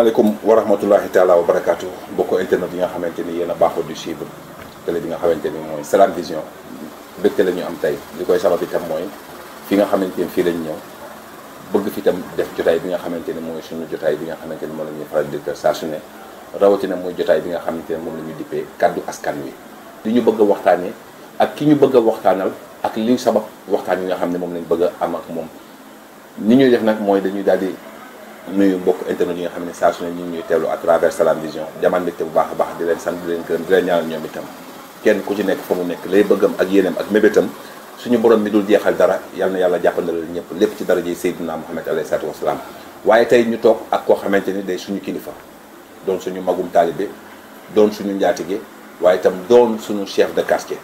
asalaamaaleykum wa rahmatulahi taala wa barakaatu mbokk internet yi nga xamante ni yéen a baaxoo di suivre télé bi nga xamante ni mooy Salam Vision bégte la ñu am tey li koy sabab itam mooy fi nga xamante ni fii lañ ñëw bëgg fi itam def jotaay bi nga xamante ni mooy suñu jotaay bi nga xamante ni moom la ñuy faral di kër saa su ne jotaay bi nga xamante ne moom la ñu dippee kaddu askan wi li ñu bëgg a waxtaanee ak ki ñu bëgg a waxtaanal ak li sabab waxtaan yi nga xam ne moom lañu bëgg am ak moom ni ñuy def nag mooy dañuy daal di nuyu mbokk internet yi nga xam ne saa su ne ñu ngi ñuy teewlu à travers Salam Vision jaman mbégte bu baax a baax di leen sant di leen gërëm di leen ñaanal ñoom itam kenn ku ci nekk fa mu nekk lay bëggam ak yéenam ak mébétam suñu boroom bi dul jeexal dara yal na yàlla jàppandalal ñëpp lépp ci dara ji Seydina Muhammad alayhi salaatu wasalaam waaye tey ñu toog ak koo xamante ni day suñu kilifa doon suñu magum taalibe doon suñu njaatige waaye itam doon suñu chef de quartier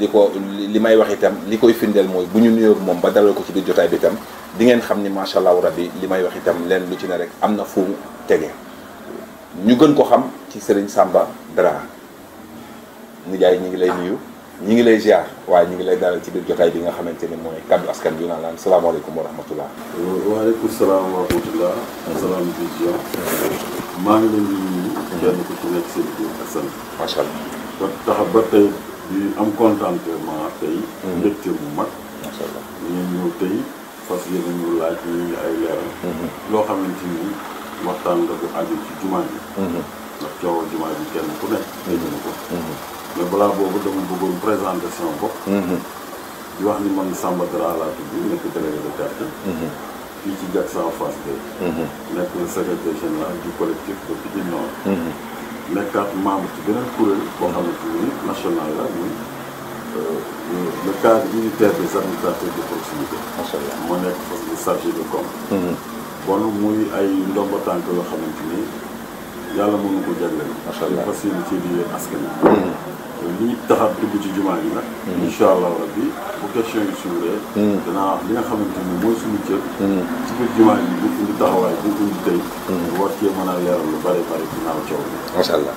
li ko li may wax itam li koy findeel mooy bu ñu nuyoog moom ba dalal ko ci biir jotaay bi itam di ngeen xam ni macha allah bi li may wax itam leen lu ci ne rek am na fu tege ñu gën ko xam ci Serigne sàmba Dara nijaay ñu ngi lay nuyu ñu ngi lay ziar waaye ñu ngi lay dalal ci biir jotaay bi nga xamante ni mooy kaddu askan bi naan laan salaamaaleykum wa rahmatullah waaleykum salaam wa maa ngi leen di nuyu ci nekk seen biir ak sant macha allah ba tax ba tey di am contentement tey. Hmm. mbégte mu mag. macha ñu ñëw tey fas yéene ñu laaj ñu ay leeral. Hmm. loo xamante ni waxtaan la bu aju ci jumaa ji. Hmm. ndax coowal jumaa ji kenn ku nekk. dégg na ko. mais balaa boobu dama bëggoon présenter sama bopp. wax ni man Samba Dara laa tudd nekk délégué de quartier. fii ci Diacksao Fass Gueye. nekk secrétaire général du collectif de Pikine Nord. nekkaat membre ci beneen kuréel boo xamante ni national la muy euh, le cadre unitaire des administrateurs de proximité. macha allah moo nekk foofu le chargé de com. Mm-hmm. bon muy ay ndombo tànk yoo xamante ni yàlla mënu ko jagleel. macha allah fas yéene ci liggéey askan li tax a ci jumaa ji nag. Mm. incha allahu rabbi bu question yi suuree. Mm. li nga xamante ni mooy suñu cër. Mm. ci biir jumaa ji bu indi taxawaay bu indi tey. a leeral lu bare bare ginnaaw coow bi. macha allah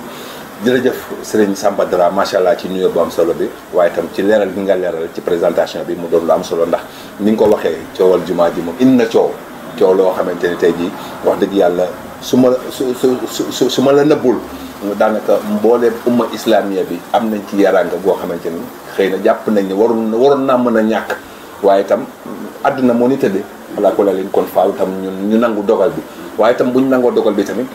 jërëjëf Serigne Samba Dara macha allah ci nuyoo bu am solo bi waaye tam ci leeral bi nga leeral ci présentation bi mu doon lu am solo ndax ni nga ko waxee coowal jumaa ji moom indi na coow. coow loo xamante ne tey jii wax dëgg yàlla. su ma su su su su ma la nëbbul daanaka mbooleem umma islamiya bi am nañ ci yaraanga goo xamante ni xëy na jàpp nañ ne waroon waroon naa mën a ñàkk waaye itam àdduna moo ni tëddee alaa ko la leen kon faaw itam ñun ñu nangu dogal bi waaye itam bu ñu nangoo dogal bi tamit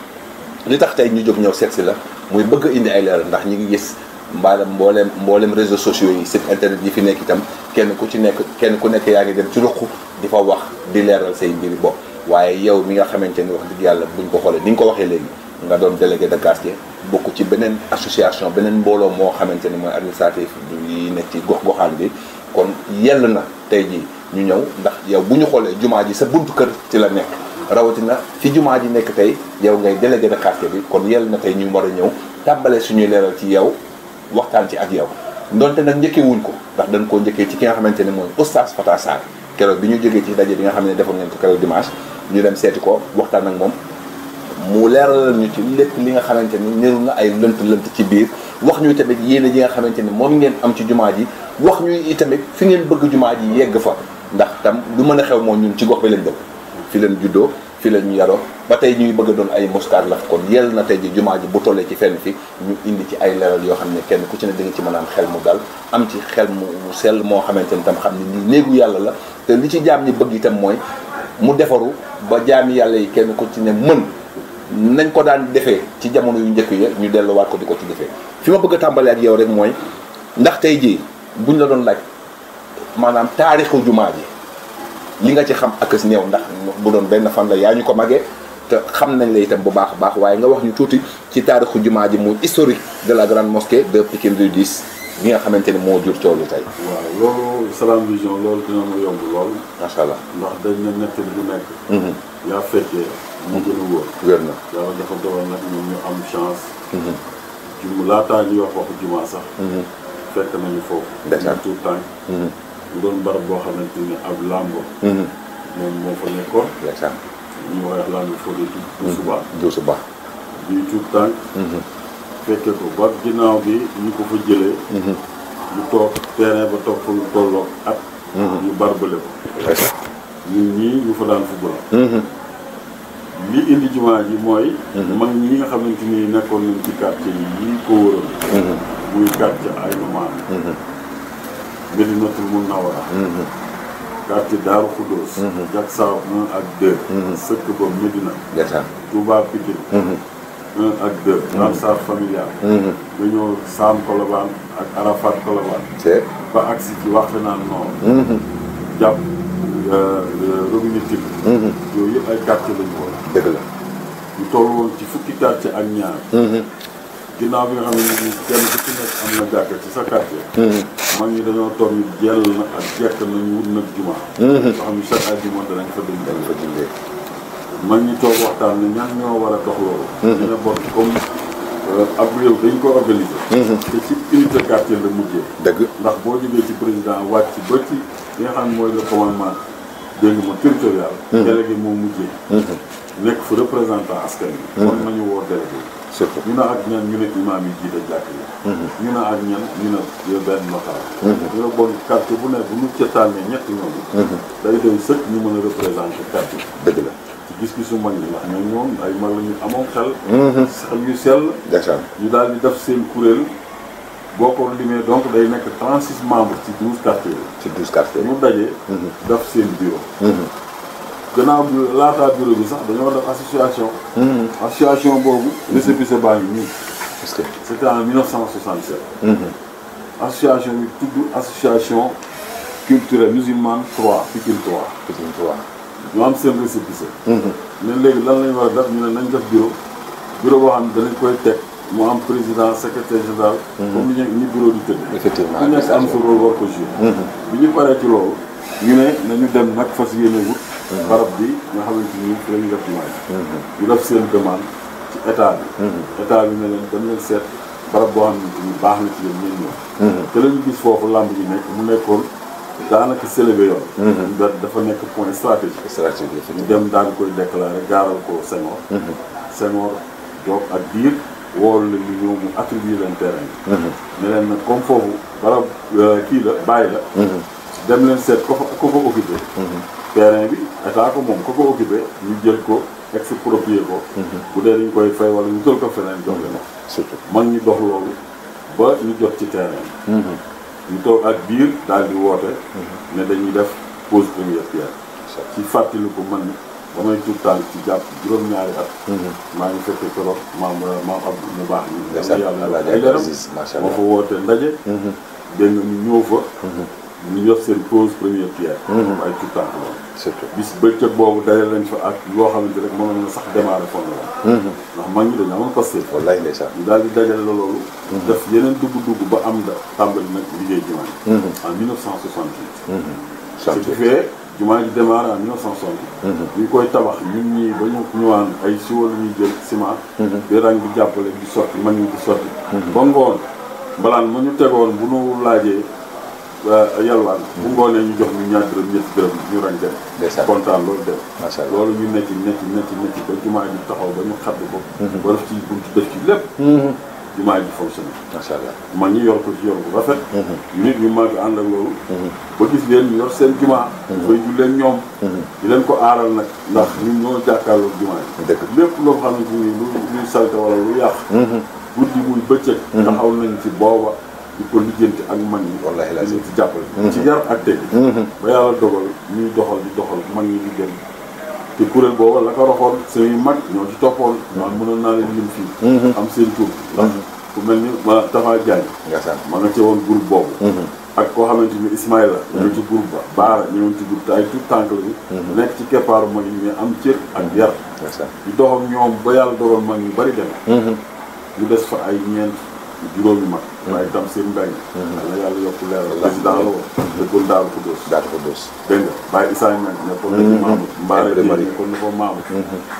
li tax tey ñu jóg ñëw seet si la muy bëgg indi ay leeral ndax ñu ngi gis mbaalam mbooleem mbooleem réseaux sociaux yi site internet yi fi nekk itam kenn ku ci nekk kenn ku nekk yaa ngi dem ci ruq di fa wax di leeral say mbiri bopp waaye yow mi nga xamante ni wax dëgg yàlla buñ ko xoolee ni nga ko waxee léegi nga doon délégué de quartier bokk ci beneen association beneen mbooloo moo xamante ni mooy administratif yi nekk ci gox-goxaan bi kon yell na tey jii ñu ñëw ndax yow bu ñu xoolee jumaa ji sa buntu kër ci la nekk rawatina fi jumaa ji nekk tey yow ngay délégué de quartier bi kon yell na tey ñu war a ñëw tàmbale suñuy leeral ci yow waxtaan ci ak yow ndonte nag njëkkee wuñ ko ndax dañ koo njëkkee ci ki nga xamante ne mooy oustaz Fata Sarr keroog bi ñu jógee ci daje bi nga xam ne defoon ngeen ko keroog dimanche ñu dem seeti ko waxtaan ak moom mu leeralal ñu ci lépp li nga xamante ni ñëru na ay lënt-lënt ci biir wax ñu tamit yéene ji nga xamante ni moom ngeen am ci jumaa ji wax ñu tamit fi ngeen bëgg jumaa ji yegg fa ndax tam du mën a xew moo ñun ci gox bi lañ dëkk leen juddoo fi la ñu yaroo ba tey ñuy bëgg a doon ay mostar la ko yell na tey ji jumaa ji bu tollee ci fenn fi ñu indi ci ay leeral yoo xam ne kenn ku ci ne da nga ci mën a xel mu dal am ci xel mu sell moo xamante ni tam xam ne nii néegu yàlla la te li ci jaam ñi bëgg itam mooy mu defaru ba jaami yàlla yi kenn ku ci ne mën nañ ko daan defee ci jamono yu njëkk ya ñu delluwaat ko di ko ci defee fi ma bëgg tàmbali ak yow rek mooy ndax tey jii buñ la doon laaj maanaam taarixu jumaa ji li nga ci xam ak as néew ndax bu doon benn fan la yaa ñu ko magee te xam nañ la itam bu baax a baax waaye nga wax ñu tuuti ci taarixu jumaa ji mu historique de la grande mosquée de Pikine rue 10 li nga xamante ni moo jur coow li tey. waaw loolu Salam Vision loolu dina ma yomb lool. macha allah ndax dañ ne nett bu nekk. Mhm. yaa fekkee. mu gën a wóor. wér na yàlla dafa doon nag ñun ñu am chance. Mhm. jum laataa ñuy wax waxu jumaa sax. Mhm. fekk nañu foofu. d'accord tout temps. mu doon barab boo xamante ni ab lambo. moom moo fa nekkoon. d'accord ñu wax lambo foofu di. Diouf Ba Diouf Ba. bii tout temps. fekke ko ba ginnaaw bi ñu ko fa jëlee. ñu mhm. toog terrain ba toog fa lu tolloog at. Mhm. ñu barbale ko. ñun ñii ñu fa daan football. Mhm. li indi jumaa ji mooy. mag ñi nga xamante ni nekkoon nañ ci quartier yi yi ko wëroon. muy quartier Aynu Maan. Medinatul Munawara. quartier Daaru Xuddoos. Jaksaw 1 ak 2. sëkk ba Medina. Touba Pikine. un ak deux. Lansar familial. nga ñëw Saam Colobane ak Arafat Colobane. ba agsi ci waxtu naan noonu. Mm-hmm. jàpp euh, euh, Robinetti. Mm-hmm. yooyu yëpp ay quartier lañu woon. dëgg la ñu toll woon ci fukki quartier ak ñaar. Mm-hmm. ginnaaw bi nga xam ne nii kenn ku ci nekk am na jàkka ci sa quartier. mag ñi dañoo toog ñu jell na ak jekk nañu wut nag jumaa. nga xam ne chaque àjjuma danañ fa dundal fa dundee. mag ñi toog waxtaan ne ñan ñoo war a dox loolu. Mhm. comme euh, ab réew dañ ko organisé. Mhm. te ci unité quartier la mujjee. dëgg ndax boo jógee ci président wàcc ba ci li nga xam ne mooy le commandement dégg nga territorial. Mhm. délégué moo mujjee. nekk fu représentant askan wi. kon nañu woo délégué. surtout ñu ne ak ñan ñu ne imaam yi jiite jàkk yi. ñu ne ak ñan ñu ne benn notable. ñu ne bon quartier bu ne bu ñu ca tànnee ñetti ñooñu. day doy sëkk ñu mën a représenté quartier. dëgg la. gis-gisu mag ñi ndax ay mag la ñu amoon xel. Mhm. xel yu sell. ñu daal di def seen kuréel boo ko limee donc day nekk 36 membres ci 12 quartiers. ci 12 quartiers ñu daje. Mhm. def seen bureau. Mhm. gannaaw bi laataa bureau bi sax dañoo def association. association boobu. récépissé baa ngi nii. est-ce que c'était en 1967. association bi tudd association culturelle musulmane 3 Pikine 3. Pikine 3. ñu am seen récépissé. Mhm. ne léegi lan la war a def ñu ne nañ def bureau bureau boo xam ne danañ koy teg mu am président secrétaire général. Mhm. comme ni ñu ni bureau di tëdd. Mhm. bi ñu paree ci loolu. ñu ne nañu dem nag fas yéene wut. barab bi nga xamante ni fi la ñu def jumaa def seen demande ci état bi. état bi ne leen dañ leen seet barab boo xam ne baax na ci yéen ñoom la ñu mu nekkoon. daanaka Selebe yoon. Mhm. da dafa nekk point stratégique. stratégique ñu dem daan koy déclaré gaaral ko Senghor. Mhm. Senghor joog ak diir woolu la ñu ñëw mu attribué leen terrain bi. Mhm. ne leen nag comme foofu barab euh, kii la bàyyi la. dem leen seet ko fa ko fa terrain bi état ko moom ko ko occupé ñu jël ko exproprié ko. bu dee dañ koy fay wala ñu jël ko feneen jox leen surtout man ñu dox loolu ba ñu jot ci terrain bi. ñu toog ak biir daal di woote. ne dañuy def pose première pierre. ci fàttali ko man ba may tuut tànk ci jàpp juróom-ñaari at. Mhm. maa ngi fekkee fekke ma maam maam Abdou mu baax ñu. macha allah yàlla macha allah moo fa woote ndaje. Mhm. dégg nga ñu ñëw fa. Mhm. ñu def seen pose première pierre. waaye tuut surtout bis bëccëg boobu daje lañ fa ak loo xamante rek mënoon na sax démarrer fond la mhm. ndax mag ñi dañoo amoon passé wallaay ndeysaan ñu daal di dajale la loolu mhm. def yeneen dugg-dugg ba am da tàmbali nag liggéey jumaa ji mhm. en 1968 ce qui fait jumaa ji démarré en 1968 ñu koy tabax ñun ñii ba ñu ñëwaan ay siwo la ñuy jël ciment di rang di jàppale di sotti mag ñi di sotti ba ngoon mbalaan ma ñu tegoon bu nu laajee Euh, yalwaan bu ngoonee ñu jox ñu ñaar dërëm ñetti dërëm ñu rañ dem kontaan loolu dem loolu ñu nekk nekk nekk nekk ba jumaa ji taxaw ba ñu xadd ko mhm. ba def ci buntu def ci lépp mhm. jumaa ji fonctionné macha allah mag ñi yor ko ci yor bu rafet ñu mhm. nit ñu mag ànd ak loolu ba gis leen ñu yor seen jumaa fay ju leen ñoom di leen ko aaral nag ndax ñun ñoo jàkkaarloo jumaa yi lépp loo xamante ni lu luy salte wala lu yàq guddi muy bëccëg taxaw nañ ci booba di ko lijjanti ak mag ñi. wallaahi laaj ci jàppale. Mm-hmm. ci yar ak teg. Mm-hmm. ba yàlla dogal ñuy doxal di doxal mag ñi di dem. te kuréel booba la ko roxoon seen yu mag ñoo ci toppoon. Mm-hmm. man mënoon naa leen lim fii. am seen ku mel ni ma Tafa Diagne. ma nga ci woon groupe boobu. ak koo xamante ni Ismaïla ñoo ci groupe ba Baara ñoo ci groupe te ay tout tànk lañu nekk ci keppaaru mag ñi am cër ak yar. di dox ak ñoom ba yàlla dogal mag ñu bari dem. ñu des fa ay ñeent juróomi mag. waaye tam seen mbay. yàlla yàlla yokk leer la. président la woon. dëkkul Daaru Kudus. Daaru Kudus. dégg nga Baye Issa Niang nekkoon na imaam. Mbaare Dieng nekkoon na ko maam.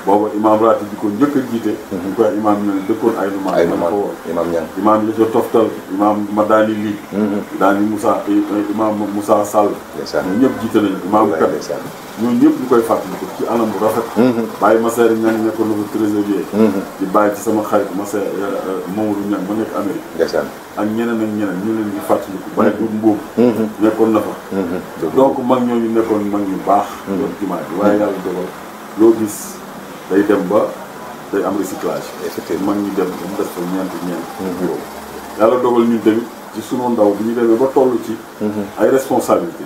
booba imaam raati di ko njëkk a jiite. ñu koy imaam ñu dëkkoon ay numaan. ay imaam Niang imaam Lissa Toftal imaam Madani Li. daal di Moussa imaam Moussa Sall. ñoom ñëpp jiite nañu imaam kat. ñooñu ñëpp ñu koy fàttaliku ci anam bu rafet. Baye Masseer Niang nekkoon na ko trésorier. di bàyyi ci sama xarit Masseer Mamadou Niang ma nekk Amérique. ak ñeneen ak ñeneen ñu leen di fàttaliku. waaye du mboobu. Mhm. nekkoon na fa. Mhm. donc mag ñu nekkoon mag ñu baax. Mhm. doon jumaa bi waaye yàlla dogal loo gis day dem ba day am recyclage. effectivement mag ñu dem ba mu des fa ñeent ñeent. bureau yàlla dogal ñu tamit ci sunu ndaw bi ñu demee ba toll ci. ay responsabilité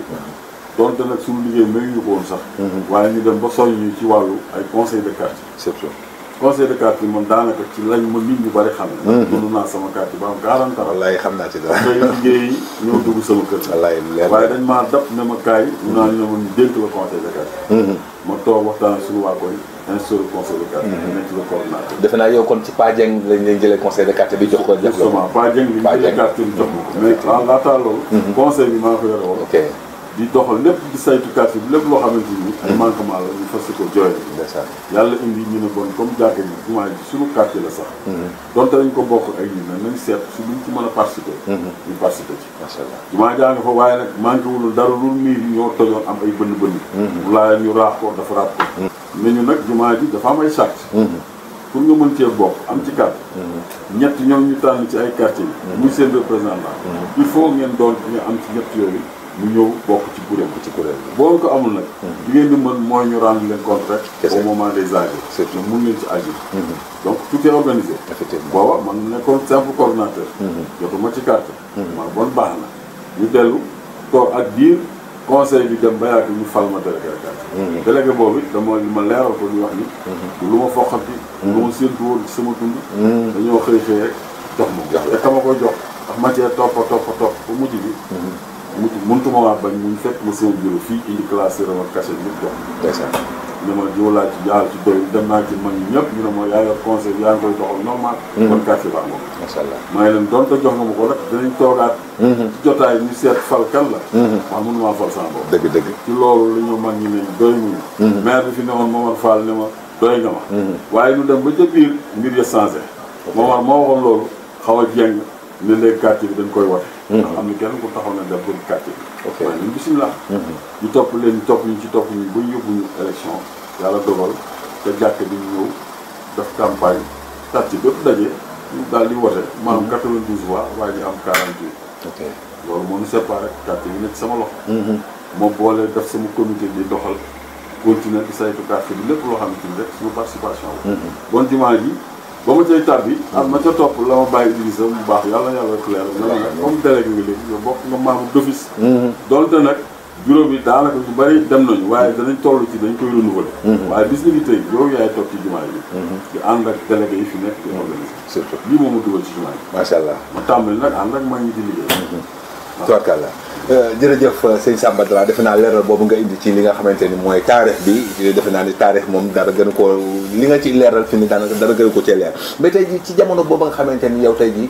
donte nag suñu liggéey mayu ñu ko woon sax. waaye ñu dem ba soññu ci wàllu ay conseil de quartier. c'est sûr. conseil de quartier moom daanaka ci lañ ma nit ñu bari xam ne mm-hmm. dund naa sama quartier ba am quarante ans wallaay xam naa ci dara tey liggéey ñoo dugg sama kër maa dab ne ma kaay ñu conseil de quartier mm-hmm. ma toog waxtaan ak suñu conseil de quartier mm-hmm. nekk le coordinateur defe naa yow kon ci Pa Dieng lañ leen jëlee conseil de bi jox ko justement Pa Dieng bi quartier bi ma ko di doxal lépp di saytu quartier bi lépp loo xamante ni ay manquement la ñu fas ko jooy yàlla indi ñu ne bon comme jàkka ji jumaa ji suñu quartier la sax mhm. donte nañ ko bokk ak ñi nag nañ seet su ci mën a participer mhm. ñu participer ci macha allah jumaa jaa nga fa waaye nag manqué wul dara lu miir ñoo tojoon am ay bënn bënn mhm. bu laa ñu raax ko dafa raat ko mais ñu nag jumaa ji dafa am ay charte pour nga mën cee bokk am ci carte ñett ñoom ñu tànn ci ay quartier yi muy seen représentant il faut ngeen doon nga am ci ñett yooyu mu ñëw bokk ci kuréel bi ci kuréel bi boo ko amul nag hmm. li ngeen di mën mooy ñu rendre leen compte rek au moment des agir surtout mun leen ci agir hmm. donc tout est organisé effectivement booba man nekkoon simple coordonnateur hmm. jotuma ci carte ma bon baax na ñu dellu toog ak biir bi dem ba yàgg ñu fal ma délégué quartier délégué boobu dama li ma leeral ko ñu wax ni lu ma foqati lu ma séntu woon ci sama tund dañoo xëy xëy rek jox ma te kama ko jox ndax matière topp topp topp mujj bi mu mëntuma waa bañ muñ fekk ma sama bureau fii indi classeur ma cachet bi jox ndeysaan ne ma jiw ci jaar ci doy dem ma yaa yor conseil yaa ngi koy doxal normal hmm. kon cachet maa ngi leen donte jox nga ma ko rek danañ toogaat hmm. ci jotaay ñu seet fal kan la man hmm. mënumaa fal sama bopp dëgg dëgg ci loolu la ñu mag ñi ne doy muñu maire bi fi ne woon Momar Fall ne ma doy nga ma waaye ñu dem ba ca biir mbir ya changé Momar moo waxoon loolu xaw a jeng ne léegi quartier bi dañ koy wote hmm. ndax am na kenn ku taxaw na def pour quartier bi waaye ñun bisimilah hmm. ñu topp leen topp ñu ci topp ñu ba yóbbuñu élection yàlla dogal te jàkk bi ñu ñëw def campagne quartier bépp daje ñu daal di wote maanaam 92 hmm. voix waaye ñu am 48 loolu moo ñu séparé quartier bi nekk sama loxo moo boole def sama comité di doxal continuer di saytu quartier bi lépp loo xamante ni rek suñu participation la bon dimanche yi ba ma cay bi am ah, ma ca topp la ma bàyyi Idrissa mu baax yàlla yàlla clair na comme délégué bi léegi yow bokk nga membre d'office mm-hmm. donte nag juróom yi daanaka ñu bari dem nañu waaye danañ toll ci dañ koy renouveler mm-hmm. waaye bis ni ki tey yow yaay toog ci jumaa yi mm-hmm. di ànd ak délégué yi fi nekk di organiser surtout lii moom ma dugal ci jumaa yi macha allah ma tàmbali nag ànd ak maa ngi di liggéey tubaarkàlla Euh, jërëjëf euh, sëñ Samba Dramé defe naa leeral boobu nga indi ci li nga xamante ni mooy taarix bi defe naa ni taarix moom dara gënu ko li nga ci leeral fi ni daanaka dara gënu ko cee leer mais tey ji ci jamono boobu nga xamante ni yow tey ji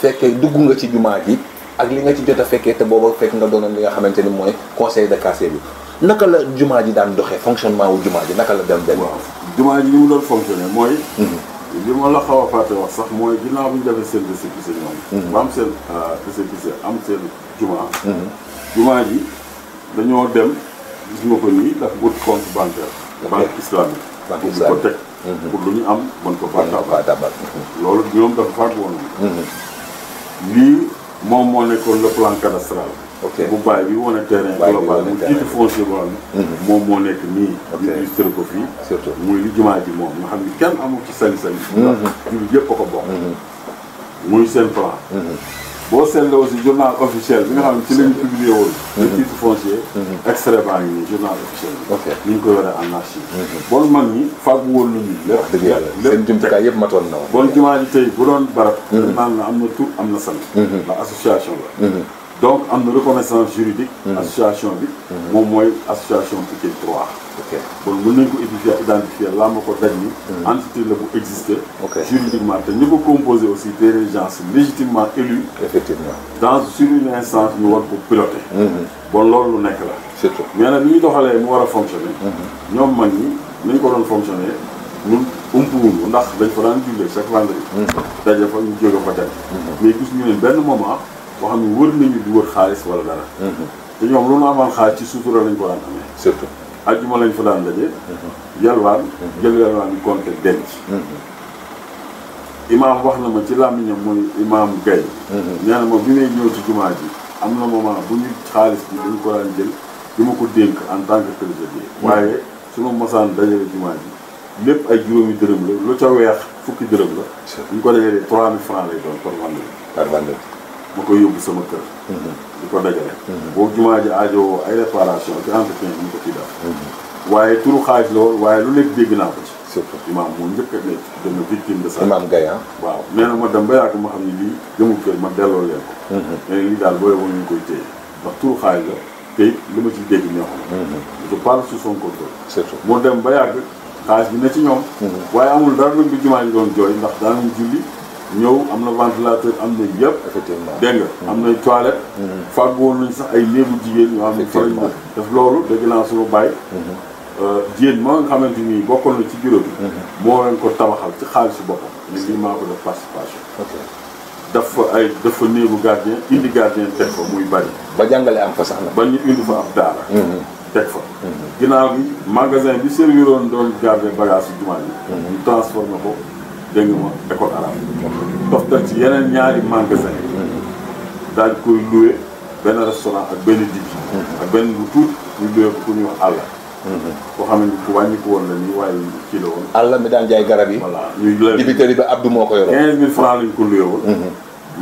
fekkee dugg nga ci jumaa ji ak li nga ci jot a fekkee te booba fekk nga doonoon li nga xamante ni mooy conseil de quartier bi naka la jumaa ji daan doxee fonctionnement wu jumaa ji naka la dem benn waaw jumaa ji ni mu doon fonctionné mooy mhm. li ma a fàtte wax sax mooy ginnaaw bu ñu defee seen récépissé ñoom ba mhm. euh, am seen récépissé am seen jumaa jumaa ji dañoo dem gis nga ko nii dafa wut compte bancaire banque islamique bu mhm. ñu ko am mën ko baataabal mhm. loolu ñoom dafa faatu woon mhm. lii moom moo nekkoon le plan cadastral bu baay bi wane terrain global mu titre foncier boo xam ne moom moo nekk nii ñu illustré ko fii surtout muy li jumaa ji moom nga xam ne kenn amul ci sali sali jullit yëpp a ko bokk muy seen plan boo seetloo si journal officiel bi nga xam ne si la ñu publié woon. le mhm. titre foncier. Mhm. extrait baa ngi nii journal officiel bi. ni ñu koy waree en archive. Mhm. bon mag ñi fàggu woon lu ñu. lépp wax dëgg yàlla seen jumtukaay yëpp matoon na woon. bon jumaa ji tey bu doon barab. naan na am na tur am na sant. la association la. donc am na reconnaissance juridique. association bi. moom mooy association Pikine 3. ok kon mën nañ ko identifier identifier laa ma ko daj ni hmm. entité la bu exister juridiquement te ñu ko composé aussi des gens légitimement élus effectivement dans sur une instance war ko piloter hmm. bon loolu lu nekk la surtout mais nag ni ñu doxalee mu war a fonctionner hmm. ñoom mag ñi nañ ko doon fonctionner ñun umpuwuñu ndax dañ ko daan jullee chaque vendredi daje fa ñu jóge fa dem mais gis ñu ne benn moment boo xam ne wër nañu di wër xaalis wala dara te ñoom lu nu amoon ko daan amee ajjuma lañ fa daan daje. yalwaan mhm. jël yalwaan yi compté denc. Mhm. imaam wax na ma ci làmmiñam mooy imaam Gaye. Mhm. nee na ma bi may ñëw ci jumaa ji am na moment bu ñu xaalis bi dañ ko daan jël di ma ko dénk en tant que trésorier. waaye suma mosaan dajale jumaa ji lépp ay juróomi dërëm la lu ca weex fukki dërëm la. bu ko dajalee 3000 francs lay doon par vendredi. par vendredi. ma ko yóbbu sama kër. Mhm. di ko dajale. Mhm. boobu jumaa ji aajo ay réparation ak entretien bi ñu ko ciy def. Mhm. waaye turu xaaj la waaye lu nekk dégg naa ko ci. surtout imaam moo njëkk a nekk dana victime de ça. imaam Gaya ah. waaw nee na ma dem ba yàgg ma xam ne lii jëmul kër ma delloo leen ko. mais lii daal booy woon ñu koy téye ndax turu xaaj la te it li ma ciy dégg neexoon. je parle sous son contrôle. surtout moo dem ba yàgg xaalis bi ne ci ñoom. waaye amul dara lu ñu jumaa ji doon ñëw am na ventilateur am na yëpp. effectivement dégg nga mm-hmm. am na toilette. Mm-hmm. fàggu woon nañ sax ay néegu jigéen ñoo xam ne fa lañ def loolu dégg naa suma bàyyi. Mm-hmm. Euh, jigéen ma nga xamante ni bokkoon na ci bureau bi. moo leen ko tabaxal ci xaalisu boppam. lii maa ko def participation. daf fa ay daf fa néegu gardien indi gardien teg fa muy bari. ba jàngale am fa sax na. ba ñu indi fa ab daara. teg fa. ginnaaw bi magasin bi serviroon doon garder bagage yu jumaa yi. ñu transformé ko. dégg nga ma école arabe toftal ci yeneen ñaari magasin daal di koy loué benn restaurant ak benn digg mm-hmm. ak benn lu tuut ñu loué ko pour ñu wax àll mm-hmm. boo xam ne ku wàññi ko woon la nii waaye kii woon àll mi daan jaay garab yi voilà ñuy dibiteri bi Abdou moo ko yoroon quinze mille francs lañ ko loué woon mm-hmm.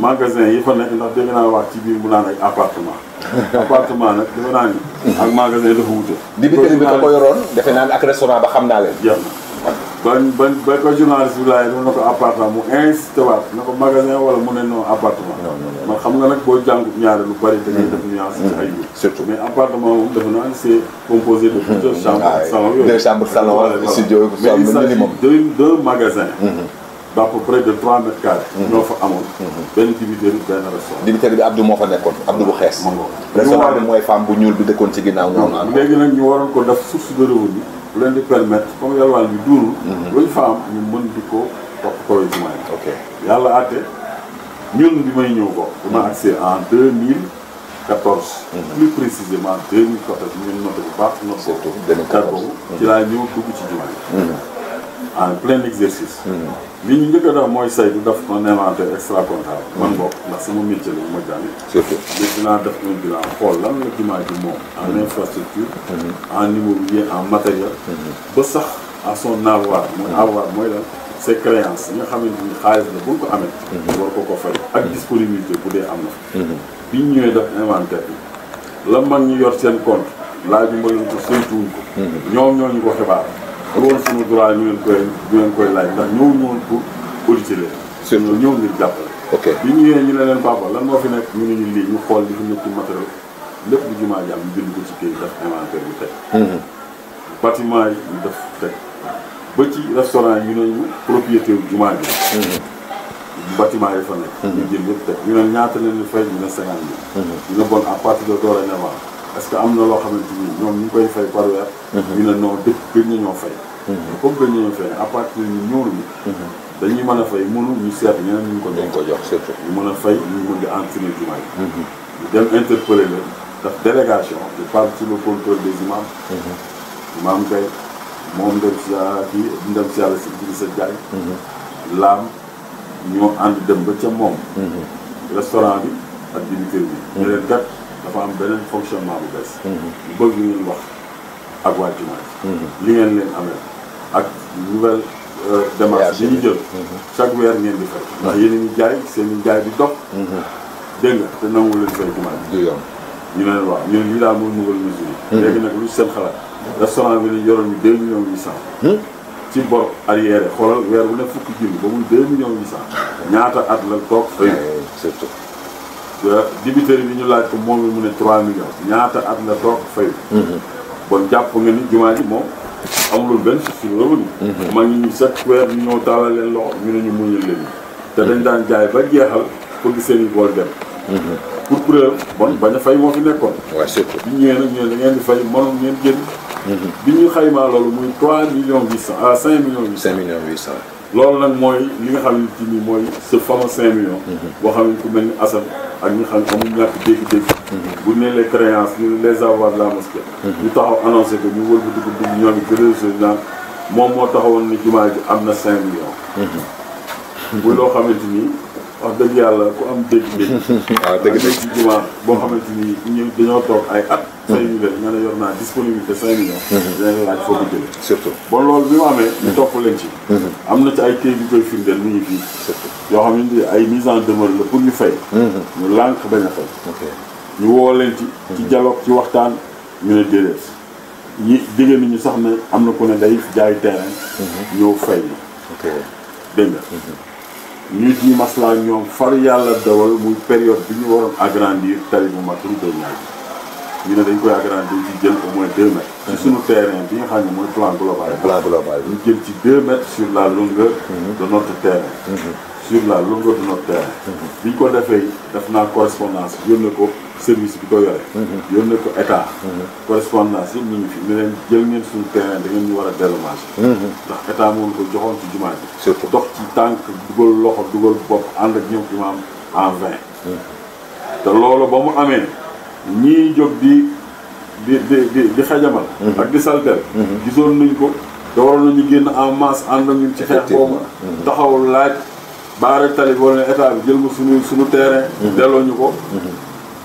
magasin yi fa nekk ndax dégg naa wax ci biir mu naan ay appartement appartement nag defe naa ni ak magasin dafa wute dibiteri bi ko ko yoroon defe naa ni ak restaurant xam naa ban ban ba ko journaliste bi laaj na ko appartement mu insisté waat na ko magasin wala mu ne non appartement. man xam nga nag boo jàngut ñaari lu bari da dafa naan c'est mm-hmm. ah, salon deux chambres salon mm-hmm. près de 3 mètres carrés. Mm-hmm. ñoo fa amoon. benn dibiteer bi benn moo fa nekkoon Abdou bu xees. restaurant bi mooy femme bu ñuul bi dëkkoon ci ginnaaw. ñoo naan nag ñu waroon ko def source de revenu bu leen di permettre comme yalwaan bi duuru. Mhm. luñ fa ñu mën di ko toppatoo jumaa yi. ok yàlla àtte ñun bi may ñëw ko. dama accès en deux mille quatorze. Mhm. plus précisément deux mille quatorze ñu ngi noté bu baax. surtout benn kàddu ci mhm. laa ñëw dugg ci jumaa en plein exercice. Hmm. li ñu njëkk a def mooy saytu def un inventaire extra comptable. Hmm. man bokk ndax sama métier la bu ma jàngee. surtout dinaa def en hmm. infrastructure. en immobilier sax à son avoir mooy avoir mooy lan. ces créances yi nga xamante ko amee. war dee am na. bi la mag ñu yor seen compte laaj ñu mën ko saytuwuñ ko. ñoom ñoo ñu ko xibaar. woon suñu droit ñu leen koy ñu leen koy laaj ndax ñëwuñu woon pour auditer leen. surtout ñëw ngir jàppale. ok bi ñu ñëwee lan moo fi nekk ñu ne lii ñu xool li fi nekk lépp bu jumaa ji am ñu bind ko ci kii def inventaire bi mhm. ñu def teg ba ci restaurant yi ñu ne ñu propriétaire jumaa mhm. yi fa nekk. Mhm. ñu jël yëpp teg ñu ne ñaata leen fay ñu ne cinquante mille. ñu ne bon à partir de doole ne parce que am na loo xamante ni ñoom ñu koy fay par weer. Mhm. ñu ne non dëkk gën nañoo fay. Mhm. comme gën nañoo fay à partir de mhm. dañuy mën a fay mënu ñu seet ñeneen ñu ko jox. ñu ko jox surtout ñu mën a fay ñu mën di entraîner jumaa yi. ñu dem interpeller leen daf délégation de par sur le contrôle des imams. maam kay moom dem si kii ndem si yàlla si Idrissa Diagne. laam ñu ànd dem ba ca moom. restaurant bi ak bi. ñu leen kat. dafa am beneen fonctionnement bu bees. ñu mhm. bëgg ngeen wax ak waa jumaa mhm. li ngeen leen amee ak nouvelle euh, démarche bi ñu jël. Mhm. chaque weer ngeen di fay. ndax yéen a ngi jaay seen i jaay di dox. dégg te nangu leen fay jumaa ji. ñu ne waaw ñu ne lii daal mooy nouvelle mesure. léegi nag lu seen xalaat. restaurant bi ñu yoroon ñu deux millions huit cent. Hmm? ci bor arrière xoolal weer bu ne fukki junni ba muy deux millions huit cent. ñaata at la toog fay. Eh, débiteur bi ñu laaj ko moom mu ne 3 millions ñaata at nga toog fay. Mhm. bon jàpp nga ni jumaa ji moom amulul benn suñu revenu. mag ñi ñu chaque weer ñu ñëw taalal leen loxo ñu ne ñu muñal leen te dañ daan jaay ba jeexal pour di seen i bool dem. Mhm. pour preuve bon bañ a fay moo fi nekkoon. waaw surtout bi ñëwee nag ñëwee da ngeen di fay mënoon ngeen génn. Mhm. bi ñu xaymaa loolu muy 3 millions 800 ah 5 millions 800. 5 loolu nag mooy li nga xam ne nii mooy ce fameux 5 millions. Mhm. boo xam ne ku mel ni Assane ak ñi xam ne amul ñàkk dégg-dégg. Mhm. bu ñu nee les créances ñu les avoirs de la mosquée. Mhm. ñu taxaw annoncé que ñu wëlbati ko dugg ñoom it réseau bi naan moom moo taxawoon ni jumaa ji am na 5 millions. bu loo xamante ni. wax dëgg yàlla ku am dégg-dégg. waaw ah, boo xamante ni ñu dañoo toog at. Hmm. cinq millions nga ne yor naa disponibilité cinq millions. Hmm. dinañ laaj bon loolu bi mu amee. ñu hmm. topp leen ci. am na ci ay kayit yu koy firndeel mu ngi fii. surtout yoo xam ni ay mise en demeure la pour ñu fay. ñu lànk bañ a ñu woo leen ci. ci jaloo ci waxtaan ñu ne déedéet ñi jigéen ñi sax ne am na ko ne day jaay terrain. ñëw fay. ok ñu di maslaa ñoom far yàlla dawal muy période bi ñu waroon agrandir tali bu matul day ñaari ñu ne dañ koy agrandir ci jël au moins deux mètres. ci suñu terrain bi nga xam ne mooy plan global. plan global ñu jël ci deux mètres sur la longueur. de notre terrain. Mm-hmm. sur la longueur de notre terrain. bi ñu ko defee def naa correspondance yónnee ko service bi ko yore. Mhm. yónnee ko état. Mhm. correspondance yi ñu ngi ne leen jël ngeen suñu terrain da ngeen ñu war a dédommage. Mhm. ndax état moo ko joxoon ci jumaa ji. surtout dox ci tànk dugal loxo dugal bopp ànd ak ñoom imaam en vain. te loolu ba mu amee ñii jóg di di di di di xajamal. ak di saltel. gisoon nañ ko te waroon nañu génn en masse ànd ak ci xeex boobu. taxaw laaj. baare tali boo leen état bi jël ko suñu suñu terrain. Mhm. delloo ñu ko. Mhm.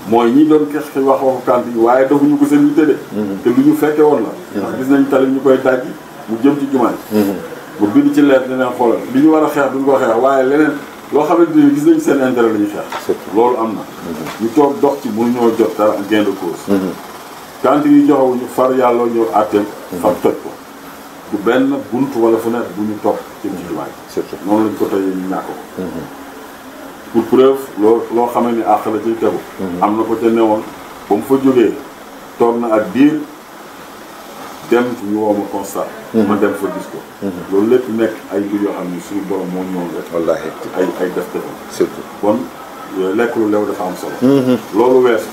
mooy ñi doon kex wax waxu kant yi waaye defuñu ko seen yitte de. Mhm. te lu ñu fekke woon la. ndax gis nañ tali ñu koy dajji mu jëm ci jumaa ji. bu bind ci leer dinañ xoolal li ñu war a xeex duñ ko xeex waaye leneen loo ne ni gis nañ seen intérêt lu ñuy xeex. loolu am na. ñu toog dox ci mënuñoo jot dara gain de cause. kant yi ñu far yàlla ñëw àtteel. far toj ko. du benn bunt wala fenêtre bu ñu topp ci musulmaan yi. surtout noonu lañ ko tojee ñu ñàkk ko. Mhm. pour preuve loo loo xamee ni àq la ciy tegu. Mhm. am na ko ca newoon ba mu fa jógee toog na ak diir dem ñu woo ma constat. Mhm. ma dem fa gis ko. loolu lépp nekk ay mbir yoo xam ni suñu borom moo ñoom rek. wallaahi ay ay def-defam. surtout kon euh, lekk lu lew dafa am solo. loolu weesu.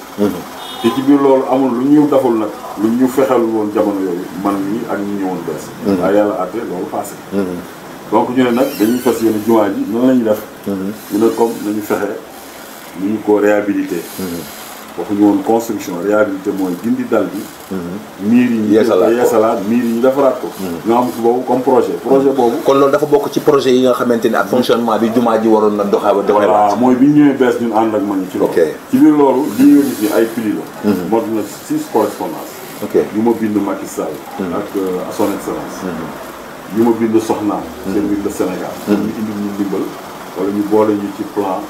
te ci biir loolu amul lu ñuy daxul nag lu ñu fexeel woon jamono yooyu man ñi ak ñu ñëwoon bees mm-hmm. waaye yàlla àtte loolu passé mm-hmm. donc ñu ne nag dañuy fas yéene jumaa ji nan la ñu def mm-hmm. ñu ne comme nañu fexe ñu ñu ko réhabilité waxuñu woon construction réhabilité mooy dindi dal bi. Mhm. miir yi ñu yeesalaat ko yeesalaat miir ñu defaraat ko. ñu mhm. am boobu comme projet. projet boobu. kon loolu dafa bokk ci projet yi nga xamante ni ak fonctionnement bi jumaa ji waroon na doxee ba. doxee waaw mooy bi ñëwee bees ñun ànd ak man ci loolu. ci biir loolu lii nga gis ni ay pili la. Mhm. mot na six correspondance yu ma bind Macky Sall. ak à euh, son excellence. yu ma bind Soxnaam. seen biir le Sénégal. ñu indi ñu ndimbal wala ñu boole ñu ci plan.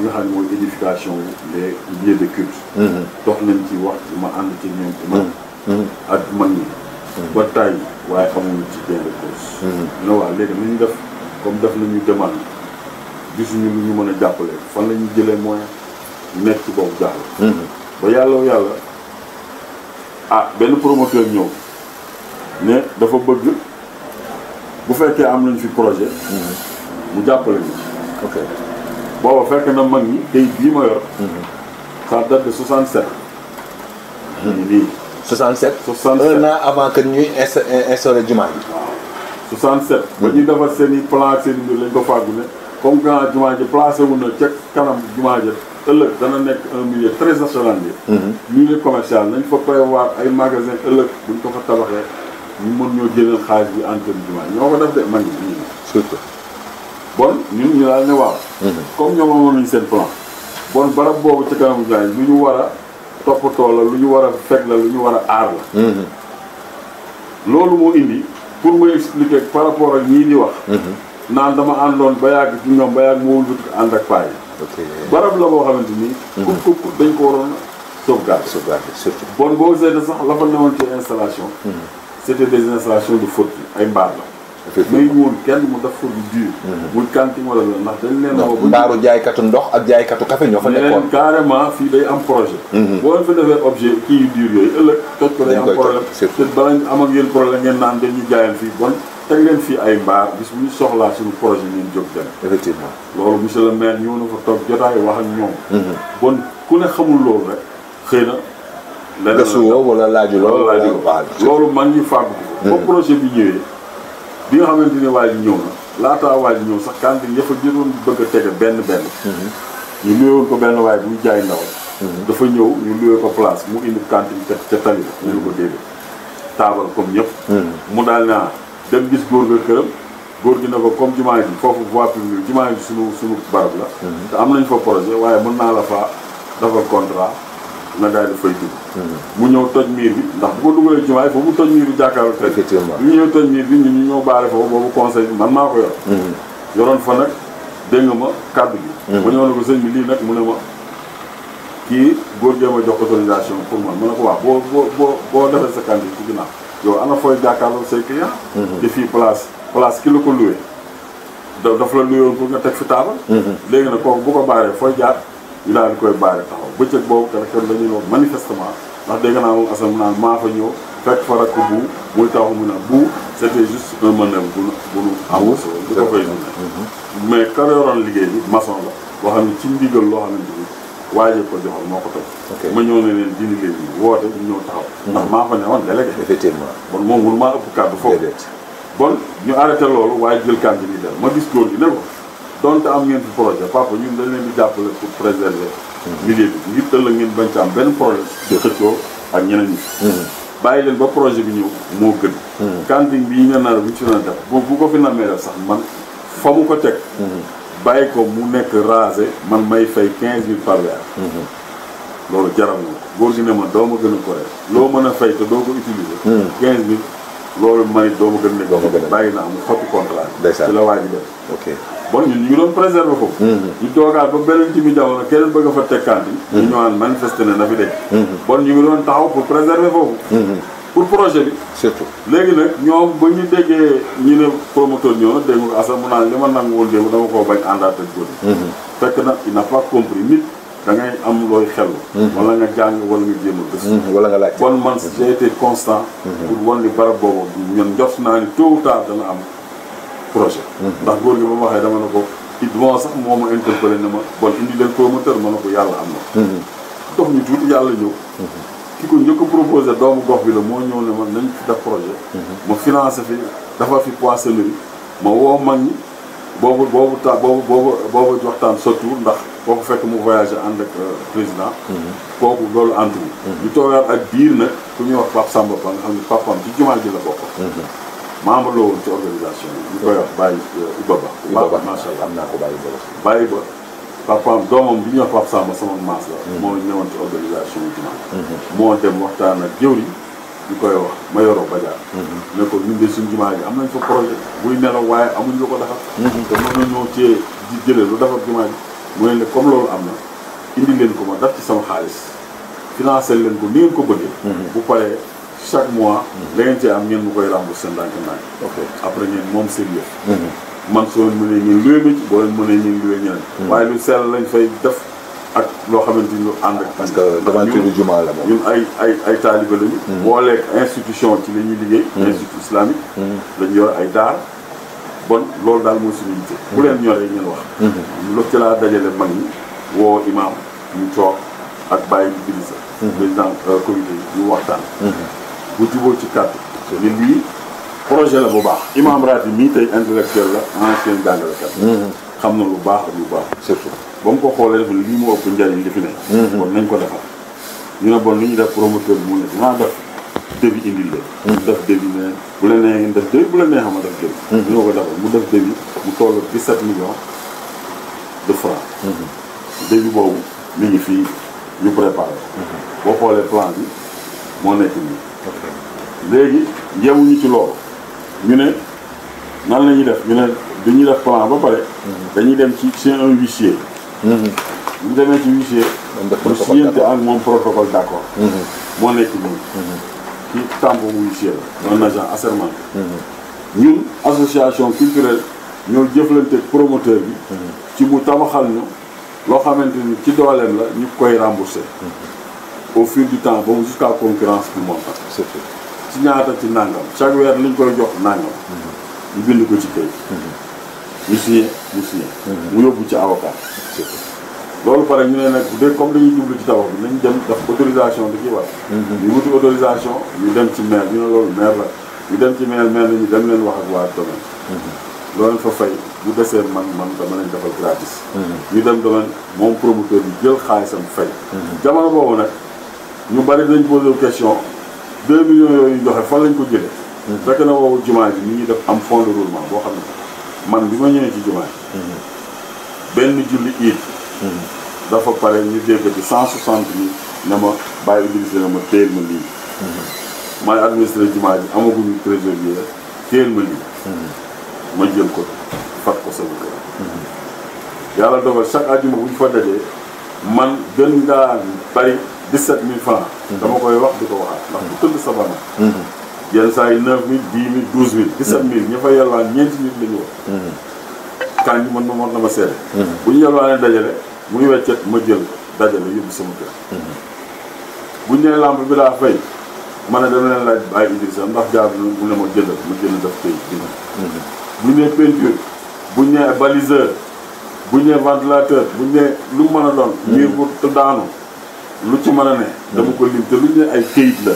li nga xam ne mooy édification des lieux de culte. Mm-hmm. dox nañ ci wax ma ànd ci ñoom ci man. Mm-hmm. ak mag ñi. Mm-hmm. ba tàyyi waaye amuñu ci gain de cause. na waa léegi nañ def comme def nañu demande gisuñu lu ñu mën a jàppale fan la ñu jëlee moyen nekk ci boobu jaaxle. ba yàlla yàlla ah benn promoteur ñëw ne dafa bëgg bu fekkee am nañu fi projet. mu jàppale ñu. booba fekk na mag ñi tey bii ma yor. Mhm. ça date de 67. lii. Mhm. avant que ñuy instauré jumaa ji. 67. ba ñuy defar seen i plan seen mbir ko fàggu ne comme grand jumaa ji placé na ca kanam jumaa ji ëllëg dana nekk un milieu très achalandé. Mhm. milieu commercial nañ fa prévoir ay magasin ëllëg buñ ko fa tabaxee ñu mën ñoo jëlal xaalis bi en terme jumaa ñoo ko def de mag ñi. surtout. bon ñun ñu daal ne waaw. Mhm. comme ñoom amoon nañu seen plan. bon barab boobu ci kanamu lu ñu war a toppatoo la lu ñu war a fekk la lu ñu war a aar la. Mhm. loolu moo indi pour muy expliquer par rapport ak ñii di wax. Mhm. naan dama àndoon ba yàgg ci ñoom ba yàgg moo wut ànd ak paa barab la boo xamante ni. kub kub dañ ko waroon a sauvegarder. sauvegarder surtout. bon boo seetee sax la fa newoon ci installation. c'était des installations de faute ay mbaar la. effectivement wul kenn mu def fur bi dur. bul kantin wala la ndax dañ leen woo. mbaaru jaaykatu ndox ak jaaykatu café ñoo fa ne carrément fii day am projet. Mhm. boo leen fa defee kii yu ëllëg. toj ko day am problème am ak yéen problème ngeen naan dañuy jaayal fii bon. teg leen fii ay mbaar bis bu soxlaa suñu projet ngeen jóg monsieur le maire ñëw na fa toog jotaay wax ak ñoom. Mhm. bon ku ne xamul loolu rek xëy na. leneen la gëstu woo wala laaju loolu. laaju loolu man ñu fàggu ko. Mhm. projet bi ñëwee. bi nga xamante ni waa ñëw na laataa waa ñëw sax cantine yafa jëloon bëgg a tege benn benn mhm. ñu luyewoon ko benn waay buy jaay ndawal mhm. dafa ñëw ñu luye ko place mu indi cantine ca ca tali ba ñu ko mhm. déedéet taabal comme ñëpp mu daal naa dem gis góor ga këram góor gi na ko comme jumaa ji foofu voie publique jumaa ji sunu sunu barab la te am nañ fa projet waaye mën naa la fa dafa contrat nga daal di fay dugg. Mhm. mu ñëw toj miir bi ndax bu ko dugalee ci waaye foofu mu toj miir bi jàkkaarloo tey. effectivement ñu ñëw toj miir bi ñun ñu ñëw baare foofu boobu conseil bi man maa ko yor. Mhm. yoroon fa nag dégg ma kàddu gi. bu mhm. ñëwoon ko nag mu ne ma kii góor gee ma jox autorisation pour man mu ne ko waaw boo boo boo boo defee sa kàddu ci ginnaaw yow ana fooy jàkkaarloo say client. te fii place place ki la ko loué. da dafa la loué pour nga teg fi taabal. léegi nag kooku bu ñu daal di koy bari taxaw bëccëg boobu te kenn dañuy wax manifestement ndax dégg naa moom asam maa fa ñëw fekk fa rakk bu muy taxaw mu ne bu c'était juste un manœuvre bu bu nu embauché ah woon du ko ne mhm. mais ka yoroon liggéey bi maçon la boo xam ne ci ndigal loo xamante ni waaye ko joxal moo ko toj ma ñëw ne leen dindi leen woote ñu ñëw taxaw mhm. ndax maa fa ne woon délégué effectivement bon moom mënu maa ëpp kàddu foofu bon ñu arrêté loolu waaye jël kàddu bi del ma gis góor gi ne ko donte am ngeen fi projet papa ñun dañ leen di jàppale pour préserver. milieu bi ngir ëllëg ngeen bañ ci am benn problème. di xëccoo ak ñeneen ñi. Mm-hmm. bàyyi leen ba projet bi ñëw moo gën. cantine mm-hmm. bi ñu ne nar bu ñu ci doon def bu ko fi na def sax man fa mu ko teg. Mm-hmm. bàyyi ko mu nekk rasé man may fay quinze mille par weer. loolu jaram na góor gi ne ma doo ma gën a correct loo mën a fay te doo ko utiliser. quinze mille loolu may doo ma gën a. doo ma gën a bàyyi naa mu xotti contrat. bon ñun ñu ngi doon préserver ko. Mhm. ñu toogaat ba beneen ci mi jamono keneen bëgg a fa tekkaanti. Mhm. ñu ñëwaan na mhm. na ñu ngi doon taxaw pour préserver foofu. pour projet bi. surtout léegi nag ñoo ba ñu déggee ñu ne promoteur ñoo dégg nga Assane mu naan li ma nanguwul démb dama koo bañ àndaat ak góor fekk na il n'a pas compris nit da ngay am looy xel. wala nga jàng wala nga jéem a gëstu. wala nga laaj bon man j'ai été constant. pour wan li barab boobu ñun jot naa ni tôt ou tard dana am. projet. ndax góor gi ba ma waxee dama ne ko it bon sax moo ma interpellé ne ma bon indi leen promoteur ma ne ko yàlla am na. dox ñu tuuti yàlla ñëw. ki ko njëkk a proposé doomu gox bi la moo ñëw ne ma nañ fi def projet. ma financé fi dafa fi poissonnerie ma woo mag ñi boobu boobu ta boobu boobu boobu waxtaan surtout ndax kooku fekk mu voyagé ànd ak euh, président. kooku loolu ànd ñu toogaat ak diir nag ku ñuy wax Pape Samba Ba nga xam ne papam ci jumaa ji la bokk. membre la woon ci organisation yi. ñu koy wax Baye Iba Ba. Iba am naa ko Baye Iba Ba. Baye Ba papaam doomam bi ñu wax Pape Samba sama maas mm-hmm. moo ñëwoon ci organisation yi jumaa. Mm-hmm. moo dem waxtaan ak jëwri ñu koy wax Mayoro Badiane. Mm-hmm. ne ko ñun de suñu jumaa yi am nañ fa projet buy nelaw waaye amuñ lu ko defar. te mën nañoo cee di jëlee lu defar jumaa ji mu ne comme loolu am na indi leen ko ma daf ci sama xaalis financé leen ko ni ngeen ko bëggee. bu paree. chaque mois. da mhm. ngeen cee am ñun ñu koy remboursé ndànk-ndànk. ok après ñun moom seen yëf. Mhm. man soo leen mënee ñu luwe ci boo leen mënee ñu luwe ñeneen. Mhm. waaye lu def ak loo xamante ni lu parce que devanture jumaa la moom ay ay ay taalibe lañu. institution ci la ñuy liggéey. institut islamique. dañu yor ay daar bon loolu daal mooy suñu yitte. bu leen ñoree ngeen wax. loolu ci laa dajale mag ñi woo imaam ñu toog ak bàyyi bi président euh, comité ñu waxtaan. bu jubóo ci kàddu te ni lii projet la bu baax imam raat yi mii tey intellectuel la ancien jàngalekat mhm. xam na lu baax ak bu baax surtout ba mu ko xoolee dafa lii moo ëpp njariñ li fi ne mhm. nañ ko defal ñu ne bon lu ñu def promoteur bi mu ne dinaa def début indil leen mhm. def début ne def début bu la nee xam nga def début ñu ko defal mu def début mu toll 17 millions de francs début boobu mi ngi fii ñu préparé boo xoolee plan bi moo nekk nii léegi yemuñu ci loolu ñu ne nan la ñuy def ñu ne dañuy def plan ba pare dañuy dem ci seen un huissier bu ñu demee ci huissier ñu siyante ak moom protocole d'accord moo nekk nii ci tampo bu huissier la un agent assermenté ñun association culturelle ñoo jëflante promoteur bi ci mu tabaxal ñu loo xamante ni ci dooleem la ñu koy remboursé au fil du temps ba mu jusqu'à concurrence bi moom tam. ci ñaata ci nangam chaque weer liñ koy jox nangam. Mm-hmm. ñu bind ko ci kayit. Mm-hmm. ñu signé ñu signé. Mm-hmm. mu yóbbu ci avocat. loolu pare ñu ne nag bu dee comme dañuy jublu ci tabax bi nañ dem daf autorisation di ci war. ñu wuti autorisation ñu dem ci maire ñu ne loolu maire la ñu dem ci maire maire ñu dem leen wax ak waa domaine. loolu fa fay bu desee man man dama leen defal gratis. ñu dem domaine moom promoteur bi jël xaalisam fay. nag. ñu bari dañ posé question 2 millions yooyu joxe fan lañ ko jëlee. fekk na woowu jumaa ji ñu ngi def am fond de boo xam ne man bi ma ñëwee ci jumaa ji. benn julli iid dafa pare ñu dégg ci cent soixante mille ne ma bàyyi utilisé na ma téel ma lii. may administré jumaa ji amaguñu trésorier téel ma lii. ma jël ko fat ko sama kër. yàlla dogal chaque àjjuma bu fa dajee man gën ngaa bari. 17000 francs dama koy wax di ko waxaat ndax bu tëdd sabana mhm. yenn saa yi 9000 10000 12000 17000 ñu fa yelwaan ñeenti nit la ñu wax mhm. kan ñi mën na mën na ma seede mhm. bu ñu yelwaanee dajale muy weccet ma jël dajale yóbbu sama kër bu ñu nee lampe bi laa fay ma ne dama leen laaj bàyyi Idrissa ndax jaar mu ne ma jëndal ma jënd def tey dina bu ñu nee peinture bu ñu nee baliseur bu ñu nee ventilateur bu ñu nee lu mën a doon. ngir bu daanu. lu ci man a ne dama ko lim te lu ñu ne ay këyit la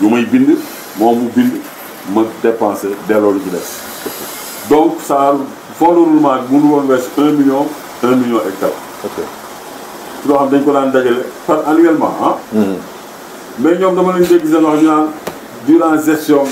yu may bind moom mu bind ma dépensé delloo lu ci des donc ça fond ma roulement bi mënu woon wees un million un million hectare ci loo xam dañ ko daan dajale par annuellement ah mm-hmm. mais ñoom dama leen dégg seen wax ñu naan durant gestion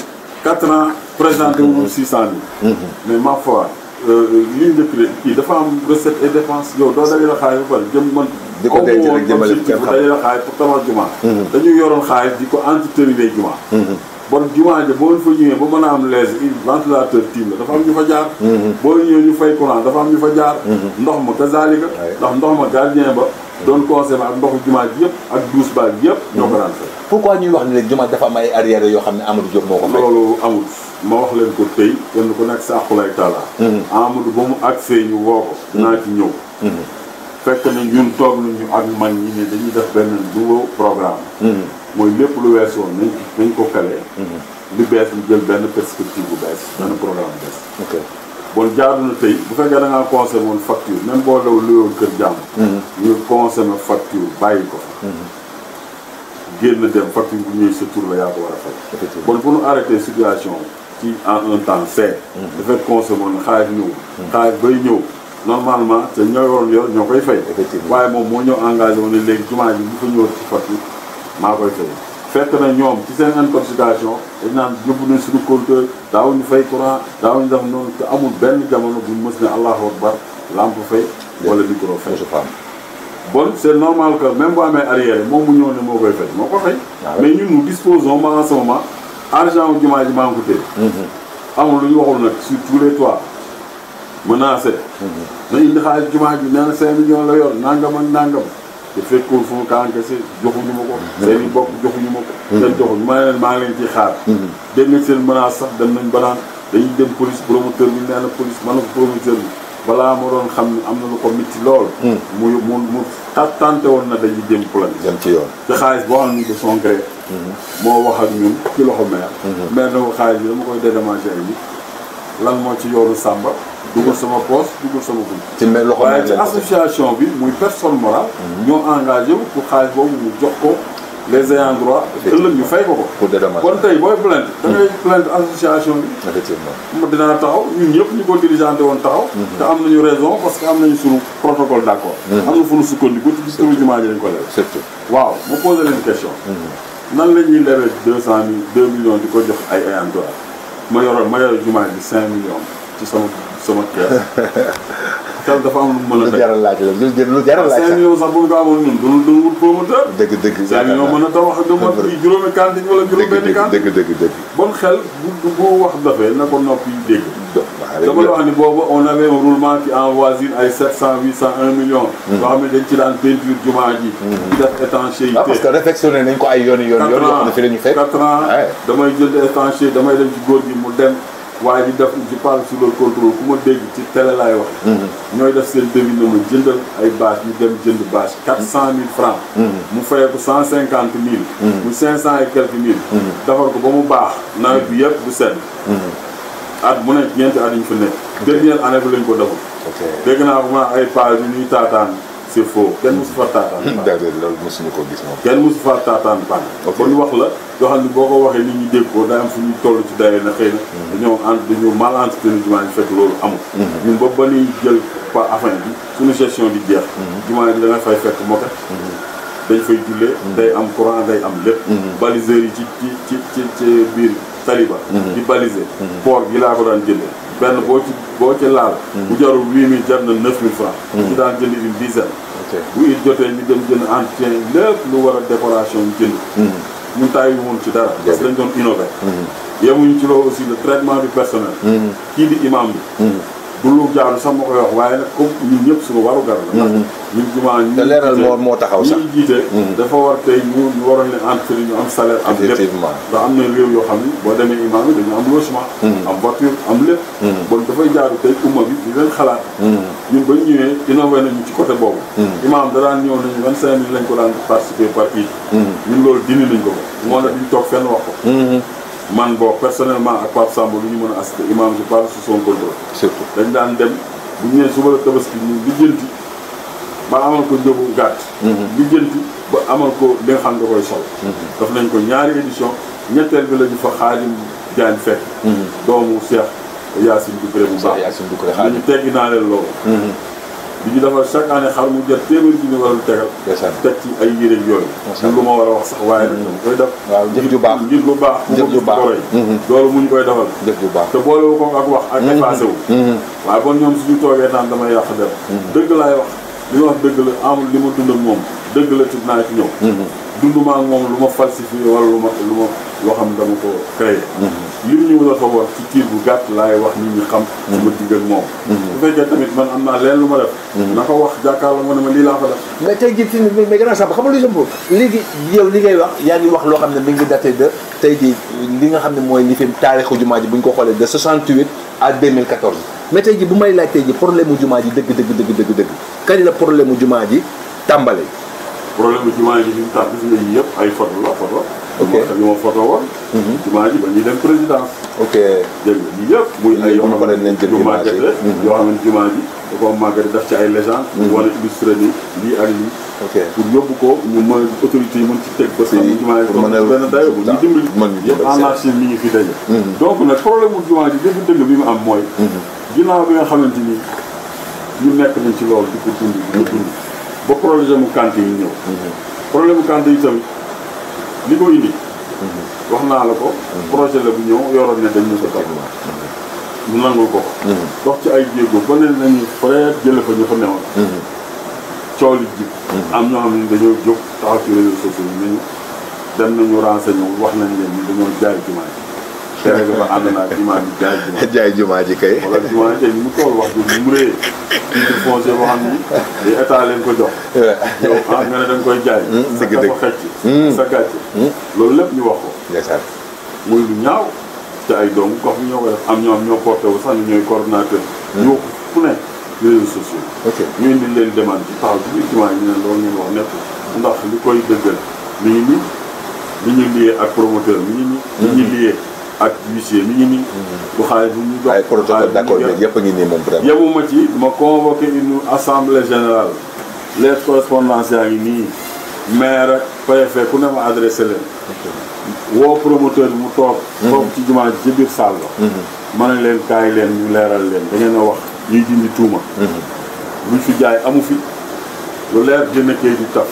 quatre ans présenté wuñu mm-hmm. six cent mille mm-hmm. mais ma foi Euh, lii njëkk de kii dafa am recette et dépense yow doo dajale xaalis ba pare jëm man. di ko denc rek jëmale kenn xam dajale xaalis pour tabax jumaa mm-hmm. dañu yoroon xaalis di ko entretenir jumaa mm-hmm. bon jumaa ji boo fa ñëwee ba mën a am lees ventilateur tiim la dafa am ñu fa jaar mhm. boo ñëwee ñu fay courant dafa am ñu fa jaar mhm. ndox ma kazalika ndax ndox ma gardien ba doon conservé ak ndoxu jumaa ji yëpp ak douche baag yëpp ñoo ko mhm. daan fay ñuy wax ne léegi jumaa dafa am ay arrière yoo xam ne Amadou Diop moo ko fay loolu amul ma wax leen ko tey kenn ku nekk sa aqulay tala ba mu agsee ñu woo naa ci ñëw fekk na ñun toog nañu ak mag ñi ne dañuy def benn nouveau programme mooy lépp lu weesu woon nañ nañ ko kale mhm. li bees ñu jël benn perspective bu bees benn mhm. programme bees bon jaadu na tey bu fekkee da ngaa consommé woon facture même boo daw luyoon kër jàmm mhm. ñu consommé facture bàyyi ko fa dem facture bu ñëwee sa tur la yaa ko war a bon pour ñu arrêter situation ci en un temps c'est dafay consommé woon xaalis ñëw xaalis bay ñëw normalement te ñoo waroon yor ñoo koy fay waaye moom moo ñëw engagé woon ne léegi jumaa ji bu fa ñëwati ci facture maa koy fekk na ñoom ci seen intoxication dañ naan yóbbu nañ suñu compteur daaw ñu fay courant daaw ñu def noonu te amul benn jamono buñ mës ne allahu akbar lampe fay wala micro fay bon c' est normal que même bu amee arrière moom mu ñëw ne moo koy fay moo ko fay ah mais ñun nous disposons ma en ce argent jumaa mm-hmm. lu ñu waxul nag sur tous les toits mm-hmm. na indi xaalis jumaa ji nee na cinq la yor nangam ak nangam dafay kuur fu mu kaan kese joxuñu ma ko. seen i bokk joxuñu ma ko. Mm-hmm. ma ne leen maa ngi xaar. Mm-hmm. dégg nañ seen menace sax dem nañ banaan dañuy dem police promoteur bi nee na police mën na ko promoteur bi balaa ma doon xam ne am na lu ko métti lool. Mm. mu mu mu tàttante woon na dañuy dem plan. dem ci yoon te xaalis boo xam ne de son gré. Mm-hmm. moo wax ak ñun ci loxo maire. maire na ko xaalis bi dama koy dédommagé yi lan moo ci yoonu Samba. dugal sama poos dugal sama guñ ci mel loxo waaye ci association bi muy personne morale ñoo engagé wu pour xaalis boobu ñu jox ko les ayants droit ëllëg ñu fay ko ko pour dédommagement kon tey booy plainte da ngay hmm. plainte association bi effectivement dinaa taxaw ñun ñëpp ñu ko dirigeanté woon taxaw hmm. te am nañu raison parce que am nañu suñu protocole d' accord hmm. am na fu nu sukkandiku ci turu jumaa ji lañ ko lew surtout waaw ma posé leen question nan la ñuy lewee deux cent mille deux millions di ko jox ay ayants droit ma yoroon ma yore jumaa ji cinq millions ci sama sama kër. xel dafa am lu mën a lu jaral laaj la lu jaral laaj sax 5 millions sax bu ñu ko amoon ñun duñu duñu wut promoteur. dëgg dëgg dëgg ñoo mën a tabax du mat juróomi kantin wala juróom-benni kantin. dëgg dëgg dëgg bon xel bu bu wax dafee na ko noppi dégg. dama la wax ni boobu on avait un roulement qui avoisine ay 700 800 1 million. yoo hmm. xam ne dañ ci daan peinture jumaa ji. Hmm. di def étanchéité ah parce que réfectionné nañ ko ay yoon yoon yoon. 4 ans 4 ans damay jël étanché damay dem ci góor gi mu dem. waaye di def je parle sur le contrôle ku ma dégg ci télé laay wax. Mhm. ñooy def seen devis na ma jëndal ay bâche ñu dem jënd bâche mhm. quatre cent mille francs mhm. mu fayee bu cent cinquante mille. mu cinq cent et quelques mille. defar ko ba mu baax nawet bi yëpp du sedd. at mu ne ñeenti at yi ñu fa nekk. dernière année bi lañ ko defal. dégg naa ko ma ay paa yu ñuy taataan. c'est faux kenn mosu fa taataan. Hmm, daa doon loolu mosuñu ko gis moom. kenn mosu fa taataan pàcc. ok kon wax la yoo xam ne boo ko waxee ni ñi dégg ko daa am fu ñu toll ci dayoo na xëy na. Hmm. dañoo en dañoo mal entretenu jumaa ji fekk loolu amul. Hmm. ñun ba ba ñuy jël pa affaire bi suñu gestion di jeex. jumaa ji da nga fay fekk moket. dañ fay jullee. day am courant day am lépp. baliseurs yi ci ci ci ci biir taliba. di baliser. port gi laa ko daan jëlee. benn boo ci boo ci laal hmm. bu jarul huit mille jar na neuf mille francs ci hmm. daan jënd une dizaine bu jotee ñu dem jënd entretien lépp lu war a décoration jënd hmm. ñun tàyyi woon ci dara parce que dañ doon innové yemuñu ci loo aussi le traitement du personnel kii di imam bi du lu jaanu sax ma koy wax waaye nag comme ñun ñëpp suñu waru la. ndax mm-hmm. ñun jumaa ñu. leeral moo moo taxaw sax mm-hmm. dafa war tey ñu waroon leen entreprise ñu am salaire. am lépp effectivement yoo xam ni boo demee imaam yi dañu am logement. Mm-hmm. am voiture am lépp. bon dafay jaaru tey umma bi di leen xalaat. ñun ba ñu ñëwee innové nañu ci côté boobu. imaam da daan ñëw nañu vingt cinq mille lañ ko daan participer par kii. ñun loolu dindi nañ ko ba. moo tax ñu toog fenn wax ko. man boo personnellement ak Pape Samba lu ñu mën a assisté imam je parle sous son contrôle. surtout dañ daan dem bu ñu nee suba la tabaski ñu lijjanti ba amal ko njëgu gàtt. Mhm. lijjanti ba amal ko li nga xam nga koy sol. Mhm. daf nañ ko ñaari édition ñetteel bi la ñu fa xaalim jaan fekk. Mhm. doomu Cheikh Yacine Doucouré bu baax. Cheikh Yacine Doucouré xaalim ñu teggi naa leen loolu. bi ñu defal chaque année xar mu jot téeméer ji ñu war a tegal. teg ci ay yére yooyu. macha lu ma war a wax sax waaye nag ñu koy def. waaw jëf ju baax bu baax. jëf ju baax mm-hmm. loolu mu ñu koy defal. jëf ju baax te boole wu ko ak wax. ak mm-hmm. effacé wu. Mm-hmm. waaye bon ñoom suñu toogee naan damay yàq def. dëgg laay wax. li ma wax dëgg la amul li ma dund ak moom dëgg la tudd naa ci ñëw. Mhm. dund moom lu ma falsifié wala lu ma lu ma loo xam ne dama ko créé. li mhm. ñu mën a fa wax ci kiir bu gàtt laay wax nit xam. Mhm. su ma moom. bu fekkee tamit man am naa leen lu ma def. na ko wax jàkkaarloo ma ne ma lii laa fa def. mais tey jii fii mais gannaaw sax ba xamul lu jëm léegi yow li wax yaa ngi wax loo xam ne mi ngi daté de tey jii li nga xam ne mooy li fi taarixu jumaa ji bu ñu ko xoolee de 68 à 2014. mais tey ji bu may laaj tey ji problème mu jumaa ji dëgg dëgg dëgg dëgg dëgg kañ la problème mu jumaa ji tàmbale problème bi jumaa ji li mu tax gis nga yii yëpp ay photo la photo ok moo tax ñu ma photo woon mhm. jumaa ji ba ñuy dem présidence ok dégg nga yëpp muy ay yoo xam ne ñu màggate yoo xam ne jumaa ji ko def ci ay légende mhm. wala illustré ni lii ak lii pour yóbbu ko ñu mën autorités yi mën ci teg ba yi ne jumaa ji benn dayo bu ñu dimbali yëpp anarchie mi ngi fi daje mhm. donc nag problème bu jumaa ji dëgg dëgg bi mu am mooy ginnaaw bi nga xamante ni ñu nekk nañ ci loolu di ko dund di ko dund ba problème mu kante yi ñëw. problème mu kante yi itam li ko indi. wax naa la ko. projet la bu ñëw yoroon ne dañ ñu ko toog. ñu nangu ko. dox ci ay jéego ba ne nañu peut jële fa ñu fa newoon. coow li ji. am ñoo xam ne dañoo jóg taxaw ci réseaux sociaux yi nañu dem nañu renseigné wax nañ leen dañoo jaay jumaa jaay ba ànd naa jumaa ji jaay jumaa jaay jumaa ji kay. wala jumaa ji tey mu tool wax ji mu rëy titre foncier boo ni li état leen ko jox. yow koy jaay. Hmm, dëgg dëgg hmm. sa gàcce. Hmm. loolu lépp ñu wax ko. ndeysaan muy lu ñaaw te ay doomu gox bi ñoo ko am ñoo am ñoo porté wu sax ñooy coordonnateur. ñoo ko fu ne réseaux sociaux. ok ñu indi leen demande ci taxaw ci biir jumaa yi ne loolu ngeen wax nekk ndax li koy dëggal mi nii li ñu liyee ak promoteur mi li ñu liyee. ak huissier mi ngi nii. Mm. bu xaalis bu ñu jox ay protocole d'accord yëpp a ngi nii moom vraiment. yemuma ci ma convoqué une assemblée générale les correspondances yaa ngi nii maire ak préfet ku ne ma adressé leen. woo promoteur mu toog. Mm-hmm. toog ci jumaa ji ci biir salle ba. mën mm-hmm. na leen kaay leen ñu leeral leen da ngeen a wax ñuy dindi tuuma. Mm-hmm. luñ fi jaay amu fi lu leer jënd kay di taf.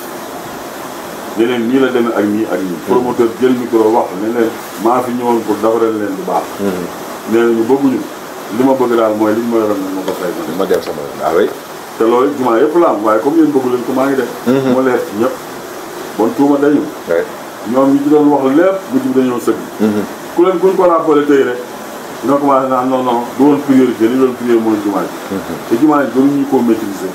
ne leen nii la demee ak nii ak nii hmm. promoteur jël micro wax ne leen maa fi ñëwoon pour defaral leen lu baax hmm. nee nañu bëgguñu li ma bëgg daal mooy li ñu ma yoroon ne ma ko fay ma dem sama yoon ah oui te loolu la am waaye comme yéen bëggu ko maa ngi def mu hmm. leer ci ñëpp bon tuuma dañu ñoom ñi ci doon wax lépp mujj bi dañoo sëgg ku leen kuñ ko rappelé tey rek ñoo commencé naan non non du woon priorité li doon priorité mooy jumaa ji te jumaa ji doon ñu koo maîtriser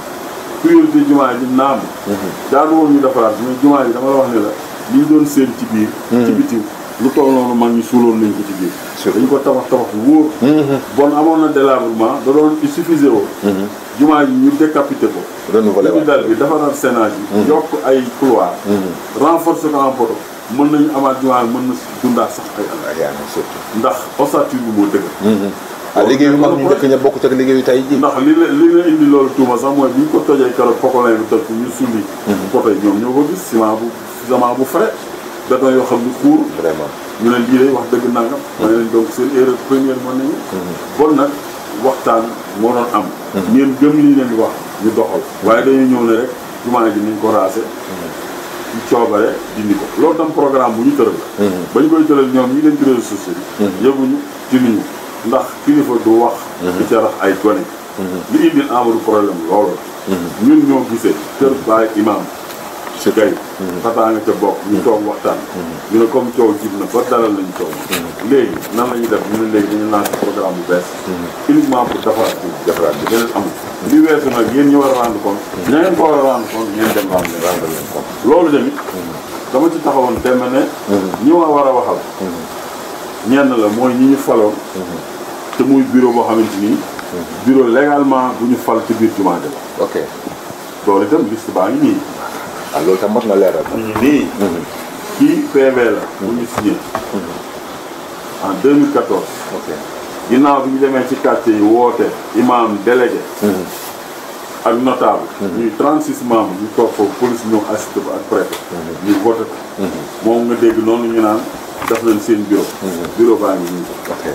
priorité jumaa ji naam mhm. daanu woon ñu defaraat mais jumaa yi dama la wax ne la li ñu doon seen ci biir mhm. ci bitim lu toll noonu mag ñi suuloon nañ ko ci biir dañ ko tabax tabax bu wóor mhm. bon amoon na délabrement da doon il suffisait woon jumaa yi ñu décapité ko renouvelé waat dal bi defaraat sénat yi yokk ay couloir renforcer ko en poto mën nañu amaat jumaa mën na dundaat sax ay at surtout ndax ossature bi moo dëgg waaw ah, liggéey yu mag ñu njëkk ña bokk ci ak liggéey tey ji ndax li la li la indi loolu tuuma mooy bi ñu ko tojee keroog pokolay bi toj ñu sulli côté mhm. ñoom ñoo ko gis ciment bu ciment bu frais béton yoo xam ni xuur ñu leen lii lay wax dëgg nangam ma ne leen donc seen erreur première moo nañu mhm. bon nag moo doon am mhm. ngeen gëm li leen di wax ñu doxal waaye dañuy ñëw ne rek jumaa ji niñ ko raase ñu coobare dindi ko loolu tam programme bu ñu tëral la ba ñu koy tëral ñoom ñi leen ci réseaux sociaux yi yëguñu ci niñu ndax kilifa du wax. ci mhm. ca ay gone. li mhm. indil Amadou problème loolu la. Mhm. ñun ñoo gisee kër baay imaam. si gay xataa nga ca bokk ñu toog waxtaan ñu ne comme coow jib na ba dalal lañu coow léegi nan lañu def ñu ne léegi dañu lancé programme bu bees uniquement pour defaraat bi defaraat bi beneen li weesu nag yéen ñu war a rendre compte ña ngeen ko war a rendre compte ngeen dem rendre dama ci taxawoon deme ne ñi ma war a waxal ñenn la mooy ñi ñu faloon te muy bureau boo xamante ni. Mhm. bureau légalement bu ñu fal ci biir jumaa de la. ok loolu itam liste baa ngi nii. waaw ah, loolu itam mot na leeral. mu ngi nii. Mhm. kii PV la. bu ñu signé. Mhm. en 2014. ok ginnaaw bi ñu demee ci quartier yi woote imam délégué. ak notable. ñuy 36 membres ñu toog foofu police ñoom assisté ba ak préfet. ñu voté ko. moom nga dégg noonu ñu naan def nañ seen bureau. bureau baa ngi nii. ok.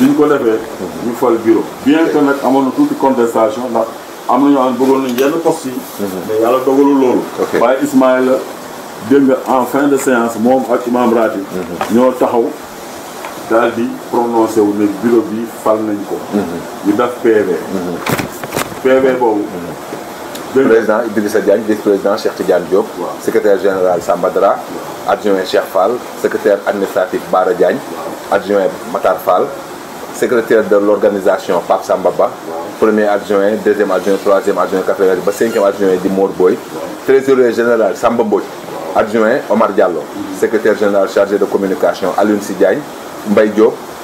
bi ñu ko defee ñu fal bureau bien que nag amoon na tuuti contestation ndax am na ñoo xam ne bëggoon nañu yenn poste yi mhm. mais yàlla dogalul loolu waaye Ismaïla dégg nga en fin de séance moom ak imam ratib mhm. ñoo taxaw daal di prononcé wu ne bureau bi fal nañ ko mhm. ñu def PV PV boobu président Idrissa Diagne vice président Cheikh Tidiane Diop secrétaire général Samba Dra adjoint Cheikh Fall secrétaire administratif Bara Diagne adjoint Matar Fall secrétaire de l'organisation Pape Samba Ba premier adjoint deuxième adjoint troisième adjoint quatrième ba cinquième adjoint di Mor Boy trésorier général Samba Mbodj adjoint Omar Diallo mm-hmm. secrétaire général chargé de communication Alioune Sy Diagne Mbaye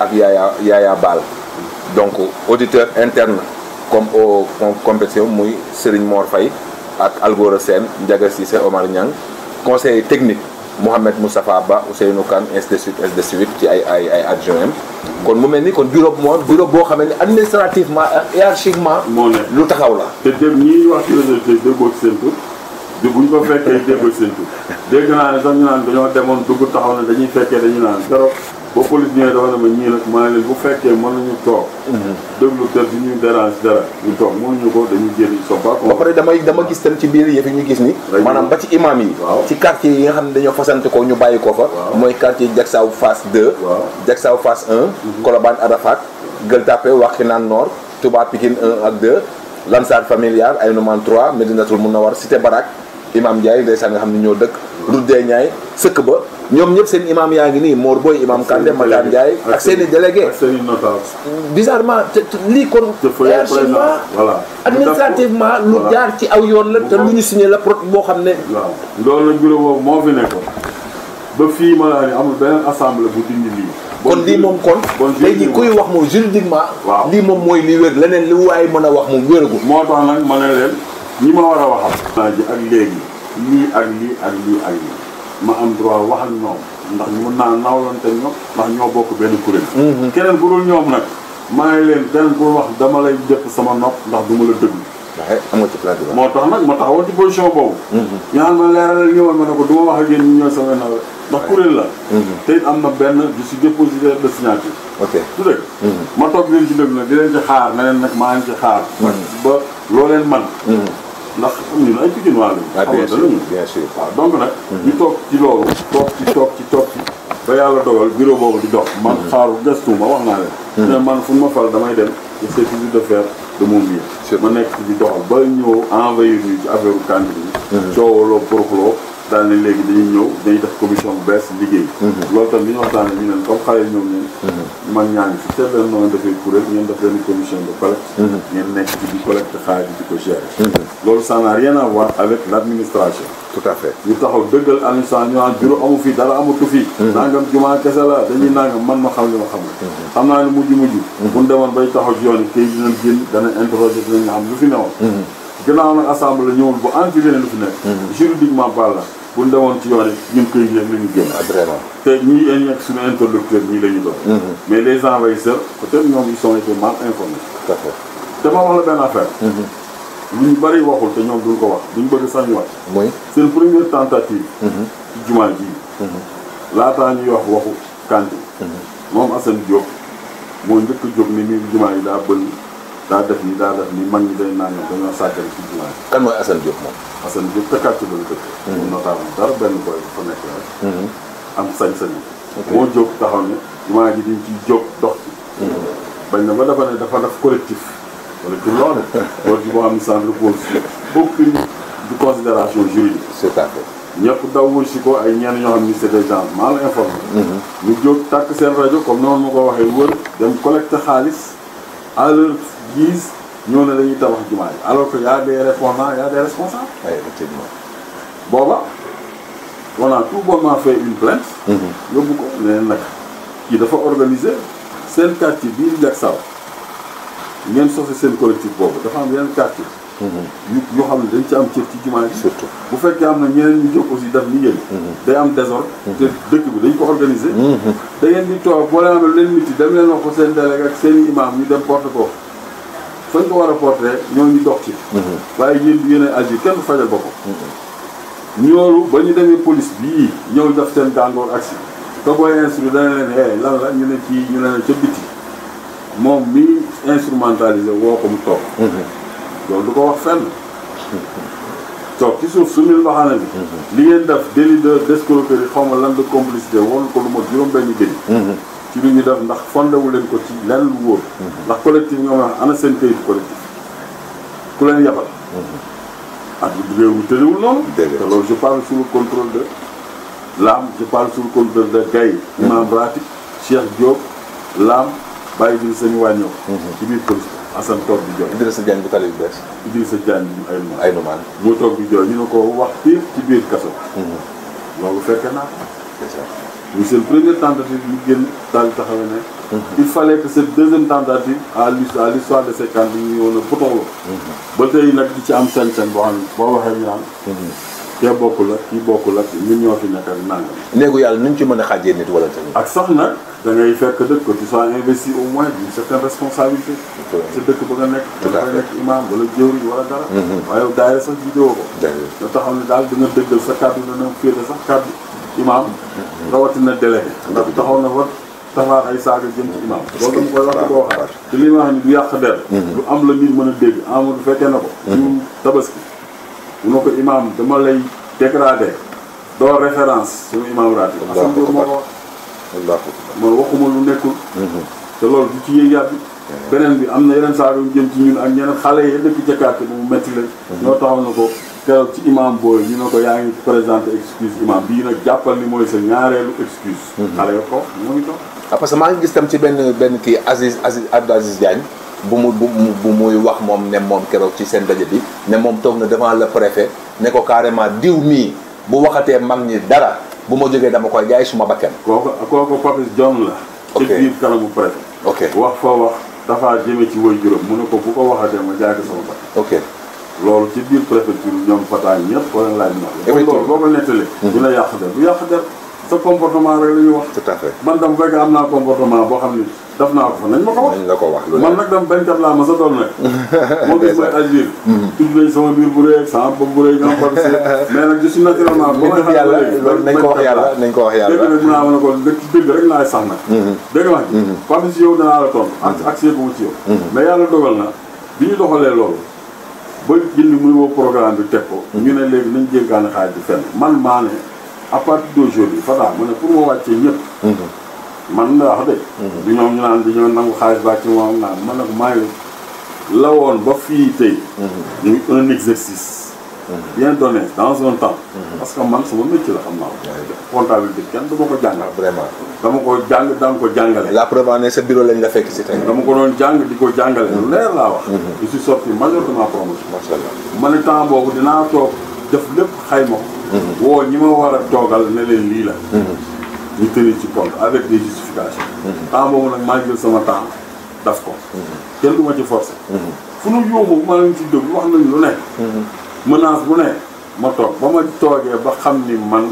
ak Yaya Yaya Baal mm-hmm. donc auditeur interne comme au compétition muy Serigne Mor ak Algora Sène Ndiaga Cissé Omar Niang conseil technique Mouhamed Moustapha Ba Ousseynou Kane ainsi de suite ainsi de suite ci ay ay ay adjoint kon mu mel ni kon bureau moom bureau boo xamee ne administrativement ak hiérarchiquement. moo ne lu taxaw la. te dégg ñiy wax ci réseau bi déggoo ci seen tur ko fekkee déggoo ci seen tur dégg ne sax ñu naan dañoo demoon dugg taxaw na dañuy fekkee dañu naan dara. ba police ñëwee dafa ne ma ñii nag maa leen bu fekkee mën nañu toog. Mhm. déglu te du ñuy dérange dara ñu toog mënuñu ko dañuy jëriñ sa bopp. ba pare damay dama gis tam ci biir yëf yi ñu gis ni. maanaam ba ci imam yi. ci quartier yi nga xam ne dañoo fasante ko ñu bàyyi ko fa. mooy quartier Diacksao Fass 2. waaw Diacksao Fass 1. Mhm. Colobane Arafat. Gueule Tapée Wakhinane Nord. Touba Pikine 1 ak 2. Lansar Familiar Aïnou Mane 3 Médinatoul Mounawar Cité Barak Imam Ndiaye ndeysaan nga xam ne ñoo dëkk. Route des Niayes sëkk ba ñoom ñëpp seen imam yaa ngi nii Mor Boy imam Kande Makan Ndiaye ak seen i délégué bizarrement lii kon hiérarchiquement voilà administrativement lu ci aw yoon la te lu la prot boo xam ne waaw loolu la bureau boobu moo ba fii ma laa ne amul beneen assemblée bu lii kon lii moom kon tey wax moom juridiquement waaw lii moom mooy li wér leneen li waaye mën a wax moom wéragul moo tax nag ma ne leen ñi ma war a waxal ji ak léegi lii ak lii ak lii ak lii ma am droit wax ak ñoom ndax mun naa nawlante ñoom ndax ñoo bokk benn kuréel. Mhm. keneen bu dul ñoom nag maa ngi leen keneen bu wax dama lay jëpp sama nopp ndax du ma la déglu. am nga ci place moo tax nag ma taxawoon ci position boobu. Mhm. ñaan ma leeralal ñëwal ma ne ko du ma wax ak yéen ñi ñooy sama nawet. ndax kuréel la. Mhm. te it am na benn je suis dépositaire de signature. ok du dëgg. ma toog leen ci déglu nag di leen ci xaar ne nag maa ngi ci xaar. ba loo leen man ndax am ni ay pikin waa lañ bien nag hmm. ñu toog ci loolu toog ci toog ci toog ci ba yàlla dogal bureau boobu di dox man xaaru hmm. gëstuma wax naa leen mais hmm. man fu ma fal damay dem j'essaie toujours de faire de mon mieux ma nekk ci di doxal ba ñëw envoyé ñu ci affaire u candidat yi daal ne léegi dañuy ñëw dañuy def commission bu bees liggéey. Mhm. loolu tam li ñu waxtaanee ñu ne comme xale ñoom ñoom. Mhm. noonu dafay kuréel ngeen def leen commission de collecte. Mhm. ngeen nekk ci di collecte xaalis di ko l' administration. tout à fait ñu taxaw dëggal administration ñu naan bureau amu fi dara amatu fi. nangam jumaa kese la dañuy nangam man ma xam li ma xam la. xam naa ne mujj mujj. bu ñu demoon bay taxaw ci yoon yi kayit dinañ dana interroger dinañ nga xam lu fi newoon. gannaaw nag assemblée ñëwoon bu enquêté leen lu fi nekk. Mhm. juridiquement parlant bu ñu demoon ci yoon yi ñun kayit yeeg la ñu génn. Ah, vraiment te ñii dañuy nekk suñu interlocuteur ñii la ñu doon. Mhm. mais les envahisseurs peut être ñoom ils sont été mal informés. tout à wax la benn affaire. lu mhm. ñu bëri waxul te ñoom duñ ko wax duñ bëgg sax wax. seen première tentative. ci jumaa ji. laataa ñuy wax waxu Kanté. moom Assane Diop moo njëkk a ni nii jumaa yi daa bëri. daa def nii daa def nii mag ñi dañ naan dañoo sàggal ci jumaa yi. kan mooy Assane Diop moom. Assane Diop tëkkaat ci ba la dëkk. mu hmm. notable dara benn boy bu fa nekk rek. Hmm. am sañ-sañ. ok moo jóg taxaw ne jumaa ji dañ ciy jóg dox ci. Hmm. bañ na ba dafa ne dafa def collectif. collectif loolu. loolu ci moo am centre repose aucune du considération juridique. ñëpp daw wuñ ko ay ñenn ñoo xam ni c'est des gens mal informés. ñu jóg tàkk seen rajo comme noonu ma ko waxee wër dem collecte xaalis. à leur ñoo ne dañuy tabax jumaa yi alors que y a des répondants y a booba on a tout bonnement fait une plainte. Mhm. yóbbu ko leneen nag kii dafa organiser seen quartier bii di Diack Sao ngeen sose seen collectif boobu dafa am yeneen quartier. ñu ñoo xam ne dañ ci am cër ci jumaa yi surtout bu fekkee am na ñeneen ñu jóg aussi def liggéey mhm. day am désordre mhm. te bi dañ ko organiser mhm. da ngeen di toog boo leen amee lu leen miti dem leen wax ko seen délégué ak seen imam ñu dem porte ko fañ ko war a porté ñoo ñu dox ci waaye yéen yéen a agi kenn fajal boppam ñooru ba ñu demee police bii ñëw def seen gàngoor aksi te booy instru dana leen hee eh, lan la ñu ne kii ñu ne leen ca biti moom mi instrumentalisé woo ko mu toog loolu du ko wax fenn toog ci suuf su mil mbaxana bi li ngeen def délit de d'escroquerie xaw ma lan de complicité warul ko lu ma juróom-benni délit ci lu ñu def ndax fondé leen ko ci lenn lu wóor ndax collectif ñoom wax ana seen këyit collectif ku leen yabal ak réew mi tëjewul noonu te loolu je parle sous le contrôle de l'âme je parle sous le contrôle de Gaye imam Rati Cheikh Diop l'âme bàyyi bi sañu wàññoo ci biir police Assane toog di jooy. Idrissa Diagne bu tali bu bees. Idrissa Diagne ay numaan ay numaan. moo toog di jooy ñu ne ko wax yëpp ci biir kaso. Mhm. loolu fekke naa ko. seen première tentative ñu génn daal di taxawee ne. Mhm. il fallait que cette deuxième tentative à l'histoire à l'histoire de ces cantines ñu woon a botoloo. Mhm. ba tey nag di ci am sañ-sañ boo xam ne boo waxee ñu naan. kee bokkul ak kii la ak ñun ñoo fi nekk ak nangam. néegu yàlla nu ñu ci mën a xàjjee nit wala tamit. ak sax nag da ngay fekk dëkk que tu sois investi au moins d'une certaine responsabilité. sa dëkk ba nga nekk. da nga nekk imam wala jëwriñ wala dara. Mhm. waaye ne daal dina dëggal sa kàddu dana féete sax kàddu imam. Mhm. rawatina délégué. ndax taxaw na war taxawaat ay saaga jëm ci imam. est ce que koy wax ko waxaat. te li ma wax ni du yàq der. du mhm. am la nit mën a dégg amadou fekkee na ko. tabaski bu ma ko imaam dama lay dégradé doo référence suñu imaam raatib asan Ndour moo ko wax man waxuma lu nekkul mhm. te loolu du ci yëg yàgg mhm. beneen bi am na yeneen saako yu jëm ci ñun ak ñeneen xale yi dëkk Jakarta bu mu métti la mhm. ñoo taxaw na ko keroog ci imam booy ñu ne ko yaa ngi présenté excuse imam bii nag jàppal ni mooy sa ñaareelu excuse xale yo ko moo ngi toog ah parce que maa ngi gis tam ci benn benn kii Aziz Aziz Abdou Aziz Diagne bu mu bu bu muy wax moom ne moom keroog ci seen daje bi ne moom toog na devant le préfet ne ko carrément diw mii bu waxatee mag ñi dara bu ma jógee dama koy jaay suma bakkan kooku kooku Papis John la ci biir kanamu préfet ok wax fa wax dafa jëme ci woy juróom mu ne ko bu ko waxatee ma jaay ko sama bakkan ok loolu ci biir préfecture ñoom Fataay ñëpp ko leen laaj ma loolu boo ko nettalee mhm. du la yàq der du yàq der sa comportement rek la ñuy wax. tout à fait man dam fekk am naa comportement boo xam ni def naa ko nañ ma ko wax. nañ la ko wax man nag dem bañkat laa ma sa doon nag. moo gis may agir. Mhm. tudd sama biir bu rëy ak sama bopp bu rëy ñoom parce que mais nag je suis naturellement. boo ko wax yàlla nañ ko wax yàlla. dégg nga a mhm. ko dëgg rek laay sax nag. Mhm. dégg nga wax si yow danaa la toon ak ak seeku ci yow. mais yàlla dogal na bi ñu doxalee loolu. ba jënd muy woo programme bi teg ko. ñu ne léegi nañ jéggaane xaaj bi fenn man maa à partir d'aujourd'hui Fada mu ne pour ma wàccee ñëpp. Mhm. man la wax de. Mhm. du ñoom ñu naan dañoo nangu xaalis baa ci moom naan man nag maa ngi la woon ba fii tey. Mhm. ñu un exercice. bien donné dans un temps. parce que man sama métier la xam naa ko. comptabilité kenn dama ko jàngal. Ah, vraiment dama ko jàng danga ko jàngale. la preuve ne sa bureau lañ la fekk si tey. dama ko doon jàng di ko jàngale. lu leer laa wax. je suis sorti majoritairement promotion. macha allah ma ne temps boobu dinaa toog def lépp xayma woo ñi ma war a toogal ne leen lii la. ñu tenir ci compte avec des justifications. temps boobu nag maa jël sama temps daf ko. kenn du ma ci forcer. fu nu yóbbu lu nekk. menace bu nekk ma toog ma toogee ba xam ni man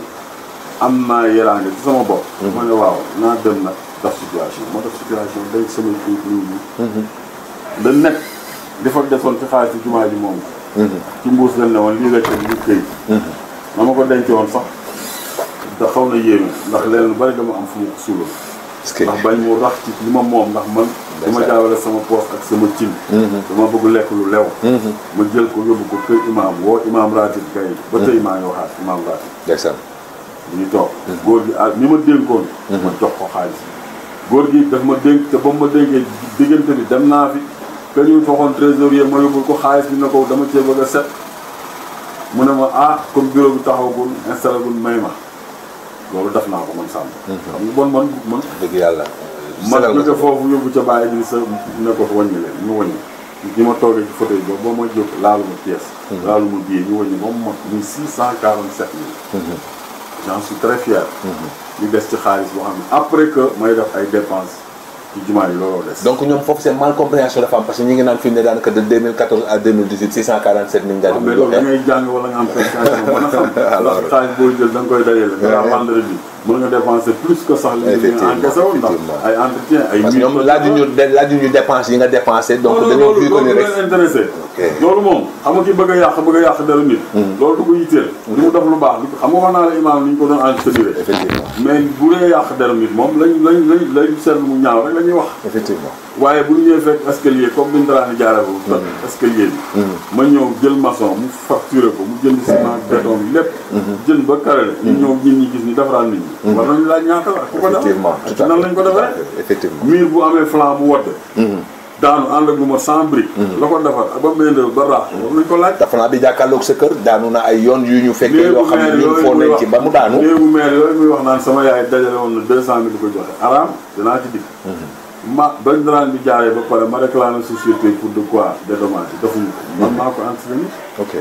am naa yeraange ci sama bopp. ne waaw naa dem nag daf situation ma daf situation day samay kii nii. la nekk dafa desoon ci xaalis ci jumaa ji moom. ci mbuus lañ ne woon lii la teg ñu këy. na ma ko denc woon sax da xaw na yéeme ndax leen lu bari dama am fu ma ko suuloon ndax bañ mu rax ci li ma moom ndax man du ma sama poos ak sama cin mm-hmm. dama bëgg lekk lu lew mm-hmm. ma jël ko yóbbu ko kër imaam woo imaam ratib kay ba tey mm-hmm. maa ngi waxaat imaam ratib ndeysaan toog góor gi ah ni ma dénkoon ma jox ko xaalis góor gi daf ma dénk te ba mu ma dénkee diggante bi dem naa fi ka ñuy faxoon trésorier ma yóbbul ko xaalis bi na ko dama cee bëgg a set mu ne ma ah comme bureau bi taxawagul installé gul may ma loolu def naa ko man sàmm. Mhm. xam nga bon man man. dëgg yàlla. Euh, man jóge foofu yóbbu ca bàyyi ji sa ne ko wàññi leen ñu wàññi. ñi ma toogee ci fauteuil ba ba ma jóg laaluma pièce. Mhm. laaluma billet ñu wàññi ba mu mot muy six cent quarante sept mille. Mhm. j'en suis très fier. li des ci xaalis boo xam ne après que may def ay dépenses. ci ñoom foofu seen mal compréhension dafa am parce que ñu ngi naan fi ne daanaka de 2014 à 2018 647 nit. jaajëf bu ah, ñu mais loolu da ngay jàng nga am. xam-xam mën mën nga dépenser plus que sax. effectivement li ñu encaissé woon ndax yi nga dépensé. donc dañoo vu que ni rek loolu intéressé. yàq bëgg yàq dara nit. Hmm. loolu du ko lu baax xam nga wax naa la imaam ni ñu ko doon entretenir. effectivement mais bu dee yàq dara moom lañ lañ lañ lañ mu ñaaw rek la ñuy wax. effectivement waaye bu ñu ñëwee fekk escalier comme ni ñu daan jaaree hmm. ko. toj escalier bi. Hmm. ma ñëw jël maçon mu facturé ko mu jënd ciment béton lépp. jënd ba carré ñu ñëw nit ñi gis ni defaral nit ñi war nañu laaj ñaata la ku ko def effectivement nan lañ ko defee effectivement miir bu amee flanc mhm. mhm. ko defar ak ba mel ko laaj dafa naa di jàkkaarloog sa kër daanu na ay yoon yu ñu fekkee yoo xam ne ñun foo ba mu daanu léegu maire yooyu muy wax naan sama yaay dajale woon na deux cent mille ko joxe araam dinaa ci dikk mhm. ma bañ daraan bi jaaree ba pare ma réclamé société pour de quoi dédommage defuñu ko man maa ko entretenu ok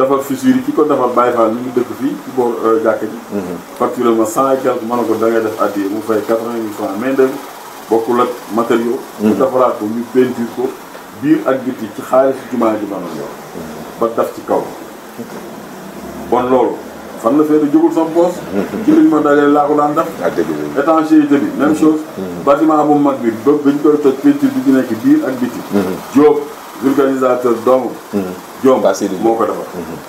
defar fissure yi ki ko defar Baye Fall mi ngi dëkk fii ci boor euh, jàkk ji mhm. facturé ma cent et quelque ma ko da ngay def addiye mu fay quatre vingt mille francs main d'œuvre bokkul ak matériaux ñu mhm. defaraat ko ñu peinture ko biir ak biti ci xaalisu jumaa ji mën a yor mhm. ba daf ci kaw bon loolu fan la fee di jógul sama poos ci liñ ma dalee laa ko daan def ah, étanchéité bi même chose bu mag bi ba bañ koy toj peinture bi ci nekk biir ak biti jóob vulgarisateur dong. Hmm. Diome moo ko defar. Hmm.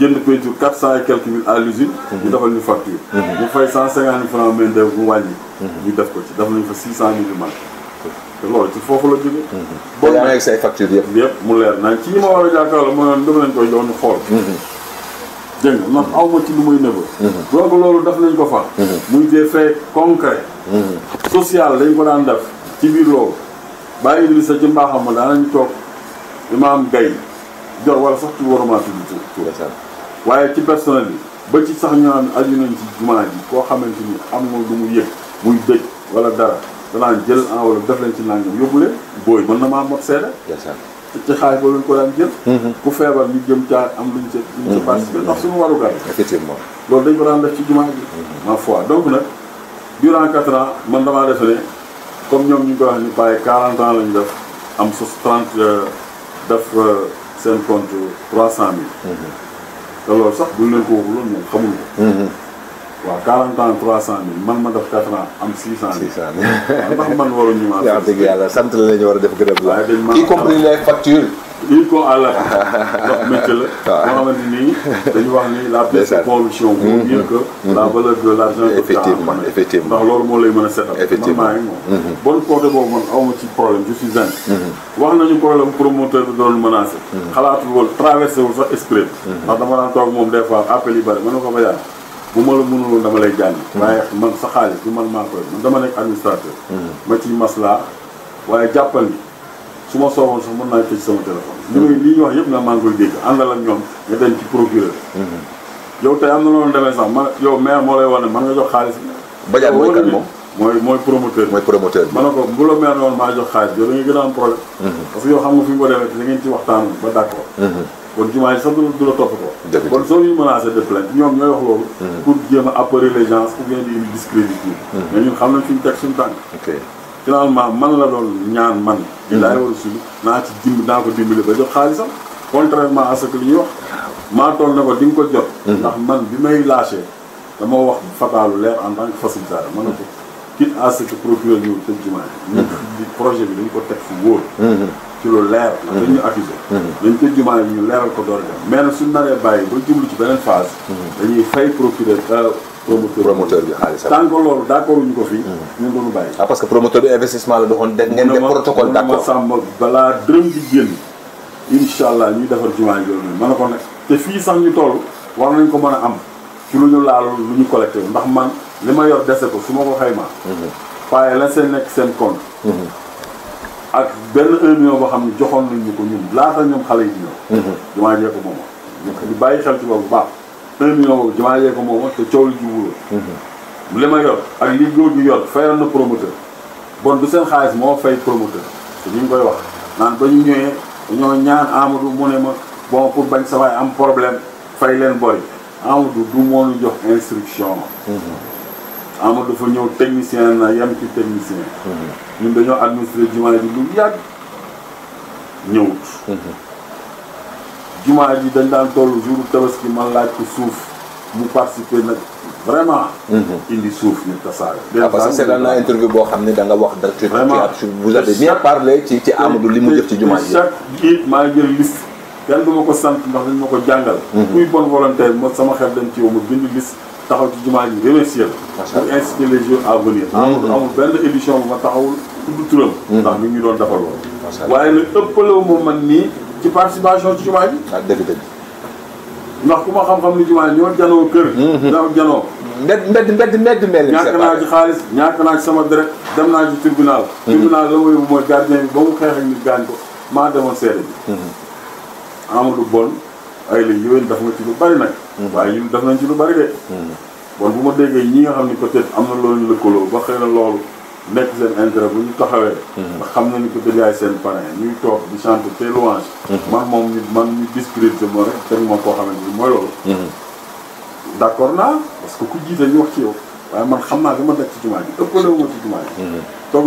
jënd peinture quatre cent et quelques mille à l'usine hmm. ñu defal ñu facture. ñu fay cent cinquante mille franc main mu wàññi. ñu def ko ci def nañu fa six cent mille yu te loolu ci foofu la jógee. boo daa nekk say yëpp. yëpp mu leer nañ ci yi a jàkkaarloo ma ne dama leen koy jox ñu xool. man aw ma ci lu muy nëbër. loolu def nañ ko fa. muy des faits concrets. social lañu ko daan def ci biir loolu. bàyyi Idrissa ci mbaaxam ma daanañu toog imaam gay jor wala sax ci warumaa tudd Touré waaye ci personnel bi ba ci sax ñu naan aju nañ ci jumaa ji koo xamante ni am na lu mu yëg muy dëj wala dara danaan jël en wala def leen ci nangam yóbbu leen booy mën na ma maa mot seede ci xaay lu luñ ko daan jël mm-hmm. ku feebar ñu jëm caa am luñ ca luñ ca mm-hmm. participé ndax suñu waru gar effectivement loolu dañ ko daan def ci jumaa ji mm-hmm. ma foi donc nag durant quatre ans man damaa defe ne comme ñoom ñu ngi koy wax ñu bàyyi 40 ans la ñu def am su euh, 30 def euh, seen compte 300000. Mhm. te loolu sax buñ leen ko waxuloon ñoom waaw 40 ans 300000 man ma def 4 ans am 600. 600 ndax man waroon ñu ma. waaw dëgg yàlla sant la ñu war a def gërëm la. y compris les factures. il ko àlla ndox métier la. waaw boo xamante ni dañu wax ni la plus corruption vaut mieux mm-hmm. que la mm-hmm. effectivement effectivement ndax loolu moo lay mën a seetal. effectivement man maa ngi moom. Mm-hmm. bon côté boobu man awma ci problème je suis wax nañu problème promoteur bi doon menacé. xalaatu woon traversé wu sax esprit. ndax dama daan toog moom des fois appel yi bëri mën na ko fa bu ma la mënuloon dama lay jànni hmm. waaye man sa xaalis du man maa koy man dama nekk administrateur hmm. ma ciy maslaa waaye jàppal ni su ma soowoon sax mën naa tëj sama téléphone li muy li ñuy yëpp na maa ngi koy dégg àndal ak ñoom nga dem ci procureur hmm. moo lay wax ne man nga jox xaalis Badiane mooy kan moom mooy mooy promoteur mooy promoteur ma ne ko bu la maire noonu maa jox xaalis yow da gën a am problème parce que yow xam nga fi mu ko demee da ngeen ci waxtaan ba d' accord kon jumaa yi sax du du la toppatoo. dëgg kon soo ñuy menacé de plainte ñoom nga wax loolu. Mm-hmm. pour jéem a appeler les gens ou di indi discrédit mm-hmm. mais xam nañ fi ñu teg suñu tànk. ok finalement man la doon ñaan man. di mm-hmm. laay war a suñu naa ci dimb naa ko dimbali ba jot xaalisam. contrairement à ce li ñuy wax. maa toll na ko di nga ko jot. ndax man bi may lâché dama wax fataalu leer en tant que facilitateur ma ne ko quitte à set que procureur ñëw tëj jumaa yi. ñun projet bi dañ ko teg fu wóor. ci lu leer ndax mhm. dañ ñu accusé mhm. dañ ko jumaale ñu leeral ko door dem mais nag suñ naree bàyyi ba jublu ci beneen phase mhm. dañuy fay procureur euh, promoteur promoteur bi xaalis tant que loolu d' accord wuñu ko fii ñun doonu bàyyi ah parce que promoteur bi investissement la doxoon da ngeen def protocole d' accord sàmm balaa dërëm di génn incha ñu ñuy defar jumaa jooju noonu mën na ko nekk te fii sax ñu toll war nañ ko mën a am ci lu ñu laal lu ñu collecté ndax man li ma yor dese ko su ma ko xaymaa waaye la seen nekk seen compte ak benn un million boo xam ne joxoon nañ ñu ko ñun laata ñoom xale yi di ñëw. Mhm. jumaa jee ko moomoon. ñu bàyyi xel ci boobu baax un million boobu jumaa jee ko moomoon te coow li ci mhm. li ma yor ak li góor gi yor fayoon na promoteur bon du seen xaalis moo fay promoteur te ñu ngi koy wax naan ba ñu ñëwee ñoo ñaan Amadou mu ne ma bon pour bañ sa waay am problème fay leen boy Amadou du moo ñu jox instruction. Mhm. Amadou dafa ñëw technicien na yem ci technicien. Mhm. ñun dañoo administré jumaa ji lu yàgg ñëwut. Mhm. jumaa ji dañ daan toll jour tabaski ma laaj ci suuf mu participer nag vraiment. Mhm. indi suuf ñu tasaare. ah parce que seetaan naa interview boo xam ne da nga wax da ci vous avez bien parlé ci ci Amadou li mu jëf ci jumaa ji. chaque it maa jël liste kenn du ma ko sant ndax dañ ma ko jàngal. kuy bonne volonté ma sama xel dem ci yow ma bind liste. taxaw ci jumaa yi remercier la. macha allah pour inciter les jours à venir. Ah, amul hmm. ndax mi ngi doon defal loolu. macha waaye nag ëppalewu ma man nii ci participation ci jumaa yi. Ah, ndax ku ma xam-xam ni jumaa yi ñoo janoo kër. Hmm, hmm. ñoo janoo. mbedd mbedd mbedd mbedd ñàkk naa ci xaalis ñàkk naa ci sama direct dem naa ci tribunal tribunal la ma yóbbu mooy gardien bi ba mu xeex nit gaañ ko maa demoon seede bi Amadou Bon ay la yéwén daf nga ci lu bari nag mm-hmm. waaye ñun def nañ ci lu bari de mm-hmm. bon bu ma déggee ñi xam ni peut am na loolu ñu lëkkaloo ba xëy na loolu nekk seen intérêt bu ñu taxawee nga mm-hmm. xam na ni peut yaay seen parrain ñuy toog di chanter te louange man moom ñu man ñu discrédité moo rek teg moom koo xamante ni mooy loolu d'accord naa parce que ku jiite ñu wax ci yow waaye man xam naa li ma def ci jumaa ji ëpp na ma ci jumaa ji toog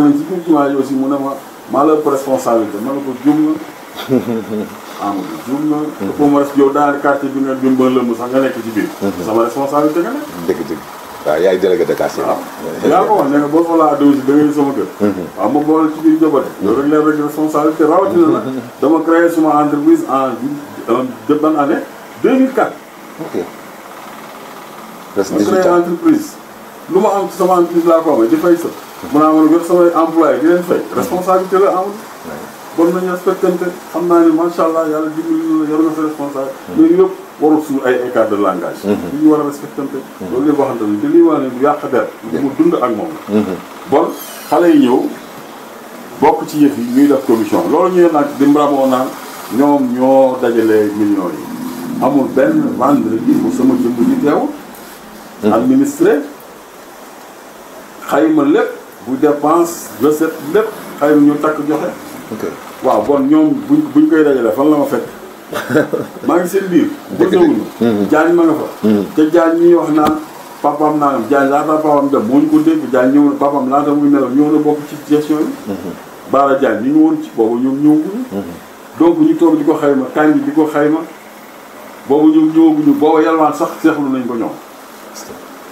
mu ne ma maa la responsabilité ma ne ko jum am mun na. te foo ma res yow daanaka quartier bi nga jëm ba lëmb sax nga mhm. sama responsabilité nga nekk. dëgg dëgg waaw yaay délégué de quartier. ko wax ne boo soxlaa déglu si sama kër. Mhm. waaw ma boole ci biir Jokalante. loolu rek leen rek responsabilité rawatina mhm. dama créé suma entreprise en en ban année 2004. ma créé entreprise. lu ma am ci sama entreprise laa ko amee di fay sa. mun naa amoon samay employé di leen fay responsabilité la amul. bon nañu respectante xam naa ne macha allah yàlla dimbali na la yor sa responsable. yooyu yëpp warul suñu ay écart de langage. li mhm. ñu war a respectante. Mhm. loolu yëpp waxante ne te lii wax ne du yàq der mhm. mu dund ak moom la. bon xale yi ñëw bokk ci yëf yi ñuy def commission loolu ñuy nag di mbramoo naan ñoom ñoo dajale million yi amul benn vendredi bu sama jëmb ñu teew. administré xayma lépp bu dépense recette lépp xayma ñu takk joxe. waaw bon ñoom buñ buñ koy dajale fan la ma fekk maa ngi seen biir. dëgg dëgg mm-hmm. jaañ ma nga fa. Mm-hmm. te jaañ ñuy wax naan papaam naanam jaañ laata papaam dem moo ñu ko dégg jaañ ñëw na papaam laata muy nelaw ñëw na bokk ci gestion yi. Mm-hmm. baara jaañ ñu ngi woon ci boobu ñoom ñëwaguñu. donc ñu di ko xayma tànn di ko xayma boobu ñoom ñëwaguñu booba yalwaan sax seexlu nañ ko ñoom.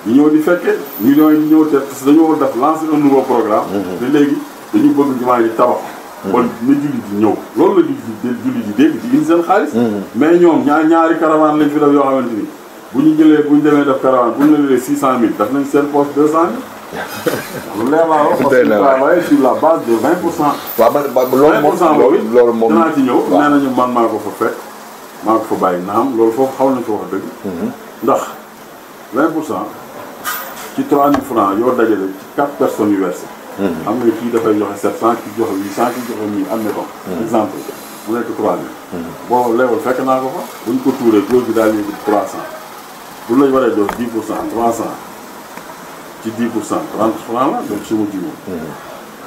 ñu ñëw di fekkee ñu ñëw di ñëw te dañoo def lancer un nouveau programme. te léegi dañu bëgg jumaa yi tabax. kon na julli ji ñëw loolu la julli julli ji dégg ci indi seen xaalis hmm. mais ñoom ñaar ñaari caravane lañ fi def yoo xamante ni bu ñu jëlee bu ñu demee def caravane bu ñu la jëlee six cent mille daf nañ seen poche deux cent mille lu leer laa wax parce que travaille la base de vingt pour cent waaw loolu moom loolu moom dinaa ci ñëw nee nañu man maa ko fa fekk maa ko fa bàyyi naam loolu foofu xaw nañ ko wax dëgg hmm. ndax vingt pour cent ci trois mille francs yoo dajale ci quatre personnes yu versé Mm-hmm. am na kii dafay joxe sept cent kii joxe huit cent kii joxe mille am na ko. Mm-hmm. exemple mu nekk trois mille. Mm-hmm. boo leewal fekk naa ko fa bu ñu ko tuuree góor bi daal yëngu trois cent bu lañ waree jox dix pour cent trois cent ci dix pour cent trente franc la donc su di juumee.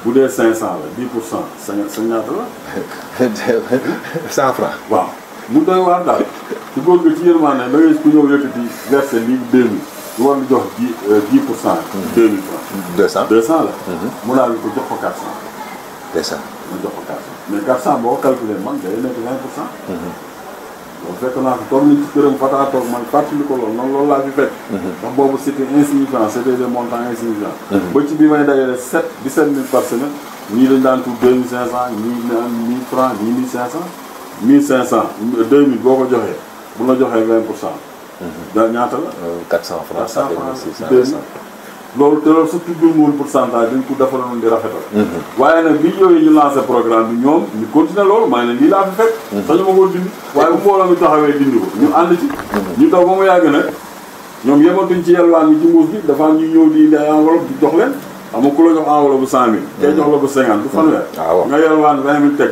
bu dee cinq cent la dix pour cent sa sa ñaata la. cent franc waaw mu doy waar daal ci góor gi ci yërmande da ngay ku ñëw yëkkati verser lii deux mille lu war la jox dix euh, dix pour cent. Mm-hmm. deux mille francs. deux cent deux cent mm-hmm. la. mu daal di ko jox ko quatre cent. deux cent mu jox ko quatre cent mais quatre cent boo calculé man day nekk vingt pour cent. loolu mm-hmm. fekk naa ko toog nañ ci këram Fata toog man fàttali ko loolu noonu loolu laa fi fekk. ndax boobu c'était insignifiant c'était des montants insignifiants. ba ci bi may dajale sept dix-sept mille par semaine ñii dañ daan tudd deux mille cinq cent ñii naan mille francs ñii mille cinq cent. boo ko joxee bu la joxee vingt pour cent. daal ñaata la. 400 euh, francs 400 loolu te loolu surtout bi mu woon pourcentage dañ ko defaloon di rafetal. Mhm. waaye nag bi ñëwee ñu lancé programme bi ñoom ñu continué loolu maa ngi lii laa fi fekk. Mhm. sañu ma koo dindi waaye bu mbooloo mi taxawee dindi ko ñu ànd ci. Mhm. ñu daw ba mu yàgg nag ñoom yematuñ ci yelwaan mi ci mbuus bi dafa am ñuy ñëw di indi ay enveloppe di jox leen xam nga ku la jox enveloppe bu 100000. tey jox la bu 50 du fanweer. Ah, waaw nga yelwaan 20000 teg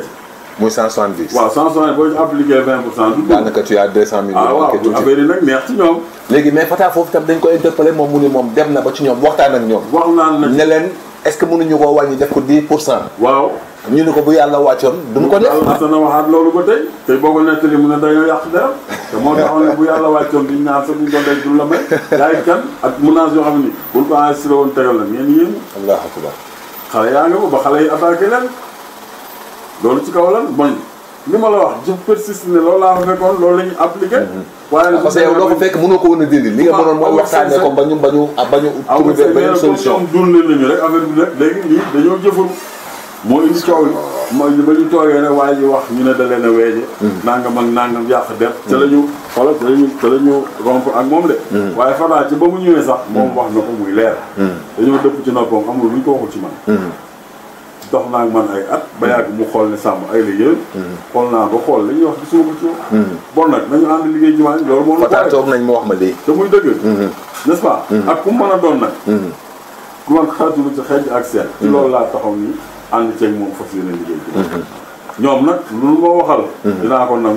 muy 170. waaw 170 boo ñu appliqué 20 pour cent. daanaka tu as 200 millions. ah waaw affaire yi nag neex ci ñoom. léegi mais Fata foofu tam dañ ko interpellé moom mu ni moom dem na ba ci ñoom waxtaan ak ñoom. wax naan ne leen est ce que mënuñu ko wàññi def ko 10 pour cent. waaw. ñu ni ko bu yàlla wàccoon duñ ko def. asana waxaat loolu ba tey tey boo ko nettali mu ne dañoo yàq dara te moo taxoon ne bu yàlla wàccoon diñ naan sax duñ ko denc du la may yaay kan ak menace yoo xam ne buñ ko enregistré woon tegal la ngeen yéen allahu akbar xale yaa nga ko ba xale yi attaqué leen loolu ci kaw lan mooy li ma la wax je persiste ne loolu laa fa fekkoon loolu la ñu appliqué. Mhm. waaye parce que yow doo ko fekk mënoo ko woon a dindi li nga mënoon mooy waxtaanee ko ba ñu ba ñu ba ñu. trouver benn solution amul seen yeneen nañu rek affaire bi nag léegi lii dañoo jëful. moo indi ba ñu toogee ne waa ji wax ñu ne da leen a weeje mhm. nangam ak nangam yàq der ca la mhm. ñu xoolal ca la ñu ca la ñu romp ak moom de waaye Fada ci ba mu ñëwee sax moom wax na ko muy leer dañoo dëpp ci noppam amul lu ñu ko waxul ci man dox naa ak man ay at. ba yàgg mu xool ne sàmm ay la xool naa ba xool li ñuy wax gisuma ko ci yow. bon nag nañu ànd liggéey jumaa ji loolu moo la. Fataal ma mhm. mhm. a doon nag. ku mhm. man xaatuma ci xeej ak seen. ci loolu laa taxaw nii ànd ceeg moom fas yéene liggéey jumaa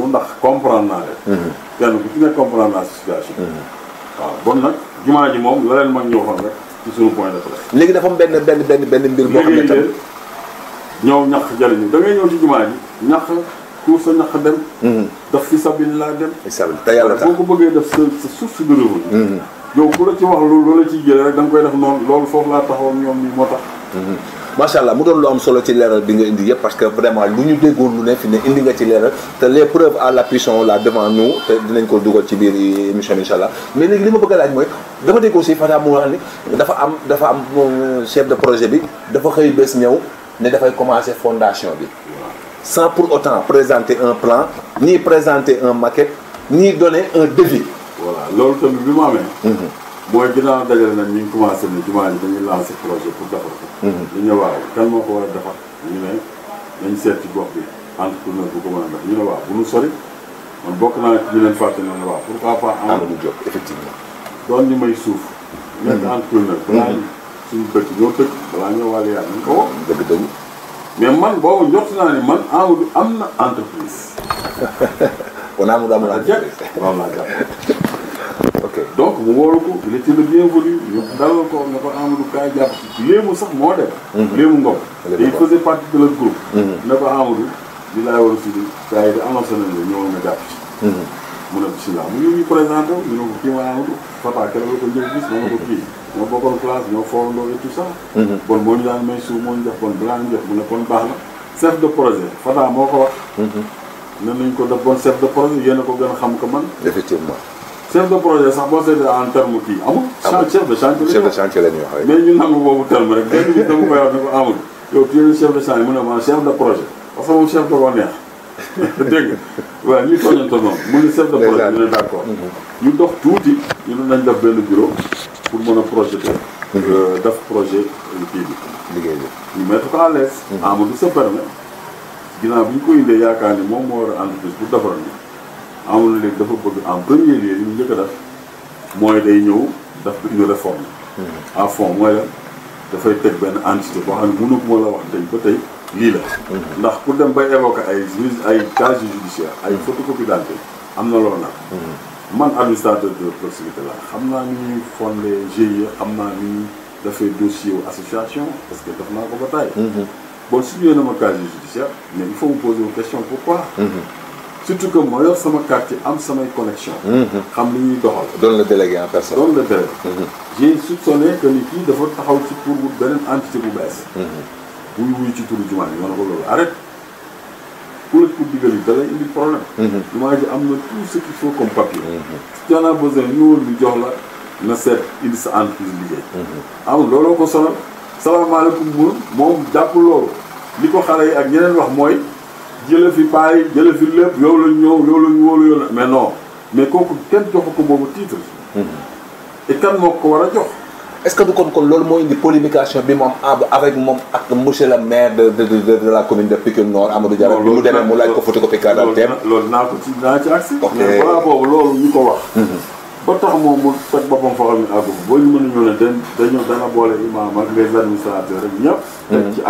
ndax comprendre naa leen. kenn ku ci ne comprendre naa situation. waaw bon nag jumaa ji moom la leen mag ñëw fan rek ci suñu point de presse. léegi dafa am benn benn benn benn mbir boo xam ne tamit ñëw ñax jëriñu da ngay ñëw ci jumaa ji ñax ku sa ñax dem. Mm-hmm. daf fi sabilillah dem. te yàlla tax ko bëggee def suuf si dërëwul. Mm-hmm. yow ku la ci wax loolu jëlee rek da nga def noonu loolu foofu laa taxawoon ñoom ñi moo tax. Mm-hmm. macha allah mu doon lu am solo ci leeral bi nga indi yëpp parce que vraiment lu ñu déggoon lu ne fi ne indi nga ci leeral te les preuves à l'appui sont là devant nous te dinañ ko dugal ci biir émission bi incha allah mais léegi li ma bëgg a laaj mooy dama dégg aussi Fata mu wax ni dafa am dafa am euh, chef de projet bi dafa xëy bés ñëw. ne dafay commencer fondation bi san pour autant présenter un plan ni présenter un maquette ni donner un devis voilà loolu tamit bi mu amee booy mhm. ginnaaw dajale nag ñu ngi commencé ne jumaa ji dañuy lancer projet pour defar ko mhm. ñu ne waaw kan ko war a defar ñu ne dañ seet ci gox bi entrepreneur bu ko mën a def ñu ne waaw bu ñu sori man bokk naa ñu leen fàttali ne waaw pourquoi pas ah, Amadou Diop effectivement doon ñu may suuf mhm. nekk entrepreneur suñu dëkk ñoo dëkk balaa ñoo wàll yaay nañ ko wax. dëgg dëgg. mais man boobu jot naa ne man Amadou am na entreprise. kon Amadou am na entreprise donc mu wóolu ko il était le bienvenu ñëpp dalal ko ne ko Amadou kaay jàpp léemu sax moo dem. Mhm. léemu ngoom. léemu ngoom il faisait partie de leur groupe. li mhm. laay war a fii kaay bi annoncé nañ la ñëwoon nga jàpp ci. Mhm. mu ne bisimilah mu ñu présenté wu ñu ne ko kii ma Amadou papa keroog la ko njëkk gis ma ne ko ñoo bokkoon classe ñoo foorandoo et tout ça. Mhm. bon moo ñu daan may suuf moo ñu jox bon balaa ñu jox mu ne kon baax na chef de projet Fada moo ko wax. Mhm. ne nañ ko def bon set de projet yéen a ko gën a xam ko man. effectivement. chef de projet sax boo seetee en terme kii amul. amul chef de chantier chef de chantier la ñu nangu boobu terme rek benn bi dama koy wax ne ko amul yow tu es chef de chantier mu ne ma chef de projet parce que moom chef da dégg nga waaw ñuy tooñante moom mu ne chef de projet ñu ne d' mhm. ñu dox tuuti ñu ne nañ def benn bureau pour mën a projeté mhm. euh, def projet kii bi liggéey bi ñu mettre ko à l'aise mhm. Amadou sa permet ginnaaw bi ñu ko indee yaakaar ni moom moo war a entreprise pour defaral ni Amadou léegi dafa bëgg en premier lieu li ñu njëkk a def mooy day ñëw def une réforme à fond mooy la dafay teg benn entité boo xam ne mënu ko moo la wax tey ba tey lii la ndax pour dem bay évoquer ay juge ay casier judiciaire ay photocopie d'identité am na loo nag mm-hmm. man administrateur de proximité la xam naa ni ñuy fondé GIE xam naa ni defee dafay dossier association parce que def naa ko ba taay mm-hmm. bon su na ma casier judiciaire mais il faut me poser une question mm-hmm. surtout que ma yor sama quartier am samay connexion xam li ñuy doxal doon la délégué en personne doon la délégué j'ai soupçonné que ni kii dafa taxaw ci pour beneen entité bu buy wuy ci turu jumaa yi ma ne ko loolu arrête ku la ko digal da indi problème. Mhm. jumaa ji am na tout ce qu'il faut comme papier. Mhm. si tu en as besoin ñëwul ñu jox la na seet indi sa entreprise liggéey. Mhm. amul looloo ko sonal salaamaaleykum moom moom jàpp loolu li ko xale yi ak ñeneen wax mooy jële fi paay jële fi lépp yow la ñëw yow la ñu wóolu yow la mais non mais kooku kenn joxu ko boobu titre. et moo ko war a jox. est-ce que du kon kon loolu moo indi polémication bi moom avec moom ak monsieur le maire de de de de la commune de Pikine Nord Amadou Diarra. bi mu demee mu laaj ko photocopie carte d'identité loolu naa ko ci naa ci agsi. ok mhm. boole imam ak les administrateurs rek ñëpp. dañ mhm. ci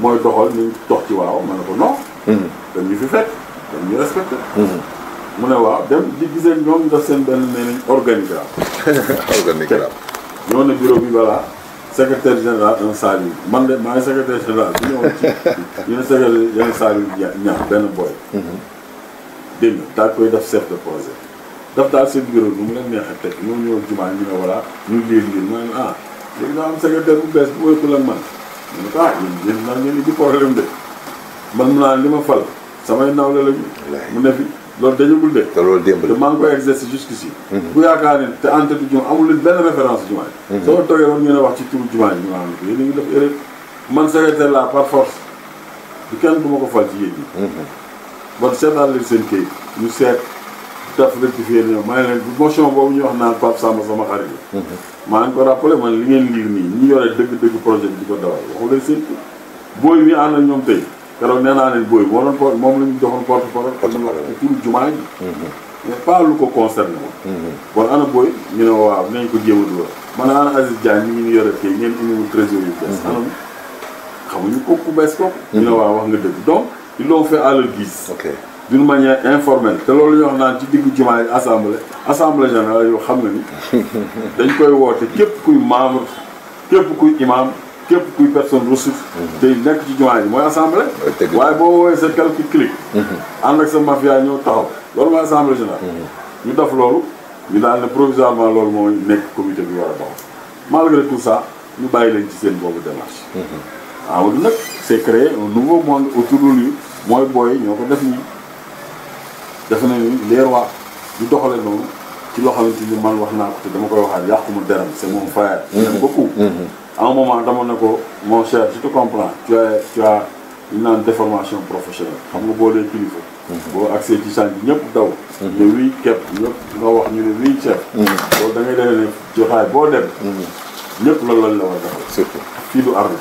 mooy doxal ni dox ci waaw ma ne ko non. Mhm. dañ fi fekk dañ ñu mu ne waaw dem di gisee ñoom ñu seen benn nee nañ ñëw na bureau bi voilà secrétaire général un Saliou man de maa ngi secrétaire général bi ñëwoon ci ñu ne secrétaire yenn Saliou ñaar benn boy mhm. dégg nga daal koy def chef de projet daf daal seen bureau nu mu leen neexee teg ñoo ñëw jumaa ñu ne ñu ngi lii lii ma ne ah léegi daa am secrétaire bu bees bu wékku la man ñu ne ah, de man mu naan li ma fal samay nawle la ñu ne fi loolu dañagul de. te loolu démb la te maa ngi koy exercer jusqu'ici mhm. bu yaakaar ne te en tête jumaa amul lu benn référence jumaa yi. Mhm. soo toogee woon ñu wax ci turu jumaa yi ñu naan ko la par force du kenn du ma ko fal ci yéen ñi. bon mhm. seetaan leen ñu seet daf rectifié ma ne leen motion boobu ñu wax naan Pape Samba sama xarit la. maa leen ko rappelé man li ngeen lire nii ñu yore dëgg-dëgg projet di ko dawal waxu leen seen kii booy mi ànd ak ñoom tey. keroog nee naa leen booy moom la ñu joxoon porte parole ak turu mhm. ko concerné woon mhm. bon booy ñu ne waaw nañ ko jéem a dugal man ana Aziz Diagne ñu ngi yore tey ñeen ñu ngi trésor yu bees mhm. anam xamuñu ko ku bees ko ñu ne waaw wax nga dëgg donc ils l'ont fait à leur guise d'une manière informelle te loolu ñu wax naan ci diggu jumaa yi assemblée assemblée générale yoo xam na ni dañ koy woote képp kuy membre képp kuy imam képp kuy personne ressource. tey mhm. nekk ci jumaa ji mooy assemblée. waaye boo woowee sa quelques clics. Mhm. ànd ak sa mafia ñëw taxaw loolu mooy assemblée générale. Mhm. ñu def loolu ñu daal ne provisoirement loolu mooy nekk comité bi war a taxaw malgré tout ça ñu bàyyi leen ci seen boobu démarche. Ah, waaw nag c'est créé un nouveau monde autour de mooy booy ñoo ko def nii def nañu les rois ñu doxalee noonu ci loo xamante ni man wax naa ko te dama koy waxaat yàqu mu deram c'est mon frère. à moment dama ne ko mon cher je te comprends naan déformation professionnelle xam nga boo dee kilifa. Mhm. boo accès ci sànq ñëpp daw. ne wii képp ñëpp nga wax ñu ne wii chef. Mhm. loolu da ngay demee ne joxaay boo dem. Mhm. ñëpp loolu lañ la war a fii du arme.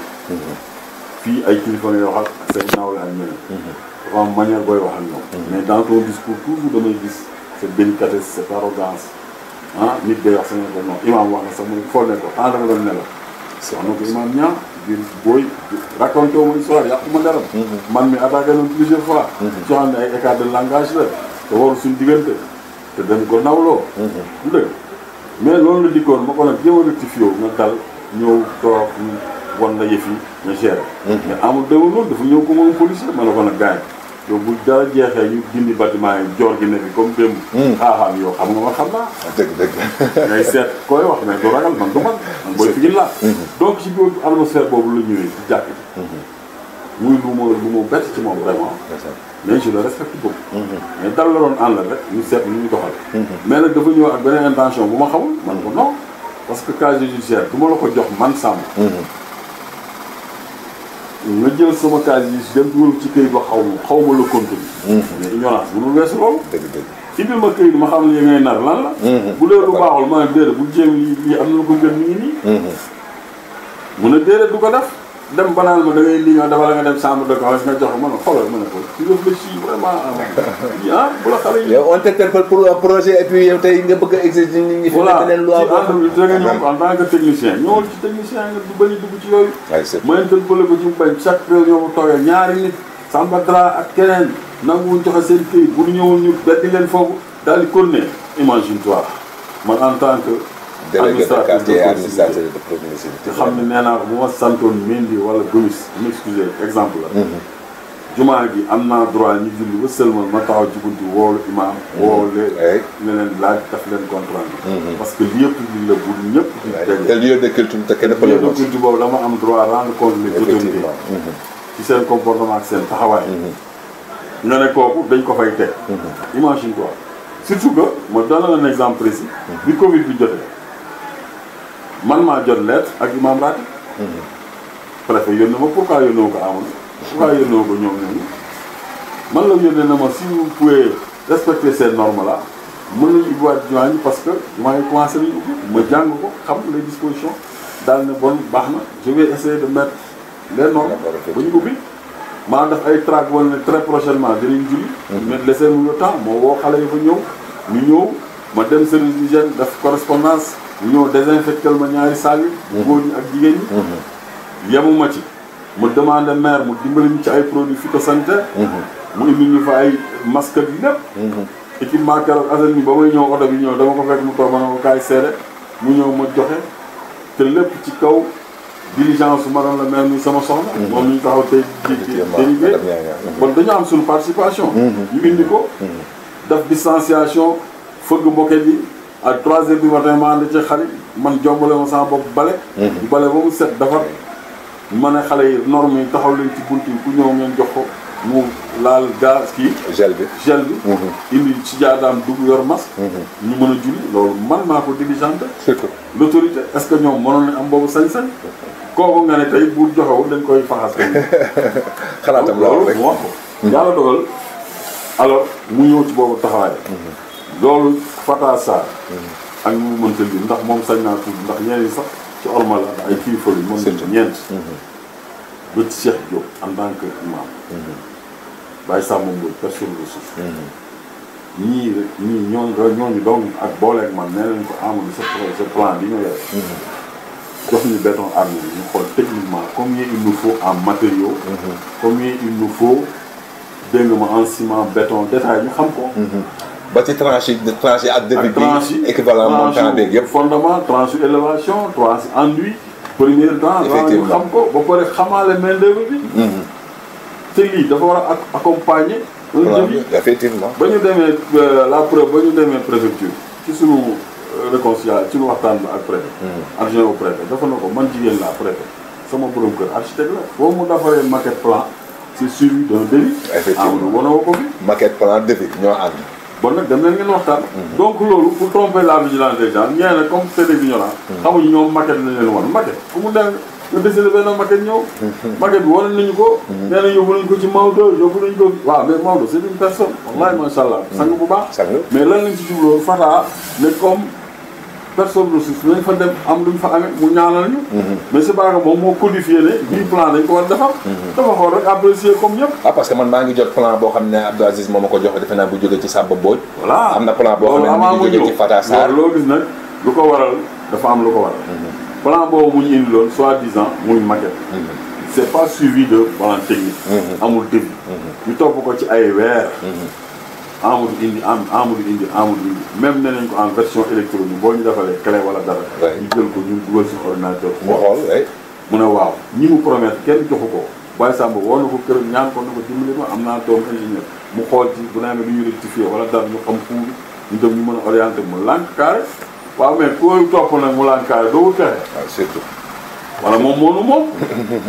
fii ay kilifa ngay wax ak say nawle ak ñeneen. dafa manière booy wax a ñoom. mais dans ton discours toujours damay gis cette délicatesse cette arrogance ah nit day wax sa ne ko non imaam wax na sax mu foo ne soxna bi man ñaa di booy raconté wu ma histoire yàquma dara. man mi attaqué nañ plusieurs fois. Mhm. soo xam ne ay écart de langage la te warul suñu diggante te dañ ko nawloo. Mhm. du dëgg mais loolu la dikkoon ma ko nag jéem a rectifié nga dal ñëw toog wan na yëf yi nga géré. Mhm. mais amul déglu loolu dafa ñëw ko moom policier ma ne ko nag gaañ. yow bu dara jeexee ñu dindi bâtiment yi joor gi nekk comme démb. Hmm. xaaxaam yow xam nga ma xam naa. Ah, dëgg dëgg. ngay seet koy wax ne du ragal man du man. man booy fi laa. Hmm. donc ci biir atmosphère boobu la ñëwee ci jàkk ji. Hmm. muy lu ma lu ma bett ci moom vraiment. mais je le respecte beaucoup. mais dal la doon ànd rek ñu seet lu ñu doxal. mais nag dafa ñëw ak beneen intention bu ma xamul. man ko non parce que casier judiciaire du ma la ko jox man sàmm. nga jël sama kaas yi dem dugal ci këyit ba xaw ma xaw ma la contenu ignorance mënul weesu loolu dëgg dëgg ibil ma këyit ma xam li ngay nar lan la bu dee lu baaxul ma ne déedéet bu jéem lii lii am na lu ko gën mi ngi nii mu ne déedéet du ko def dem ba naan ma da ngay liggéey dafa la nga dem sàmm dëkk wax nga jox ma ne xoolal ma ne ko tu ah, projet et puis nga bëgg a exiger nit ñi. fi nekk leen ah, du bañ a dugg ci yooyu. ay sëb ma interpellé ko ci mu bañ chaque période yow ñaari nit. Samba Dra ak keneen nanguwuñ joxe seen këyit bu ñu ñu beddi leen foofu daal di continuer imagine toi man en tant que. délégué de quartier administrateur ne nee naa bu ma santoon Mendy wala Gomis mu excusez exemple la. Mhm. jumaa gi am naa droit ñu julli ba seulement ma taxaw ci buntu woolu imaam. Mhm. woo leen ne leen laaj daf leen contrat mhm. parce que lieu public la bu ñëpp. di teg lieu de culture te kenn dafa lieu de culture boobu dama am droit rendre compte les autorités. ci seen comportement ak seen taxawaay. nga ne kooku dañ ko fay teg. imagine toi surtout que ma donne un exemple précis. bi Covid bi jotee. man maa jot lettre ak imam ratib mhm. préfet yónne ma pourquoi yónne ma ko amoon pourquoi yónne ma ko ñoom ñooñu man la yónnee na ma si vous pouvez respecter ces normes là mën nañu ubbiwaat jumaa parce que jumaa yi commencé nañu ma jàng ko xam les dispositions daal ne baax na je vais ñu ubbi maa def ay trac woon ne très prochainement dinañ julli mhm. mais laissez-nous le temps moo woo xale yi fa ñëw ma dem service d'hygiène def correspondance mu ñëw désinfectel ma ñaari saal yi. Mhm. góor ñi ak jigéen ñi. Mhm. yemuma ci ma demandé maire mu dimbali ñu ci ay produits phytosanitaires. Mhm. mu indi ñu fa ay masque ak lépp. équipement keroog asan bi ba may ñëw oto bi ñëw dama ko fekk mu toog ma ne mu ñëw ma joxe te lépp ci kaw diligence su madame la maire muy sama soxna. moom ñu taxaw tey ci ci am suñu participation. ñu ko. def distanciation fëgg mboket yi. à trois heures du matin ma ànd ci xarit man jombale ma sama bopp bale mhm. bale boobu mu set dafa ma ne xale yi norme yi taxaw leen ci bunt yi ku ñëw ngeen jox ko mu laal gaz kii gel bi gel bi mhm. indi ci jaadaam dugg yor mas mhm. ñu mën a julli loolu man maa ko diligenté l'autorité est-ce que ñoom mënoon nañ am boobu sañ-sañ kooku nga ne tey bu joxewul dañ koy faxas xalaatam loolu mu wax ko yàlla dogal alors mu ñëw ci boobu taxawaay loolu Fata Sarr ak mu mënta lim ndax moom sañ naa tudd ndax ñeneen sax ci orma la ay kilifa yu moom ñeent mhm. ba ci Cheikh Diop en tant que imam mhm. Baye Samba Mbodj personne ressource mhm. ñii rek ñii ñooñu ak booleeg man nee nañ ko amul sa plan bi nga yore jox ñu béton armé bi ñu xool techniquement combien il nous faut en matériaux combien il nous faut ma en ciment béton détail ñu xam ko ba ci tranche yi tranche yi ak débit bi équivalent montant beeg yëpp fondement tranche élévation tranche enduit effectivement ko ba pare xamaale main d'œuvre bi mhm. te lii dafa war a accompagner un effectivement ba ñu demee euh, la preuve ba ñu demee préfecture ci sunu euh, réconciliation ti nu waxtaan bi ak préfet mhm. adjoint au préfet dafa na ko man jigéen la préfet sama borom kër architecte la boobu mu defaree maquette plan c'est suivi d'un débit effectivement am na wana ko fi maquette bon nag dem leen ngeen waxtaan. Mm-hmm. donc loolu pour tromper la vigilance des gens ñee ne comme c'est des ignorants. Mm-hmm. xamuñu ñoom maquette lañ leen wan maquette ku mu dem nga décidé benn maquette ñëw. Mm-hmm. maquette bi wane ko. nee na yóbbu nañu ko ci Maodo yóbbu nañu ko waaw mais Maodo c'est une se wallaahi macha allah sang bu baax. mais lan lañ ci jublu woon Fata ne comme. personne ressource nañ fa dem am luñ fa amee mu ñaanal ñu. Mhm. mais si baraka moom moo codifié ne bii plan dañ ko war defar. Mhm. dafa xool rek apprécier comme ñëpp. ah parce que man maa ngi jot plan boo xam ne Abdou Aziz moo ma ko jox defe naa bu jógee ci Samba Mbodj. voilà am na plan boo xam ne mu ngi jógee ci loo gis nag lu ko waral dafa am lu ko waral. Mhm. plan boobu mu ñu indi loon soi-disant muy maquette. c' est pas suivi de plan technique. amul début. ñu topp ko ci ay we Amadou indi am Amadou indi Amadou indi même nee nañ ko en version électronique boo ñu defalee clé wala dara. ñu jël ko ñu dugal si ordinateur. mu xool mu ne waaw ñi mu promettre kenn joxu ko. Baye Samb woo na ko këram ñaan ko na ko dimbali ma am naa doom ingénieur mu xool ci bu naa ne lu ñu rectifié wala dara ñu xam ñu mën a orienté mu lànk carré waaw mais ku topp nag mu lànk carré doo wut pexe. waaw ah, surtout. wala moom moonu moom.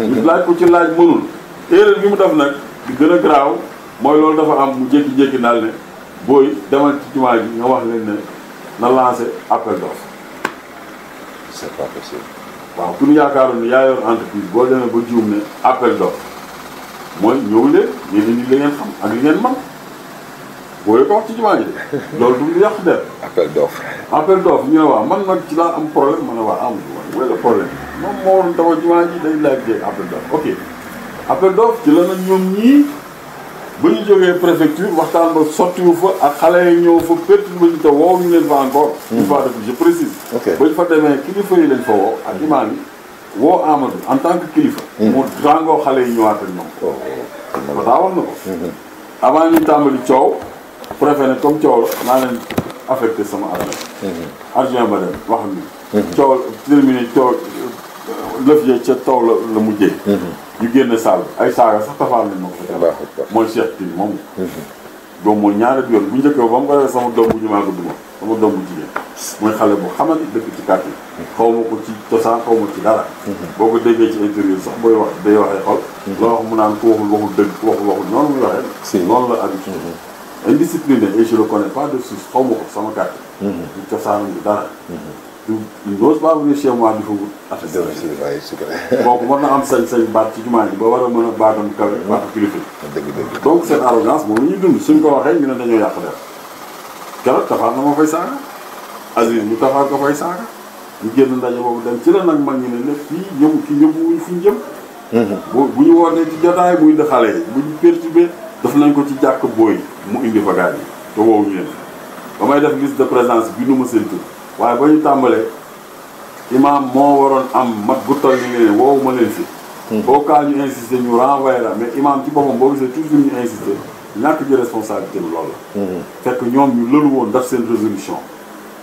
ñu laaj ko ci laaj mënul erreur bi mu def nag di gën a garaaw. mooy loolu dafa am mu jékki-jékki daal ne booy demal ci jumaa ji nga wax leen ne na lancé appel d'offre c'est pas possible waaw ku ñu yaakaaroon ne yaa yor entreprise boo demee ba juum ne appel d'offre mooy ñëw leen yéen ni li ngeen xam ak li ngeen man booy ko wax ci jumaa ji loolu du yàq der appel d'offre appel d'offre ñu ne waaw man nag ci laa am problème man ne waa am wala problème moom moo waroon taxaw jumaa ji day laaj jee appel d'offre ok appel d'offre ci la nag ñoom ñii ba ñu jógee préfecture waxtaan ba sottiwu fa ak xale yi ñëw fa perturbé te woow ñu leen fa encore. Hmm. une fois de plus je précise. ok fa demee kilifa yi lañ fa woo ak imaam yi woo Amadou en tant que kilifa. Hmm. mu ràngoo xale yi ñëwaat ak ñoom. waaw oh. waaw wax na ko. Hmm. avant ñuy tàmbali coow. préfet ne comme coow la naa leen affecté sama armée. adjoint ba dem wax ni. coow terminé coow lëf ya ca taw la la mujjee. ñu génn saal ay saaga sax tafaal nañ ma moo fa jàll mooy Cheikh Tine moom mhm. doom mooy ñaari yoon bu njëkk ba mu ko defee sama doom bu ñu maa ko duma sama doom bu jigéen mooy xale bu xamal dëkk ci kàtt yi mhm. xaw ma ko ci cosaan xaw ma ci dara mhm. boo ko déggee ci intérieur sax booy wax day waxee xol la wax mu naan ku waxul waxul dëgg ku waxul waxul noonu muy waxee noonu la habitude indiscipliné et je le connais pas de source xaw ko sama kàtt ci cosaan bi dara ñu doon ba am chez moi di fa wut. affaire yi war na am sañ-sañ baat ci jumaa ji ba war a mën a baatam kawe hmm. baatu kilifa dëgg dëgg seen arrogance moom la ñuy dund suñ ko waxee ñu ne dañoo yàq dara. keroog tafaar na ma fay saaga. Aziz mu tafaar ko fay saaga. ñu génn ndaje boobu dem ci la nag mag ne fii ñëw fii ñëw wuñ fi ñu jëm. Hmm. bu bu ñu wootee ci jotaay muy de xale yi bu ñu perturbé daf nañ ko ci jàkk booy mu indi fa gaañ yi te woowu ñu leen ba may de présence bi nu seen tur waaye ba ñu tàmbalee imaam moo waroon am mat bu toll nii woowu ma leen fi. Hmm. au cas ñu insister ñu renvoyé la mais imaam ci boo gisee toujours ñu insister ñàkk ji responsabilité bi loolu la. Hmm. fekk ñoom ñu lëlu woon daf seen résolution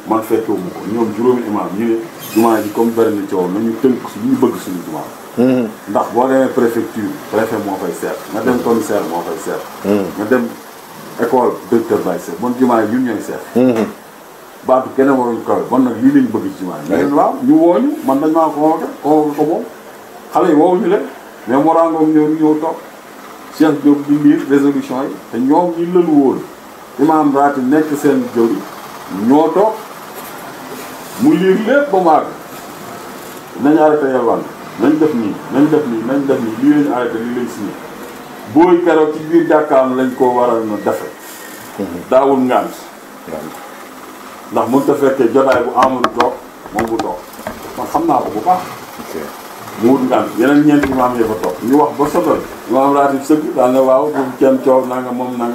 man fekkewu ma ko ñoom juróomi imaam ñu ne jumaa ji comme bari na coow nañu tënk suñu bëgg suñu jumaa. Hmm. ndax boo demee préfecture préfet moo fay seet nga dem commissaire moo fay seet nga dem école directeur bay seet bon jumaa yi ñun ñooy seet baatu keneen waruñ kawe bon nag lii lañ bëgg ci maay man dañ maa convoqué convoqué ko moom xale yi woowuñu leen mais morangoom ñëw ñëw toog Cheikh Diop di liir résolution yi te ñoom ñu lëlu woon imaam raati nekk seen jëwri ñoo toog mu liir lépp ba mu àgg nañ arrêté yelwaan nañ def nii nañ def nii nañ def nii lii lañ arrêté lii lañ signé booy keroog ci biir jàkkaam lañ ko waral na defe mhm. daawul ngant ndax mënut a fekkee jotaay bu amul toog moom bu toog man xam naa ko bu baax. mu wut ngaan yeneen ñeent imaam yi fa toog ñu wax ba sotal imaam raatib sëgg daal waaw bu kenn coow na moom na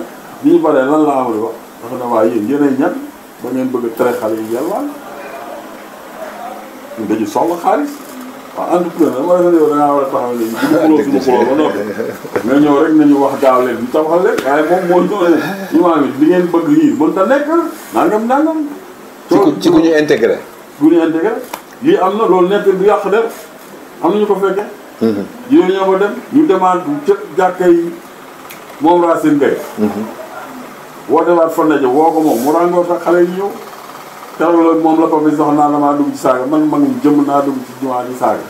bi ñu baree lan la amul wax dafa ne waaw yéen yéenay yi yelwaan ñu dañu soxla xaalis waaw entrepreneur a taxaw léegi. nga ñëw rek nañu wax daaw leen ñu taxaw leen waaye moom moo ñëw ne imaam yi li ngeen bëgg lii mënut a nekk nangam nangam. ci ku ci ku ñu intégré. ku ñu intégré lii am na loolu nekk du yàq der am na ñu ko fekkee. Mhm. jigéen ñoo ko dem ñu demaat cëpp jàkka yi moom Racine Gueye. Mhm. woo demaat fa ndaje woo ko moom xale yi ñëw. keroog moom la Papis wax naan damaa dugg ci saaga man ma ngi naa dugg ci jumaa di saaga.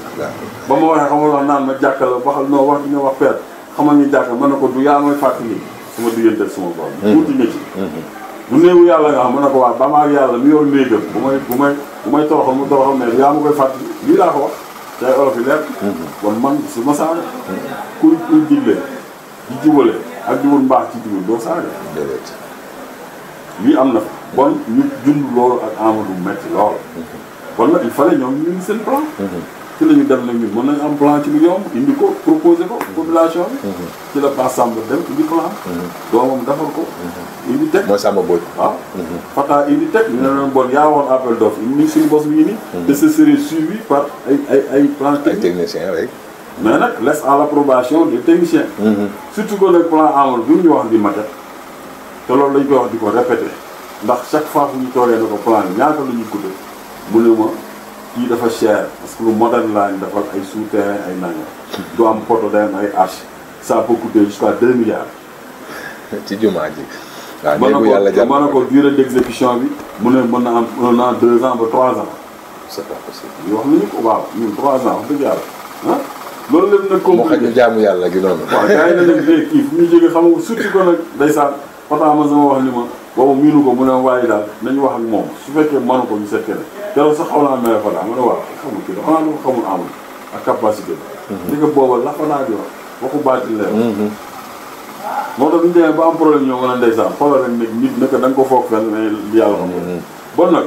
ba ma waxee xam nga wax naan ma jàkka la waxal noo wax nga wax peer xamal ni jàkka ma ne ko du yaa mooy fàttali sama diggante sama borom. tuuti mhm. nga ci. bu néegu yàlla nga xam mu ne ko waa ba maag yàlla mi yor néegam bu may bu may bu may toroxal mu toroxal mais yaa ma koy fàttali lii laa ko wax tey olof yi leer kon man su ma saaga kuy kuy digle di jubale ak di wut mbaax ci jubal doo saaga lii am na fa bon ñu dund loolu ak Amadou metti lool kon nag il fallait ñoom ñu seen plan mhm. ci la ñu dem nag ñu am plan ci lu yomb indi ko proposé ko population bi. Mhm. ci la Pa Samba dem indi plan. Mhm. doomam defal ko. Mhm. indi teg mooy Samba Boy. waaw Fata indi teg ñu ne leen bon yaa woon appel d'offre indi suñu bos bi nii. te ce serait suivi par ay ay plan technique. ay rek. mais nag laisse à l'approbation des techniciens. surtout ko nag plan amul bi ñu wax di matet te loolu lañ koy wax di ko répété ndax chaque fois fu ñu toogee na ko plan bi ñaata la ñuy guddee kii dafa cher parce que lu moderne laa ñu defal ay souterrain ay nangam. du am poto day am ay arche ça peut coûter jusqu'à deux milliards. ci jumaa ji. waaw néegu yàlla jàpp mën na ko durée bi mu ne mën na am un an deux ans ba trois ans. c'est pas possible. ñu wax nañu ko waaw ñun trois ans wax dëgg yàlla ah. loolu lépp nag compliqué mu xaj jaamu yàlla gi noonu. waaw gars ñu jógee xam nga miinu ko mu ne waaye daal nañu wax ak moom su fekkee mënu ko ñu seet keneen dara sax xaw naa mel Fada ma ne waaw xamul la mhm. mhm. ba am problème ñoo mën a ndeysaan xoolal rek nit nit naka da ko foog fenn mais yàlla xam nga. Mhm. bon nag.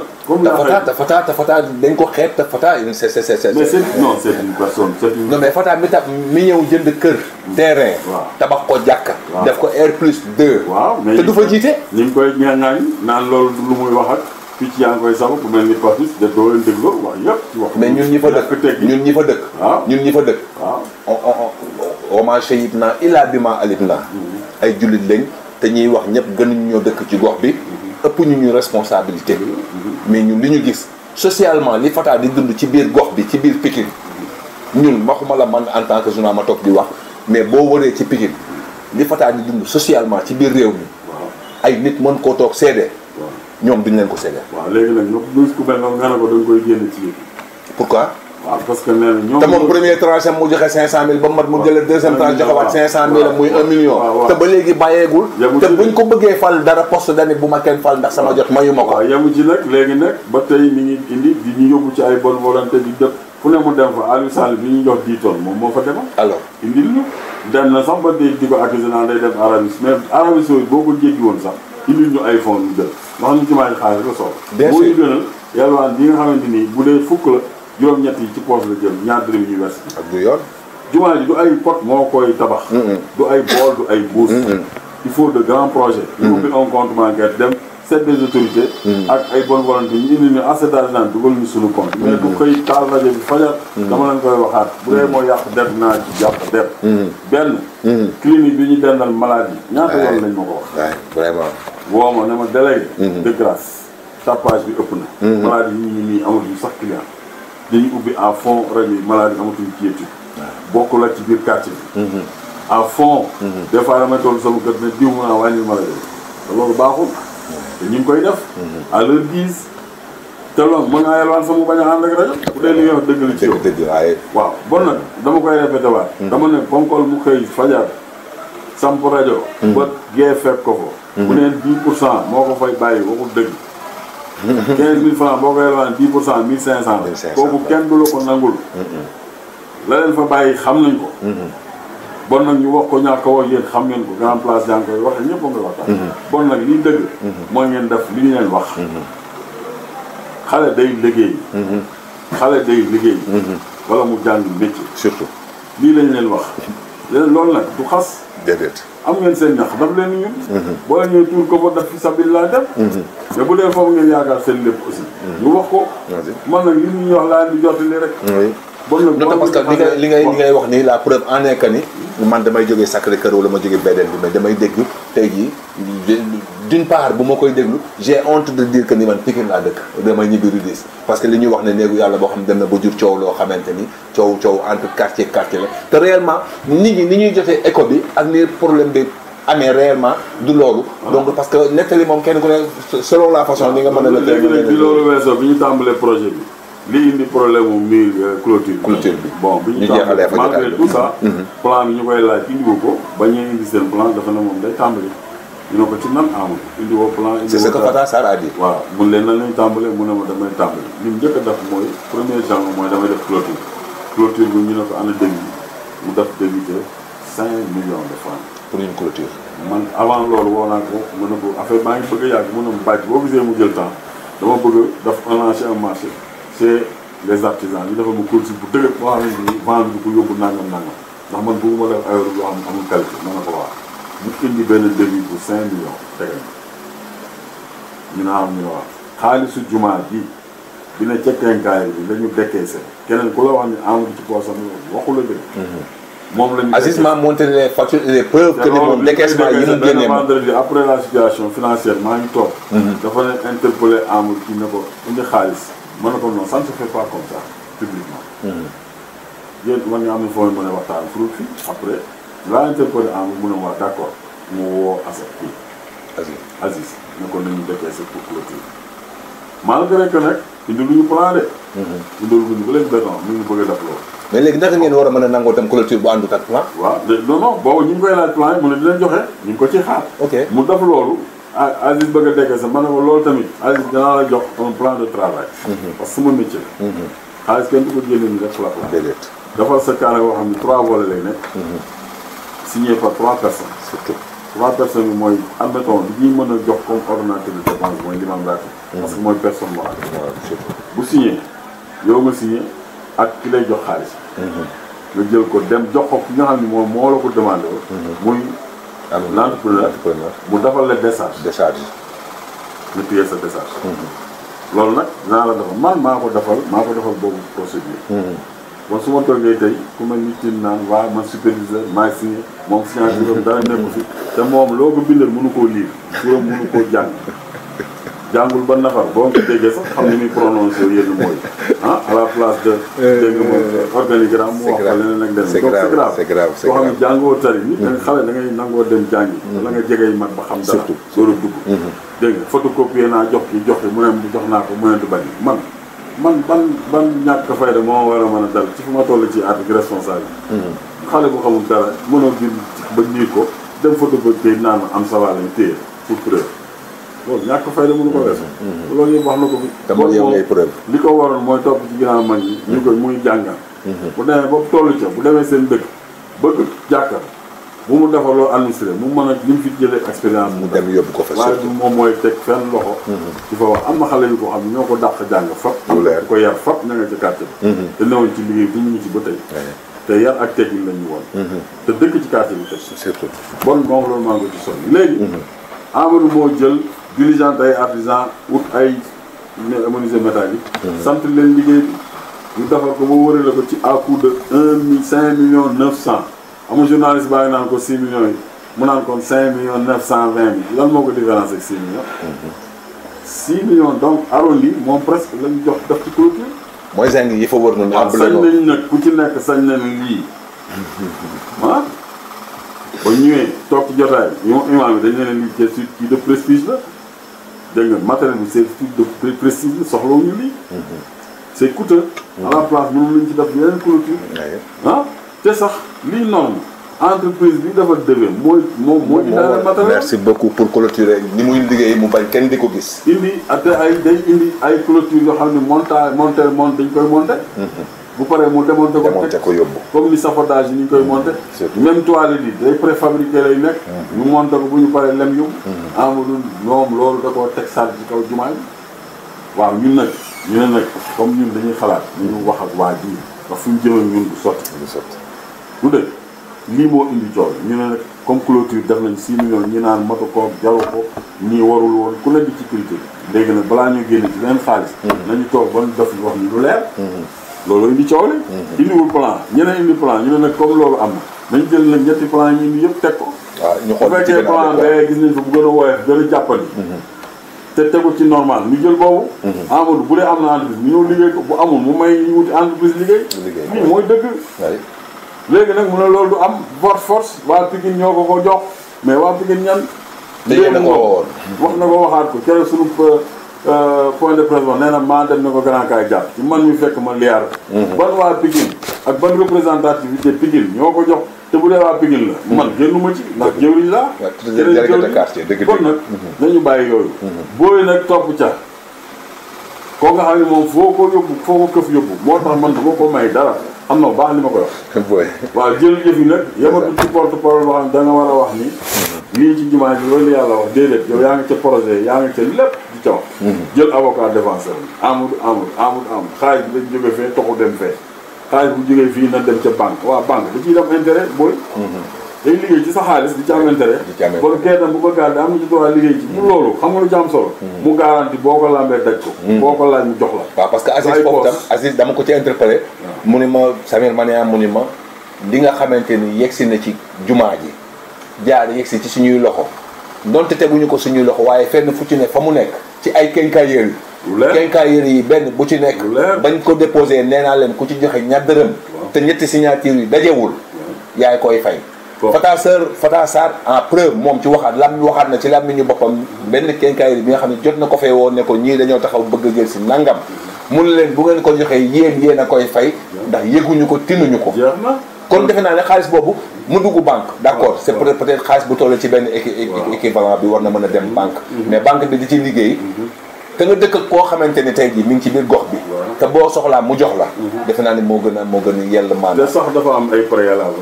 dañ ko xeeb te Fata c'est c'est mais c'est ñëw jënd kër. terrain tabax ko jàkka. def ko R plus 2. mais te du fa jiite. ñu ngi koy ñaan naan loolu lu muy wax picc yaa ngi koy sago ku mel ni Papis de doo leen dégloo waaw yëpp. wax mais ñun ñi fa dëkk ñun ñi fa dëkk. waaw ah. ñun naa illaa bi maa alim naa. ay jullit lañ te ñuy wax ñëpp gënuñ ñoo dëkk ci gox bi. Mm-hmm. ëpp ñu ñu responsabilité. Mm-hmm. mais ñun li ñu gis socialement li Fata di dund ci biir gox bi ci biir Pikine. Mm-hmm. ñun waxuma la man en tant que journal ma toog di wax mais boo waree ci Pikine li Fata di dund socialement ci biir réew mi. ay nit mën koo toog seede. ñoom duñ leen ko segal. waaw léegi nag ñoom bu ko mel noonu nga ne ko dañ koy génn ci. pourquoi. waaw parce que nee na ñoom. te moom premier tranche am mu joxe 500000 ba mat mu jëlee deuxième tranche joxe waat 500000 am muy 1 million. te ba léegi bàyyeegul. te buñ ko bëggee fal dara poste dani bu ma kenn fal ndax sama jot mayu ko. yamu ci nag léegi nag ba tey mi ngi indi di ñu yóbbu ci ay bonne volonté di def fu ne mu dem fa Aliou Sall moom moo fa demal. alors indil ñu dem na boo indi ñu ay fonds yu gën ndax ñu ci bàyyi xaalis la soxla. bien sûr moo bi nga xamante ni bu dee fukk la juróom-ñett yi ci poche la jëm ñaar dërëm yi wes ak du yoon. jumaa ji du ay pot moo koy tabax. du ay bool du ay buus. il faut de grands projets. il faut que un compte bancaire dem seet des autorités. ak ay bonne volonté ñu indi ñu assez d'argent dugal ñu suñu compte. mais du koy taal rajo bi fajar. dama leen koy waxaat bu dee moo yàq def naa ci benn. clinique bi ñu dendal maladie ñaata woo ma ne ma délégué. Mhm. de grâce tapage bi ëpp na. Mhm. maladie yi ñu nii amatuñu sax client. dañuy ubbi à fond rajo yi maladie amatuñu quiétude. bokk la ci biir quartier bi. Mhm. à fond. des fois damay toll sama kër ne diw ma wàññi maladie te loolu baaxul. te ñu ngi koy def. à te loolu mën ngaa yelwaan sama bañ a rajo. bu dee li nga la ci yow dëgg waaye. waaw bon dama koy répété waat. dama ne ponkol mu xëy fajar samp rajo. ba gee fekk ko fa. bu neen 10 pour cent moo ko fay bàyyi waxul dëgg. 15000 francs boo ko yorewaan 10 pour cent 1500. 1500 kooku kenn du la ko nangul. la leen fa bàyyi xam nañ ko. bon nag ñu wax ko ñàkk a wax yéen xam ngeen ko grand place yaa ngi koy waxee ñëpp a ngi waxtaan. bon nag liy dëgg. mooy ngeen def li ñu leen wax. xale day liggéey. xale day liggéey. wala mu jàng métier. surtout lii lañ leen wax. léegi loolu nag du xas. déedéet. am ngeen seen ndax daf leen ñun. boo leen ñëwee tuur ko ba def fi sabilillah def. mais bu dee foofu ngeen yaakaar seen lépp aussi. ñu wax ko. man nag li ñu wax laa di jottali rek. bon nag non parce que li nga li ngay li ngay wax nii la preuve en est que ni. man damay jógee Sacré Cœur wala ma jógee Bédène bi mais damay dégg tey jii. d'une part bu ma koy déglu j'ai honte de dire que ni man laa dëkk damay ñibbi Rudis parce que li ñuy wax ne néegu yàlla boo xam ne dem na ba jur coow loo xamante ni coow coow entre quartier quartier la te réellement nit ñi ni ñuy jotee écho bi ak ni problème bi amee réellement du loolu donc parce que nettali moom kenn ku ne selon la façon ni nga mën a la léegi bi loolu weesoo bi ñu tàmbalee projet bi li indi problème mu mur euh, clôture bi ñu tàmbalee malgré tout mm-hmm. ñu ne ko ci nan amul indi plan. indi woo plan c'est ce que Fata Sarr a dit. waaw mun leen nan lañu tàmbalee mu ne ma damay tàmbali li mu njëkk mooy premier janvier mooy damay def clôture clôture bi ñu ne ko ana débit mu def débit de 5 millions de francs. pour une clôture. man avant loolu woo naa ko mu ne ko affaire maa ngi bëgg a yàgg mu ne ma bàjj boo gisee mu jël temps dama bëgg daf un an chez un marché chez les artisans ñu defal ma clôture bu dëgg boo xam ne nii vente bi ko yóbbu nangam nangam ndax man bëgguma def ay yoo xam amul mu indi benn débit bu cinq millions na ñu naa am ñu ne xaalisu jumaa ji dina ca kenkaay bi la ñu décaissé keneen ku la wax ni amul ci poosam waxu la dëgg hmm. moom la ñu Aziz m'a montré les yi mu génnee après la situation financière maa ngi toog hmm. dafa ne interpellé amul ci ne ko indi xaalis ma ne ko non ça ne se fait pas comme ça publiquement hmm. yéen man nga am na foo mën waxtaan froute fi après laa interpellé en mu mun a waa d' accord mu woo Assane kii. Aziz Aziz ne ko nañu defee sa pour clôture. malgré que nag indiluñu plan de. Mhm. indiluñu ba leen béton mi ngi bëgg a loolu. mais léegi naka ngeen war a mën a nangoo tam clôture bu àndut ak plan. waaw de non boobu ñu ngi koy laaj plan mu ne di leen joxe ñu ngi ko ci xaar. ok mu def loolu. ah bëgg a dekkee sax ma ne tamit Aziz danaa la jox de travail. Mhm. parce que sama métier la. Mhm. xaalis kenn du ko génne ñu def la plan. déedéet defal sa carré boo xam signé par trois personnes. surtout trois personnes mooy admettons li ñuy mën a jox comme ordonnateur de dépense mooy l'imam ratib. Mm-hmm. parce mooy personne morale. yow nga ki lay jox xaalis. Mm-hmm. nga jël ko dem jox ko ki nga xam ne moom moo la ko demandé woon. Mm-hmm. muy l'entrepreneur mu defal la décharge. décharge nga téye sa décharge. loolu nag dinaa la defal man maa ko defal maa ko defal boobu procédure. bon su ma toogee tey ku ma nit ñi naan waaw man superviseur maa signé moom finance bi dara nekk si te moom loo ko bindal mënu koo lire turam mënu koo jàng jàngul ba nafar boo ko déggee sax xam ni muy prononcé yenn mooy ah à la place de. dégg nga euh, mu wax leneen nag leneen. c'est grave c'est grave soo xam jàngoo tari nit da mm-hmm. xale da ngay nangoo dem jàngi. Mm-hmm. la nga jegey mag ba xam dara. surtout door a dugg. Mm-hmm. dégg nga photocopier naa jox ki jox ki mu ne jox naa ko mu ne du bañ man. man ban ban ñàkk fayda moo war a mën a dal ci fu ma toll ci at bi responsable bi mm-hmm. xale bu xamul dara mënoo gën ba niir ko dem fa dugg tey naan am sawa lañ téye pour preuve loolu ñàkk fayda mënu ko weesu mm-hmm. loolu yëpp wax na ko fi te moom yow ngay preuve li ko waroon mooy topp ci ginnaaw mag ñi ñu koy muy jàngal mm-hmm. bu demee boobu toll ca bu demee seen dëkk bëgg jàkka bu mu defaloo administré mu mën a li mu fi jëlee mu dem yóbbu ko moom mooy teg fenn loxo ci mhm. am na xale yu ko xam ne ñoo ko dàq jàng ko yar fap na nga ci mhm. te newoon ci liggéey bu te yar ak teg yi la ñu woon mhm. te dëkk ci quartier bi tey surtout bon moom loolu maa ngi ci sonn léegi Amadou jël diligente ay artisan wut ay menuisier métallique sant leen liggéey bi ñu defar ko ba wërale ko ci à coût de un cinq millions cent amul journaliste baa ngi naan ko 6 millions yi mu naan kon 5 millions 920 mille lan moo ko différence ak 6 millions. 6 millions donc arrondi moom presque lañ jox def ci clôture. mooy zinc yi fa wër noonu. am sañ nañ ku ci nekk sañ nañ lii ah. ba ñëwee toog ci jotaay bi ñoom imaam bi dañ leen di jël de prestige la dégg nga matériel bi c'est de prestige la soxlawuñu lii. Mhm. c'est coûteux. Mhm. à la place mënul nañ ci def yeneen clôture. ah. te sax lii noonu entreprise bi dafa dëgër mooy moom moo indi daal matériel merci beaucoup pour clôturer ni liggéey mu bañ kenn di ko gis indi ak ay ay clôture yoo xam ne monta monté mont dañ koy monté mhm. bu paree mu démonté ko teg ko yóbbu comme ni safatage yi ni ñu koy mhm. monté même toilette yi day préfabriqué mhm. bu ñu paree lem yóbbu amadou ñoom loolu da koo teg sar ci kaw jumaa yi waaw ñun nag ñu ne nag comme ñun dañuy xalaat ñu wax ak waa ji ndax fu ñu jëmee ñun bu sotti bu sotti du dëgg lii moo indi coow ñu ne nag comme clôture def nañ 6 millions ñi naan matu ko jaru ko ñii warul woon ku ne di ci critique léegi nag balaa ñu génn ci beneen xaalis mm-hmm. nañu toog ban def wax ni lu leer mm-hmm. loolu indi coow li mm-hmm. indiwul plan ñeneen indi plan ñu ne nag comme loolu am na nañ jël nag ñetti plan yi indi yëpp teg ko waaw ñu xool bu fekkee plan bee gis nañ fa bu gën a woyof gën a jàppali te tegu ci normal ñu jël boobu Amadou bu dee am na entreprise mu ñëw liggéey ko bu amul mu may ñu wuti entreprise liggéey lii mooy dëgg léegi nag mu ne loolu du am force force waa Pikine ñoo ko ko jox mais waa Pikine ñan. léegi na ko woon wax na ko waxaat ko keroog suñu euh, euh, point de presse nee na maa dem ne ko grand kaay jàpp ci man mi fekk ma leer mhm. ban waa Pikine ak ban bi représentativité Pikine ñoo ko jox te bu dee waa Pikine la. Mhm. man génnu ma ci ndax jëwriñ laa. jërëjëf jërëjëf quartier dëgg kon nag nañu bàyyi yooyu. Mhm. booy nag topp ca. koo nga xam ne moom foo ko yóbbu foo ko këf yóbbu moo tax man du ko may dara am na baax li ma ko wax. waaw jërëjëf jël nag yamatu ci porte parole boo xam da nga war a wax ni. Mhm. lii ci jumaa ji loolu yàlla wax déedéet yow yaa ngi ca projet yaa ngi ca lépp di ca wax. Mhm. jël avocat défenseur bi amul amul amul amul xaalis bi dañ jóge fee toxu dem fee xaalis bu jógee fii na dem ca banque waa banque da ciy dem intérêt booy. Mhm. day liggéey ci sa xaalis di ci am intérêt kon kenn bu ko gaar am na ci droit liggéey ci bu hmm. loolu xam nga lu ci am solo hmm. mu garanti boo ko lambee daj ko hmm. boo ko laaj mu jox la waaw parce que Aziz foofu tam Aziz dama ko ci interpellé mu ni ma Samir Mania ah, mu ni ma li nga xamante ni yegsi na ci jumaa ji jaar yegsi ci suñuy loxo donte teguñu ko suñuy loxo waaye fenn fu ci ne fa mu nekk ci ay quincailleries yi quincailleries yi benn bu ci nekk bañ ko déposé nee naa leen ku ci joxe ñaar dërëm te ñetti signature yi dajewul yaay koy fay Fata Sër Fata Sarr en preuve moom ci waxaat lam waxaat na ci làmmiñu boppam benn kenkaayri bi nga xam ne jot na ko fee woon ne ko ñii dañoo taxaw bëgg a jël si nangam mun leen bu ngeen ko joxee yéen yéen a koy fay ndax yëguñu ko tinuñu ko kon defe naa ne xaalis boobu mu dugg banque d' accord c' est peut être peut être xaalis bu toll ci benn équivalent bi war na mën a dem banque mm-hmm. mais banque bi di ci liggéey mm-hmm. da nga dëkk koo xamante ni tey jii mi ngi ci biir gox bi. te boo soxlaa mu jox la. Mhm. defe naa ne moo gën a moo gën a yell maanaam. te sax dafa am ay préalable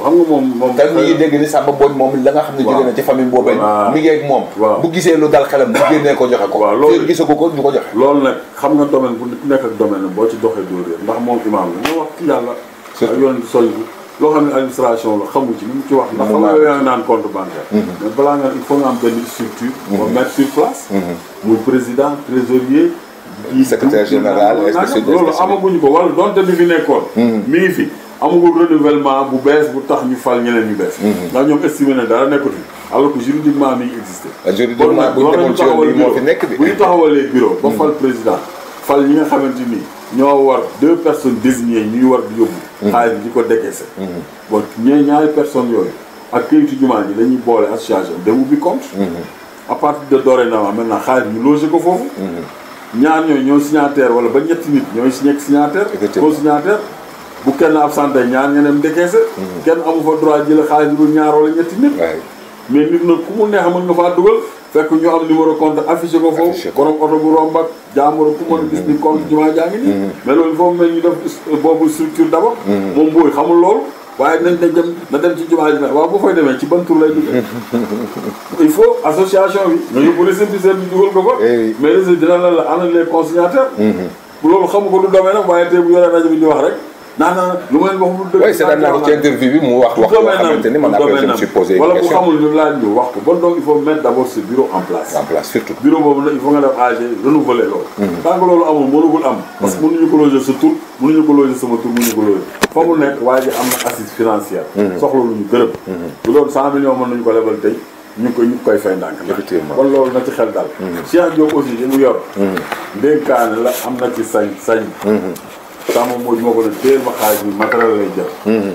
xam dégg ni Samba Mbodj moom la nga xam ne jóge na ci famille boobee. mi ngi ak moom. bu gisee lu dal xelam bu génnee ko joxe ko. waaw loolu gisagu ko du ko joxe. lool nag xam nga domaine bu nekk ak domaine boo ci doxee doo ndax moom imaam la ñu wax ci yàlla. surtout loo xam ne administration la xamu ci li mu ci wax na xam nga yooyu naan compte bancaire mm-hmm. mais balaa nga il faut nga am benn structure boo mm-hmm. mettre sur place mm-hmm. muy président trésorier secrétaire général loolu amaguñu ko wala donte bi fi nekkoon mi ngi fi amagul renouvellement bu bees bu tax ñu fal ñeneen ñu bees ndax ñoom estimé ne dara nekkatu alors que juridiquement mi ah, juridiquement bu ñu demoon moo nekk bi bu ñu taxawalee bureau ba fal président fal ñi nga xamante ni ñoo war deux personnes désignées ñuy war di Mm-hmm. xaalis bi di ko décaissé mm-hmm. bon ñooy ñaari personnes yooyu ak këyitu jumaa ji dañuy boole association de ubbi compte mm-hmm. à partir de dorénavant maintenant xaalis ñu logé ko foofu ñaar ñooyu ñooy signataire wala ba ñetti nit ñooy si nekk signataire co signataire bu kenn absenté ñaar ña dem décaissé kenn amu fa droit jël xaalis bu ñaar wala ñetti nit mais nit nag ku mu nga faa dugal fekk ñu am numéro compte affiché ko foofu borom oto bu romb ak jaamoro ku mën a gis ni mm-hmm. compte jumaa jaa ngi nii mm-hmm. mais loolu foofu mel ñu def boobu structure d'abord mm-hmm. moom booy xamul loolu waaye na dem na dem ci jumaa ji waaw bu fay demee ci ban tur lay duggee il faut association bi ñu bu récépissé bi dugal ko fa eh mais récépissé dina la la ana les consignataires loolu xamu ko du domaine am waaye tey bu yoree rajo bi ñu wax rek naan lu ma leen wax lu dëgg. oui seetaan naa ci interview bi mu wax wax yoo xamante ni man après je me suis posé une question wala bu xamul ñu laaj ñu wax ko bon donc il faut mettre d' abord ce bureau en place. en place surtout bureau boobu nag il faut nga def AG renouveler loolu. Mhm. tant que loolu amul mënugul am. parce que mhm. mënuñu ko loger sa tur mënuñu ko loger sama tur mënuñu ko loger. fa mu nekk waa ji am na assise financière. Mhm. soxla lu ñu gërëm. bu doon cent millions mën nañu ko lebal tey. ñu ngi koy ñu ngi koy fay ndànk effectivement kon loolu na ci xel daal Cheikh Diop aussi li mu yor ndénkaane la am na ci sañ sañ sama Mbodj moo ko ne téel ma xaalis bi matériel lay jël. Mhm.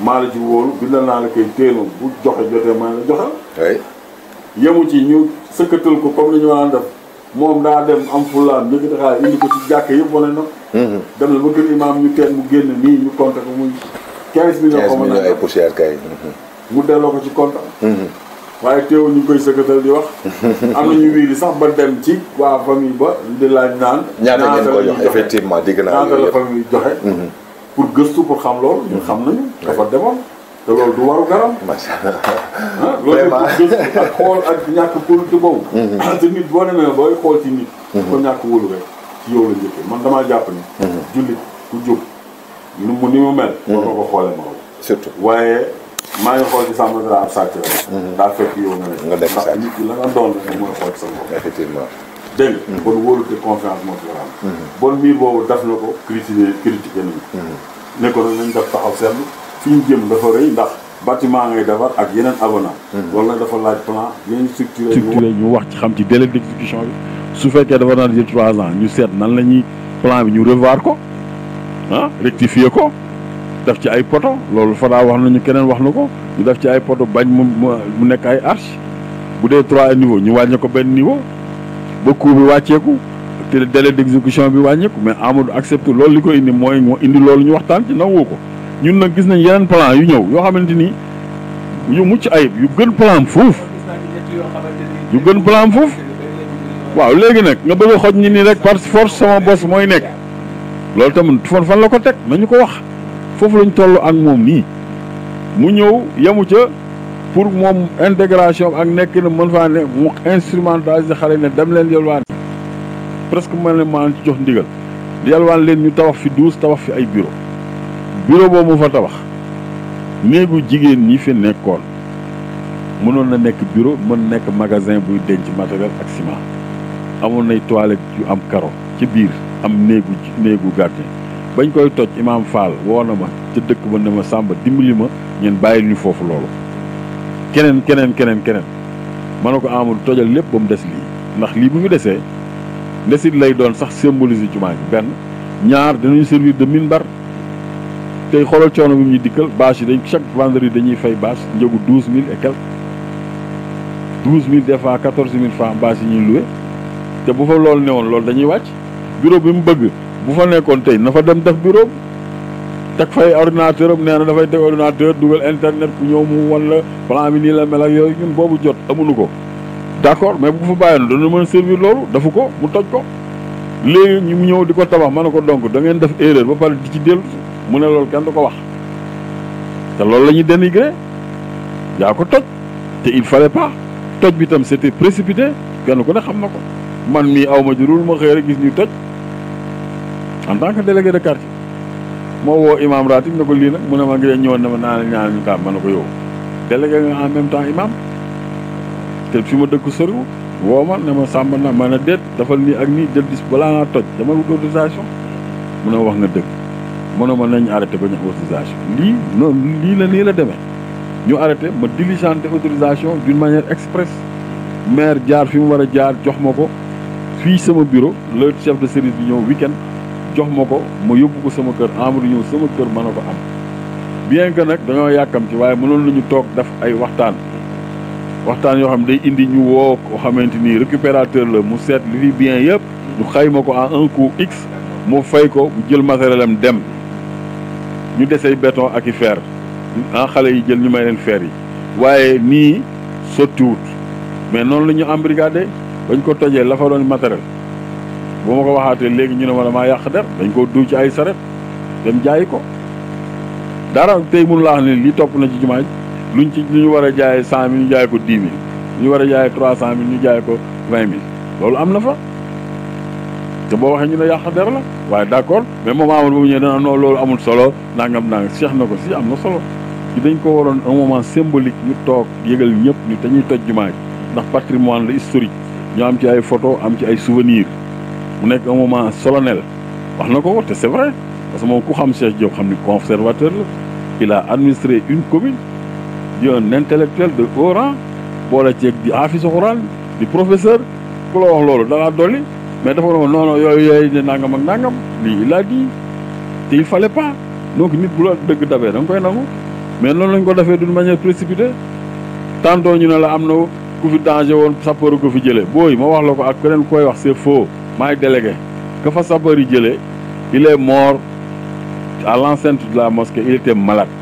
maa la ci wóolu bindal naa la koy téelu bu joxe jotee maa la joxal. oui yemu ci ñu sëkkatal ko comme ni ñu war a moom daa dem am fulaam yëkkati xaalis indi ko ci jàkk yëpp wane na. Mhm. dem na ba kër imaam ñu teel mu génn nii ñu compte ko muy. 15 millions 15 millions ay poussière kay. Mhm. mu delloo ko ci compte. waaye teewul ñu koy sëkkatal di wax. am na ñu wiiri sax ba dem ci waa famille ba di laaj naan. ñaata ngeen ko jox effectivement dégg naa ñaata la famille joxe. Mm-hmm. pour gëstu pour xam loolu. ñu xam nañu dafa demoon. te loolu du waru garam. macha allah ah, vraiment loolu gëstu ak xool ak ñàkk kóolute boobu. Mm-hmm. Ah, te nit boo demee booy xool ci nit. Mm-hmm. ko ñàkk wóolu rek ci yow la njëkkee man damaa jàpp ni. jullit ku jóg nu mu ni mu mel. war ko xoolee ma surtout maa ngi xool ci Samba Dara ab sàcc la. daa fekk yow nga nekk. nga nekk sàcc nit ki la nga doon rek mooy xool sa bopp. effectivement dégg nga. Mhm. kon confiance moo ci war mhm. bon miir boobu def na ko critiquer critiquer nañu. Mhm. ne ko nag nañ def taxaw seetlu fi ñu jëm dafa rëy ndax. bâtiment ngay defar ak yeneen abonnement. wala dafa laaj plan yeneen structure structure ñu wax ci xam ci délai d'exécution bi su fekkee dafa naa jël trois ans ñu seet nan la ñuy plan bi ñu revoir ko ah rectifier ko. def ci ay poto loolu Fada wax nañu keneen wax na ko ñu def ci ay poto bañ mu mu nekk ay arche bu dee trois niveau ñu wàññi ko benn niveau ba coût bi wàcceeku te délai d'exécution bi wàññeeku mais Amadou accepté loolu li ko indi mooy moo indi loolu ñu waxtaan ci nangu ko ñun nag gis nañ yeneen plan yu ñëw yoo xamante ni yu mucc ayib yu gën plan fuuf yu gën plan foofu waaw léegi nag nga bëgg a xoj ñi nii rek par force sama bos mooy nekk loolu tamit fan fan la ko teg nañu ko wax foofu lañu toll ak moom nii mu ñëw yamu ca pour moom intégration ak nekk na mën faa ne mu instrumentalise xale ne dem leen yalwaan presque mën ne maa ci jox ndigal yalwaan leen ñu tabax fi douze tabax fi ay bureau bureau boobu mu fa tabax néegu jigéen ñi fi nekkoon mënoon na nekk bureau mën nekk magasin buy denc matériel ak ciment amoon nay toilette yu am karo ci biir am néegu néegu gardien bañ koy toj imaam Fall woo na ma ca dëkk ba ne ma sàmba dimbali ma ngeen bàyyi ñu foofu loolu keneen keneen keneen keneen ma ne ko amul tojal lépp ba mu des lii ndax lii bu ñu desee ndesit lay doon sax symboliser jumaa ji benn ñaar dinañu servir de bar tey xoolal coono bi mu ñuy dikkal bâche yi dañ chaque vendredi dañuy fay bâche njëgu douze mille et quelque douze des fois quatorze mille francs bâche yi ñuy loué te bu fa loolu ne woon loolu dañuy wàcc bureau bi mu bëgg bu fa nekkoon tey na fa dem def bureau teg fay ordinateur am nee na dafay teg ordinateur dugal internet ku ñëw mu wan la plan bi nii la mel ak yooyu ñun boobu jot amuñu ko d'accord mais bu fa bàyyoon dana mën servir loolu dafa ko mu toj ko léegi ñu ñëw di ko tabax ma ne ko donc da ngeen def erreur ba pare di ci dellu mu ne loolu kenn du ko wax te loolu la ñuy dénigré yaa ko toj te il fallait pas toj bi tam c'était précipité kenn ku ne xam na ko man mii aw ma jurul ma xëy rek gis ñu toj en tant que délégué de quartier moo woo imam ratib na ko lii nag mu ne ma ngi leen ñëwoon na ma naa la ñaan ñu taam ma ne ko yow délégué nga en même temps imam te fi ma dëkk soriwul woo ma ne ma sàmba na ma ne déet dafal nii ak nii jël dis balaa naa toj dama wut autorisation mu ne wax nga dëgg mu ne ma nañ arrêté ba ñu autorisation lii noonu lii la nii la demee ñu arrêté ma diligenté autorisation d'une manière express maire jaar fi mu war a jaar jox ma ko fii sama bureau le chef de service bi ñëw jox ma ko ma yóbbu ko sama kër Amadou ñëw sama kër mën a ko am bien que nag dañoo yàkkam ci waaye mënoon nañu toog def ay waxtaan waxtaan yoo xam day indi ñu woo ko xamante ni récupérateur la mu seet li fi bien yëpp ñu xayma ko en un coût x mu fay ko bu jël matériel am dem ñu desey béton ak i fer en xale yi jël ñu may leen fer yi waaye nii sottiwut mais noonu la ñu embrigadé bañ ko tojee la fa doon boo ma ko waxaatee léegi ñu ne ma damaa yàq der dañ koo duy ci ay saret dem jaayi ko dara tey mënu laa wax ne lii topp na ci jumaa ji luñ ci lu ñu war a jaayee cent mille ñu jaay ko dix mille ñu war a trois cent mille ñu jaay ko vingt mille loolu am na fa te boo waxee ñu ne yàq der la waaye d'accord mais moom Amadou ba mu ñëwee dana non loolu amul solo nangam nang seex na ko si am na solo ci dañ ko waroon un moment symbolique ñu toog yëgal ñëpp ni dañuy toj jumaa ji ndax patrimoine la historique ñu am ci ay photo am ci ay souvenir mu nekk un moment solennel wax na ko te c'est vrai parce moom ku xam Cheikh Diop xam ni conservateur la il a une commune di un intellectuel de oran rang boole ceeg di aafisa xuraan di professeur ku la wax loolu da laa dolli mais dafa non non yooyu yooyu ne nangam ak nangam lii il a dit te il fallait pas nit bu la dëgg dabee da nga koy nangu mais noonu lañ ko defee d'une manière précipitée tantôt ñu ne la am na ku fi danger woon sapeur ko fi jëlee booy ma wax la ko ak keneen koy wax c'est maay délégué ka fa sapeur yi jëlee il est mort à l'enceinte de la mosquée il était malade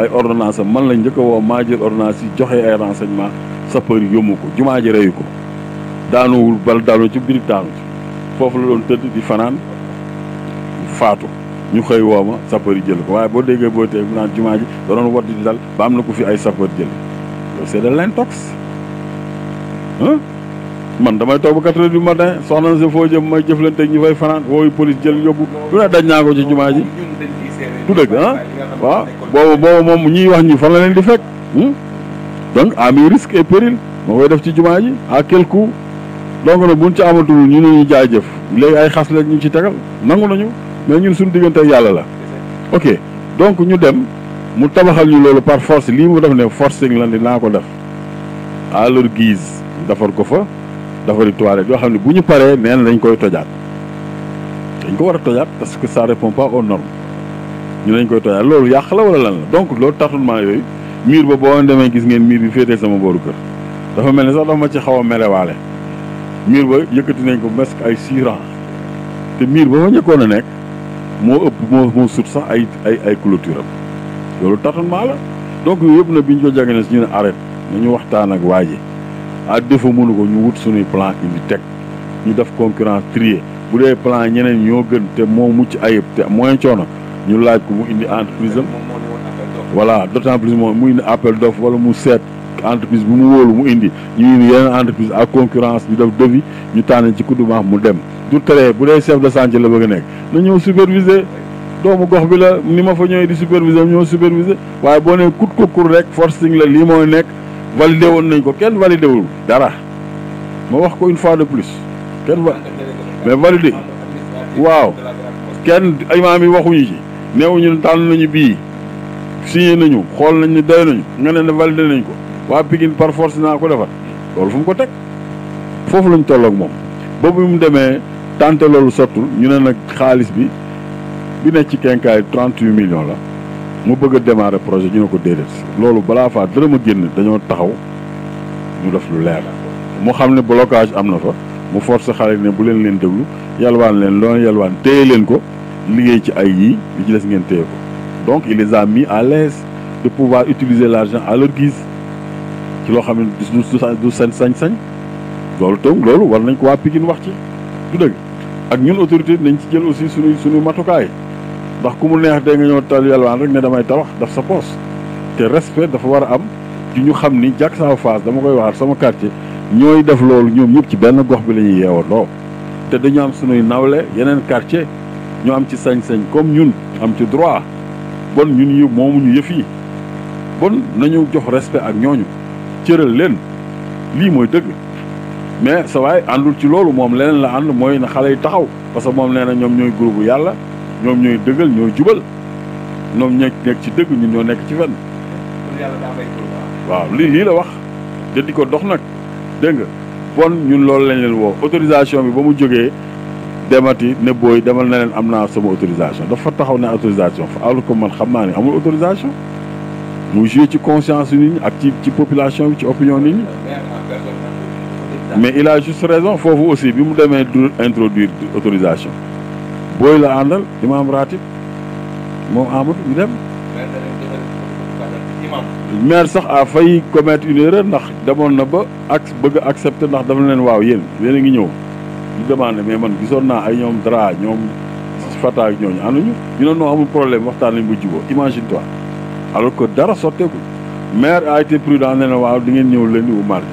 ay ordonnance man lañ njëkk a woo maa jël ordonnance yi joxe ay renseignement sapeur yi yómmu ko jumaa ji reyu ko daanuwul bal daanu ci biir daanu foofu la doon tëdd di fanaan faatu ñu xëy woo ma sapeur jël ko waaye boo déggee boo tee mu naan jumaa ji da doon wadd di dal ba am na ko fi ay sapeur jël c'est de l'intox man damay toog ba quatre heures du matin soxna si foo jëm may jëflante ak ñi fay fanaan wooyu police jël yóbbu lu ne daj naa ko ci jumaa ji du dëgg ah waaw boobu boobu moom ñuy wax ñi fan la leen di fekk hmm? à mes risques et périls moo koy def ci jumaa ji à quel coût donc nag buñ ci amatul ñu ne ñu jaajëf léegi ay xas la ñu ci tegal nangu nañu mais ñun suñu diggante ak yàlla la ok donc ñu dem mu tabaxal ñu loolu par force lii mu def ne forcing la ni naa ko def à leur guise defar ko fa dafa di toilette yoo xam ne bu ñu paree nee na dañ koy tojaat dañ ko war a tojaat parce que ça répond pas aux normes ñu lañ koy tojaat loolu yàq la wala lan la donc loolu tâtonnement yooyu miir ba boo demee gis ngeen miir bi féetee sama booru kër dafa mel ni sax dafa ma ci xaw a merewaale miir ba yëkkati nañ ko presque ay six te miir ba fa njëkkoon a nekk moo ëpp moo moo sut sax ay ay ay clôture am loolu tâtonnement la donc yooyu yëpp na bi ñu ko jagane si ñu ne arrête waxtaan ak waa ji à défaut mënu ko ñu wut suñuy plan indi teg ñu def concurrence trier bu dee plan ñeneen ñoo gën te moo mucc ayib te mooy coono ñu laaj ko mu indi entreprise am voilà d'autant plus moom mu indi appel d'offre wala mu seet entreprise bu mu wóolu mu indi ñu indi yeneen entreprise à concurrence ñu def devis ñu tànn ci kudu maax mu dem du tere bu dee chef de chantier la bëgg a nekk na ñëw superviser doomu gox bi la ni ma fa ñëwee di superviser ñëw superviser waaye boo nee kut ko kur rek forcing la lii mooy nekk validé woon nañ ko kenn validé wul dara ma wax ko une fois de plus kenn va mais validé waaw kenn imaam yi waxuñu ci neewuñu tànn nañu bii signé nañu xool nañ ne doy nañu nga ne ne validé nañ ko waa Pikine par naa ko defar loolu fu mu ko teg foofu lañ tollook moom boobu mu demee tànte loolu sottul ñu ne nag xaalis bi bi nekk ci kenkaay 38 millions la mu bëgg a démarrer projet ñu ne ko déedéet loolu balaa faa dërëm a génn dañoo taxaw ñu def lu leer mu xam ne blocage am na fa mu force xale ne bu leen leen déglu yalwaan leen loolu yalwaan téye leen ko liggéey ci ay yii li ci des ngeen téye ko donc il les a mis à l'aise de pouvoir utiliser l'argent à ci loo xam ne du du sañ sañ-sañ loolu tam loolu war nañ ko waa Pikine wax ci du dëgg ak ñun autorité nañ ci jël aussi suñuy suñu matukaay ndax ku mu neex tey nga ñëw tal yalwaan rek ne damay tabax daf sa poos te respect dafa war a am ci ñu xam ni jàkk sama face dama koy waxaat sama quartier ñooy def loolu ñoom ñëpp ci benn gox bi la ñuy yeewandoo te dañu am sunuy nawle yeneen quartier ñu am ci sañ-sañ comme ñun am ci droit bon ñun yi moomuñu yëf yi bon nañu jox respe ak ñooñu cëral leen lii mooy dëgg mais sa àndul ci loolu moom leneen la ànd mooy na xale yi taxaw parce que moom nee na ñoom ñooy groupe yàlla ñoom ñooy dëggal ñooy jubal ñoom ñoo nekk ci dëgg ñun ñoo nekk ci fenn. waaw lii lii la wax da di ko dox nag dégg nga bon ñun loolu lañ leen woo autorisation bi ba mu jógee demati ne booy demal na leen am naa sama autorisation dafa taxaw ne autorisation fa alors man xam naa ne amul autorisation mu joué ci conscience nit ñi ak ci ci population bi ci opinion nit mais il a juste raison foofu aussi bi mu demee du introduire autorisation booy la àndal imaam ratib moo Amadou ñu dem. maire sax a fay commettre une erreur ndax demoon na ba ak bëgg a accepter ndax dafa leen waaw yéen yéen ngi ñëw ñu demandé mais man gisoon naa ay ñoom dra ñoom Fata ak ñooñu ànduñu ñu ne non amul problème waxtaan nañ ba jubóo imagine toi alors que dara sotteeku maire a été prudent ne waaw di ngeen ñëw lundi ou mardi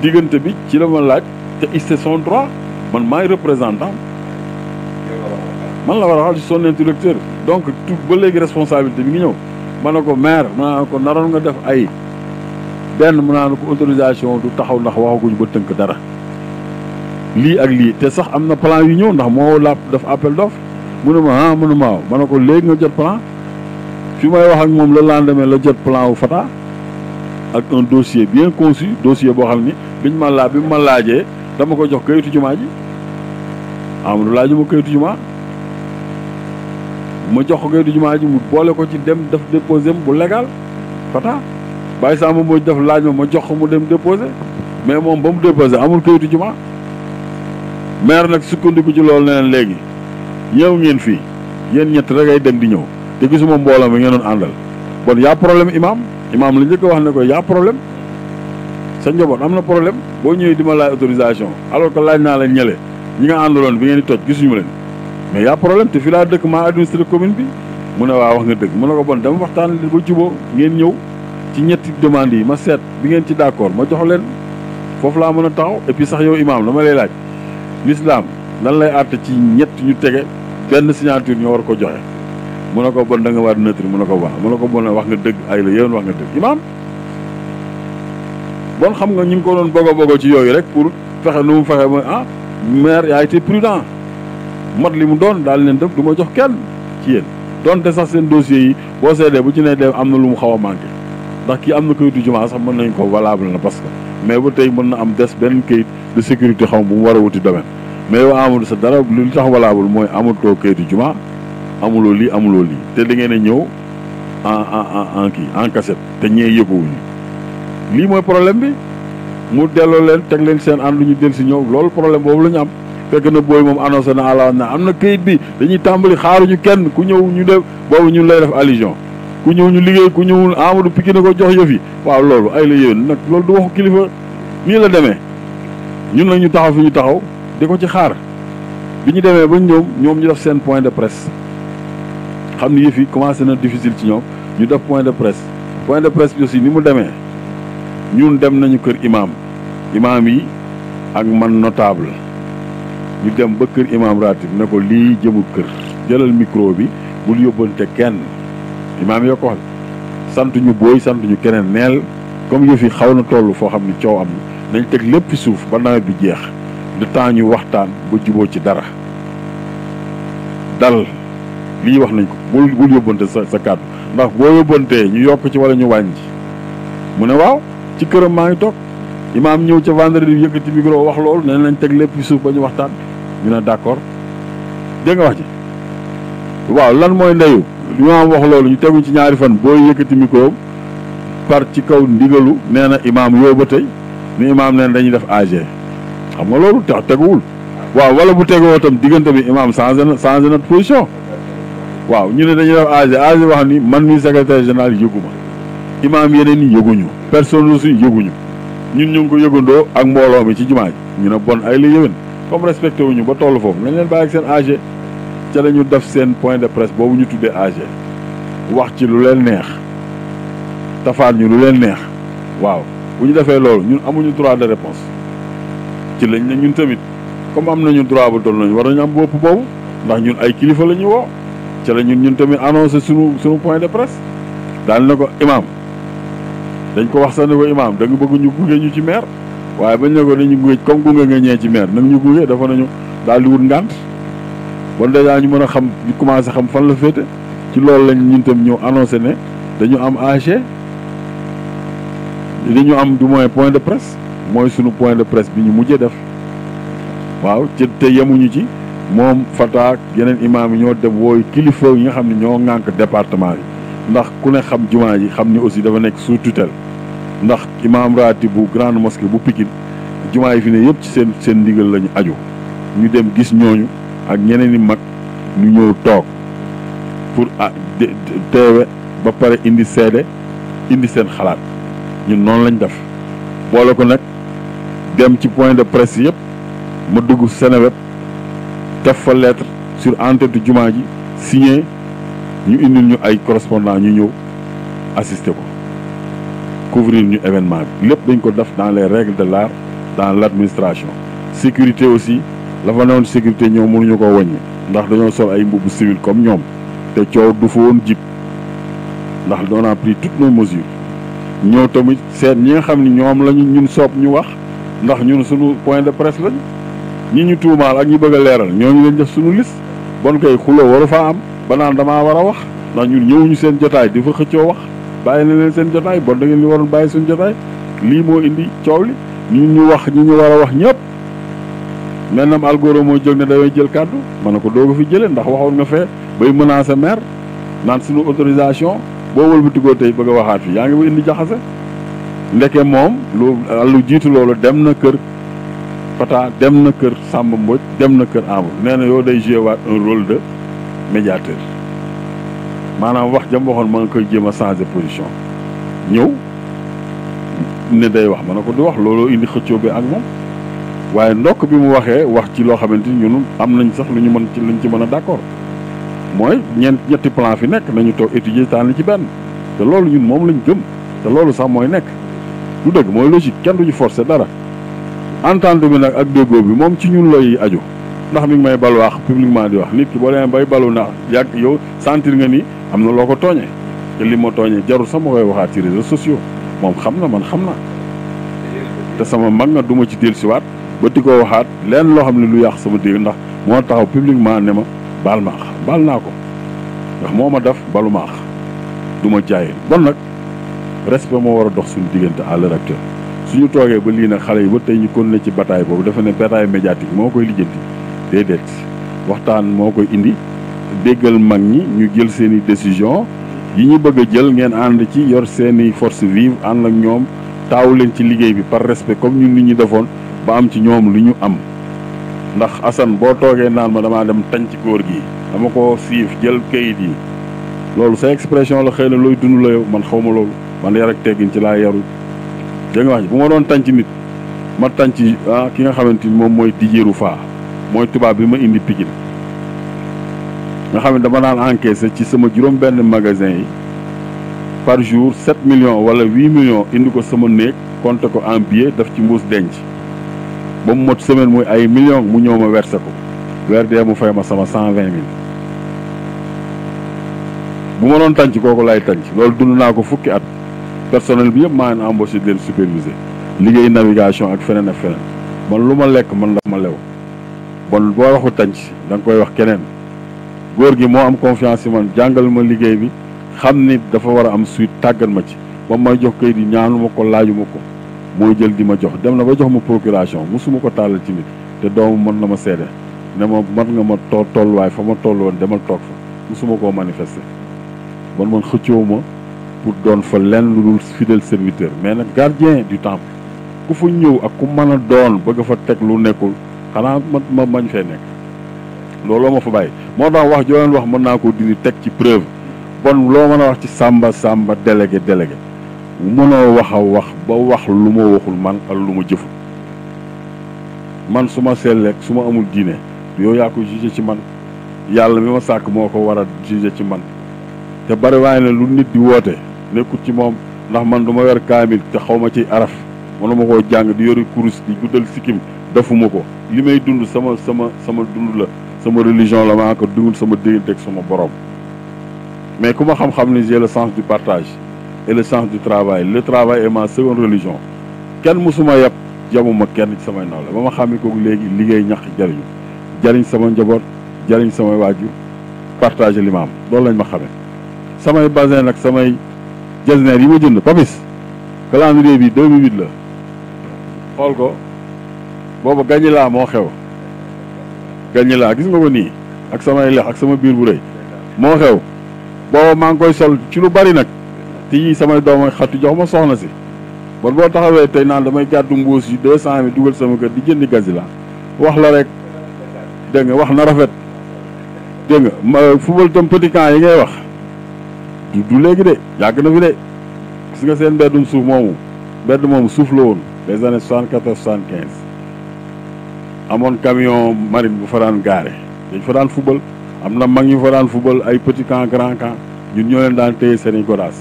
diggante bi ci la ma laaj te c'est son droit man maay représentant man la war a waxal son introducteur donc tout ba léegi responsabilité bi ngi ñëw ma ne ko maire ma ne ko naroon nga def ay benn mu naa ne ko autorisation du taxaw ndax waxaguñu ba tënk dara lii ak lii te sax am na plan yu ñëw ndax moo la def appel d'offre mu ne ma ah mu ne ma waaw ma ne ko léegi nga jot plan fi may wax ak moom la laa lendemain la jot plan wu Fata ak un dossier bien conçu dossier boo xam ni biñ ma laa bi ma laajee dama ko jox kayitu jumaa ji am du laaju ma kayitu jumaa ma jox ko du jumaa ji mu boole ko ci dem def déposé bu légal fata bàyyi sàmm moo def laaj ma ma jox ko mu dem déposé mais moom ba mu déposé amul kayitu jumaa maire nag sukkandiku ci loolu ne léegi ñëw ngeen fii yéen ñett rek ay dem di ñëw te gisuma mbooloo mi ngeen doon àndal bon yaa problème imam imam la njëkk wax ne ko yaa problème sa njaboot am na problème boo ñëwee di ma laaj autorisation alors que laaj naa leen ñële ñi nga àndaloon bi ngeen di toj gisuñu leen mais y' a problème te fii laa dëkk maa administré commune bi mu ne waa wax nga dëgg mu a ko bon dama waxtaan ba juboo ngeen ñëw ci ñetti demandes yi ma seet bi ngeen ci d' ma jox leen foofu laa mën a taxaw et sax yow imaam dama lay laaj l'islam lan lay àtte ci ñett ñu tege benn signature ñoo war ko joxe mu ne ko bon da nga war neutre mu ne ko baax mu ne ko bon wax nga dëgg ay la wax nga dëgg imaam bon xam nga ñu ngi ko doon bogo bogo ci yooy rek pour fexe nu mu fexe ma ah maire yaa été prudent mat li mu doon daal leen def du ma jox kenn ci yéen donte sax seen dossiers yi boo seetee bu ci ne dem am na lu mu xaw a manqué ndax kii am na kayitu jumaa sax mën nañ ko valable na parce que mais ba tey mën na am des benn kayit de sécurité xam bu mu war a wuti domaine mais yow amul sa dara lu tax valable mooy amatoo kayitu jumaa amuloo lii amuloo lii te da ngeen a ñëw en en en kii en cassette te ñee yëguwuñu lii mooy problème bi mu delloo leen teg leen seen ànd lu ñu del si ñëw loolu problème boobu la ñu am fekk na booy moom annoncé na àla na am na këyit bi dañuy tàmbali xaaruñu kenn ku ñëw ñu def boobu ñun lay def allusion ku ñëw ñu liggéey ku ñëwul Amadou Pikine na ko jox yëf yi waaw loolu ay la yéen nag loolu du waxu kilifa nii la demee ñun la ñu taxaw fi ñu taxaw di ko ci xaar bi ñu demee ba ñu ñoom ñoom ñu def seen point de presse xam ni yëf yi commencé na difficile ci ñoom ñu def point de presse point de presse bi aussi ni mu demee ñun dem nañu kër imaam imaam yi ak man notable ñu dem ba kër imaam ratib ne ko lii jëmul kër jëlal micro bi yóbbante kenn imaam yoo ko santuñu booy sant keneen neel comme yëf yi xaw na toll foo xam ni coow am na teg lépp suuf ba nawet bi jeex le temps ñu waxtaan ba juboo ci dara dal lii wax nañ ko bul bul yóbbante sa sa kàddu ndax boo yóbbantee ñu yokk ci walla ñu wàññi mu ne waaw ci këram maa ngi toog imaam ñëw ca vendredi yëkkati micro wax loolu nee nañ teg lépp suuf ba ñu waxtaan ñu ne d' accord dégg wax ji waaw lan mooy ndeyu li ma wax loolu ñu teguñ ci ñaari fan boo yëkkati micro par ci kaw ndigalu nee na imaam yoo ba tey ni imaam nee na dañuy def AG xam nga loolu tax teguwul waaw wala bu tegoo tam diggante bi imaam changé na changé na position waaw ñu ne dañuy def AG AG wax ni man mi secrétaire général yëguma imaam yeneen yi yëguñu personne suñu yëguñu ñun ñu ngi ko yëgandoo ak mbooloo mi ci jumaa ñu ne bon ay la yëwén comme respecté wuñu ba toll foofu nañ leen bàyyi ak seen AG ca la ñu def seen point de presse boobu ñu tuddee age wax ci lu leen neex tafaat ñu lu leen neex waaw bu ñu defee loolu ñun amuñu droit de réponse ci lañ ne ñun tamit comme am nañu droit bu toll nañu war nañu am bopp boobu ndax ñun ay kilifa la ñu woo ca la ñun ñun tamit annoncé suñu suñu point de presse daal na ko imaam dañ ko wax sax ne ko imaam da nga bëgg ñu gunge ñu ci maire waaye bañ ne ko dañu gunge comme gunge nga ñee ci maire nag ñu gunge dafa nañu daal di wut ngànt bon dèjà ñu mën a xam ñu commencé xam fan la féete ci loolu lañ ñun tam ñëw annoncé ne dañu am AG dañu am du moins point de presse mooy sunu point de presse bi ñu mujjee def waaw ci te yemuñu ci moom Fataak yeneen imaam yi ñoo dem wooyu kilifa yi nga xam ne ñoo ŋànk département yi ndax ku ne xam jumaa yi xam ni aussi dafa nekk sous tutelle ndax imaam raati bu grande mosquée bu Pikine jumaa yi fi ne yëpp ci seen seen ndigal lañu ajo ñu dem gis ñooñu ak ñeneen i mag ñu ñëw toog pour ah teewe ba pare indi seede indi seen xalaat ñun noonu lañ def boole ko nag dem ci point de presse yëpp ma dugg Seneweb def fa lettre sur entête jumaa ji signé ñu indil ñu ay correspondant ñu ñëw assister ko couvrir ñu événement bi lépp dañ ko def dans les règles de l'art dans l'administration sécurité aussi la fa newoon sécurité ñoom mënuñu ko wàññi ndax dañoo sol ay mbubb civil comme ñoom te coow du fa woon jib ndax on a pris toutes nos mesures ñëw tamit seet ñi nga xam ni ñoom lañu ñun soob ñu wax ndax ñun suñu point de presse lañ ñi ñu tuumaal ak ñu bëgg a ñoo ñooñu leen def suñu liste bon koy xuloo waru faa am ba damaa war a wax ndax ñun ñëwuñu seen bàyyi ne leen seen jotaay bon da ngeen ñu waroon bàyyi suñ jotaay lii moo indi coow li ñun ñu wax ñu ñu war a wax ñëpp maintenant Algoro moo jóg ne damay jël kàddu man na ko dooga fi jëlee ndax waxoon nga fee bay menacer maire naan suñu autorisation boo wëlbatikoo tey bëgg a waxaat fi yaa ngi ba indi jaxase ndeke moom lu jiitu loolu dem na kër Fata dem na kër Samba Mbodj dem na kër Amadou nee na yow day joué waat un rôle de médiateur maanaam wax jam waxoon ma nga koy jéem a changé position ñëw ne day wax ma ne ko di wax looloo indi xëccoo bi ak moom waaye ndokk bi mu waxee wax ci loo xamante ni ñun am nañ sax lu ñu mën ci luñ ci mën a d'accord mooy ñeent ñetti plan fi nekk nañu toog étudier tànn ci benn te loolu ñun moom lañ gëm te loolu sax mooy nekk du dëgg mooy logique kenn duñu forcer dara entente bi nag ak déggoo bi moom ci ñun lay aju ndax mi ngi may balu wax publiquement di wax nit ki boo demee na yàgg yow sentir nga ni am na loo ko tooñee te li ma tooñee jarul sama koy waxaat ci réseaux sociaux moom xam na man xam naa te sama mag nga duma ci ci siwaat ba di ko waxaat leen loo xam ne lu yàq sama dégg ndax moo taxaw publiquement ne ma baal ma ax baal naa ko ndax moo ma def balu ma ax du ma bon nag respect moo war a dox suñu diggante àll l'heure actuelle suñu toogee ba lii ne xale yi ba tey ñu continuer ci bataay boobu dafa ne bataille médiatique moo koy lijjanti déedéet waxtaan moo koy indi déggal mag ñi ñu jël seen i décision yi ñu bëgg a jël ngeen ànd ci yor seeni i force vive ànd ak ñoom taawu leen ci liggéey bi par respect comme ñun li ñu defoon ba am ci ñoom lu ñu am ndax Assane boo toogee naan ma damaa dem tañ ci góor gi dama ko siif jël kayit yi loolu sa expression la xëy na looy dund la yow man xawma ma loolu man yar ak teggin ci laa yaru da bu ma doon tànc nit ma tànc ah ki nga xamante ni moom mooy dijeeru faa mooy tubaab bi ma indi Pikine nga xam ne dama daan encaissé ci sama juróom-benn magasin yi par jour sept million wala huit millions indi ko sama néeg compté ko en bier daf ci mbuus denc ba mu mot semaine muy ay millions mu ñëw ma verse ko weer mu fay ma sama cent vingt mille bu ma doon tànc kooku lay tànc loolu dund naa ko fukki at personnel bi yëpp maa ngi embauché di leen supervisé liggéey navigation ak feneen ak feneen man lu ma lekk man dama lew bon boo waxu tànc danga koy wax keneen. góor gi moo am confiance ci man jàngal ma liggéey bi xam ni dafa war a am suite tàggat ma ci ba may jox kayit yi ñaanu ma ko laaju ma ko mooy jël di ma jox dem na ba jox ma procuration musuma ko tàllal ci nit te doomu mën na ma seede ne ma mat nga ma too tolluwaay fa ma toll woon demal toog fa musuma koo manifester man man xëccoo ma pour doon fa lenn lu dul fidèle serviteur mais nag gardien du temple ku fa ñëw ak ku mën a doon bëgg fa teg lu nekkul xanaa ma ma mañ fee nekk looloo ma fa bàyyi moo tax wax joo wax mën naa koo dindi teg ci preuve bon loo mën a wax ci sàmba sàmba délégué délégué mënoo wax a wax ba wax lu ma waxul man ak lu ma jëful man su ma selleek su ma amul diine yow yaa ko jugé ci man yàlla mi ma sàkk moo ko war a ci man te bari waaye ne lu nit di woote nekkut ci moom ndax man du ma wer kaamil te xaw ma ciy araf mënuma koo jàng di yori kurus di guddal sikkim defuma ko li may dund sama sama sama dund la sama religion la maa ko dugul sama diggante ak sama borom mais ku ma xam-xam ni j'ai le sens du partage et le sens du travail le travail est ma seconde religion kenn musuma yàpp jamuma kenn ci samay nawle ba ma xàmmi ko léegi liggéey ñax jariñu jariñ sama njaboot jariñ samay waaju partage li ma am loolu lañ ma xamee samay basin nag samay jasneer yi ma jënd papis calendrier bi 2008 la xool ko booba gañi moo xew gàññi laa gis nga ko nii ak samay lex ak sama biir bu rëy moo xew booba maa ngi koy sol ci lu bari nag te yii samay dooma xatu jox ma soxna si bon boo taxawee tey naan damay gàddu mbuus yi deux cent mille dugal sama kër di jëndi gazila wax la rek dégg nga wax na rafet dégg nga ma euh, football tam petit yi ngay wax du du léegi de yàgg na fi de gis nga seen mbeddum suuf moomu mbedd moomu suuf la woon les années soixante quatorze soixante quinze amoon camion marine bu fa daan gaare dañ fa daan fubal am na mag ñu fa daan fubal ay petit camp grand camp ñun ñoo leen daan téye seeni godaas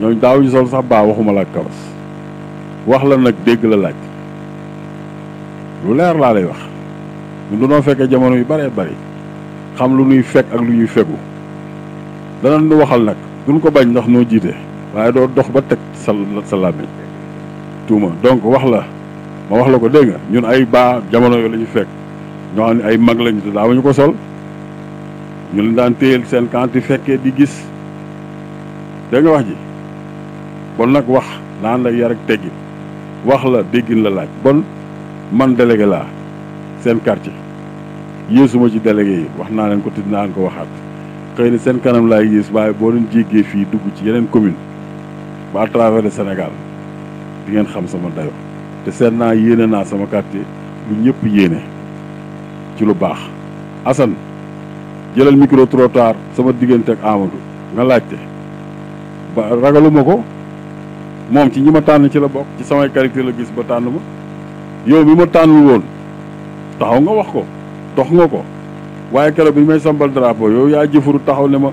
ñooñu daawuñu sol sax baa waxuma la kawas wax la nag dégg la laaj lu leer laa lay wax ñun dunoo fekkee jamono yu bëree bëri xam lu nuy fekk ak lu ñuy fegu danañ nu waxal nag duñ ko bañ ndax noo jiite waaye doo dox ba teg sa sa làmmiñ tuuma donc wax la ma wax la ko dégg nga ñun ay baa jamono yooyu la ñu fekk ñoo xam ne ay mag lañu te daawuñu ko sol ñu leen daan téyel seen kanti fekkee di gis dégg wax ji bon nag wax naan la yar ak wax la déggin la laaj bon man délégué laa seen quartier yéesuma ci délégué yi wax naa leen ko te dinaa leen ko waxaat xëy na seen kanam laay yées waaye boo leen jéggee fii dugg ci yeneen commune ba à travers le Sénégal ngeen xam sama dayo te seet naa yéene naa sama quartier lu ñëpp yéene ci lu baax Assane jëlal micro trottoir sama diggante ak Amadou nga laajte ba ragaluma ko moom ci ñi ma tànn ci la bokk ci samay qualité la gis ba tànn ma yow bi ma tànn woon taxaw nga wax ko dox nga ko waaye keroog bi may sambal drapeau yow yaa jëfaru taxaw ne ma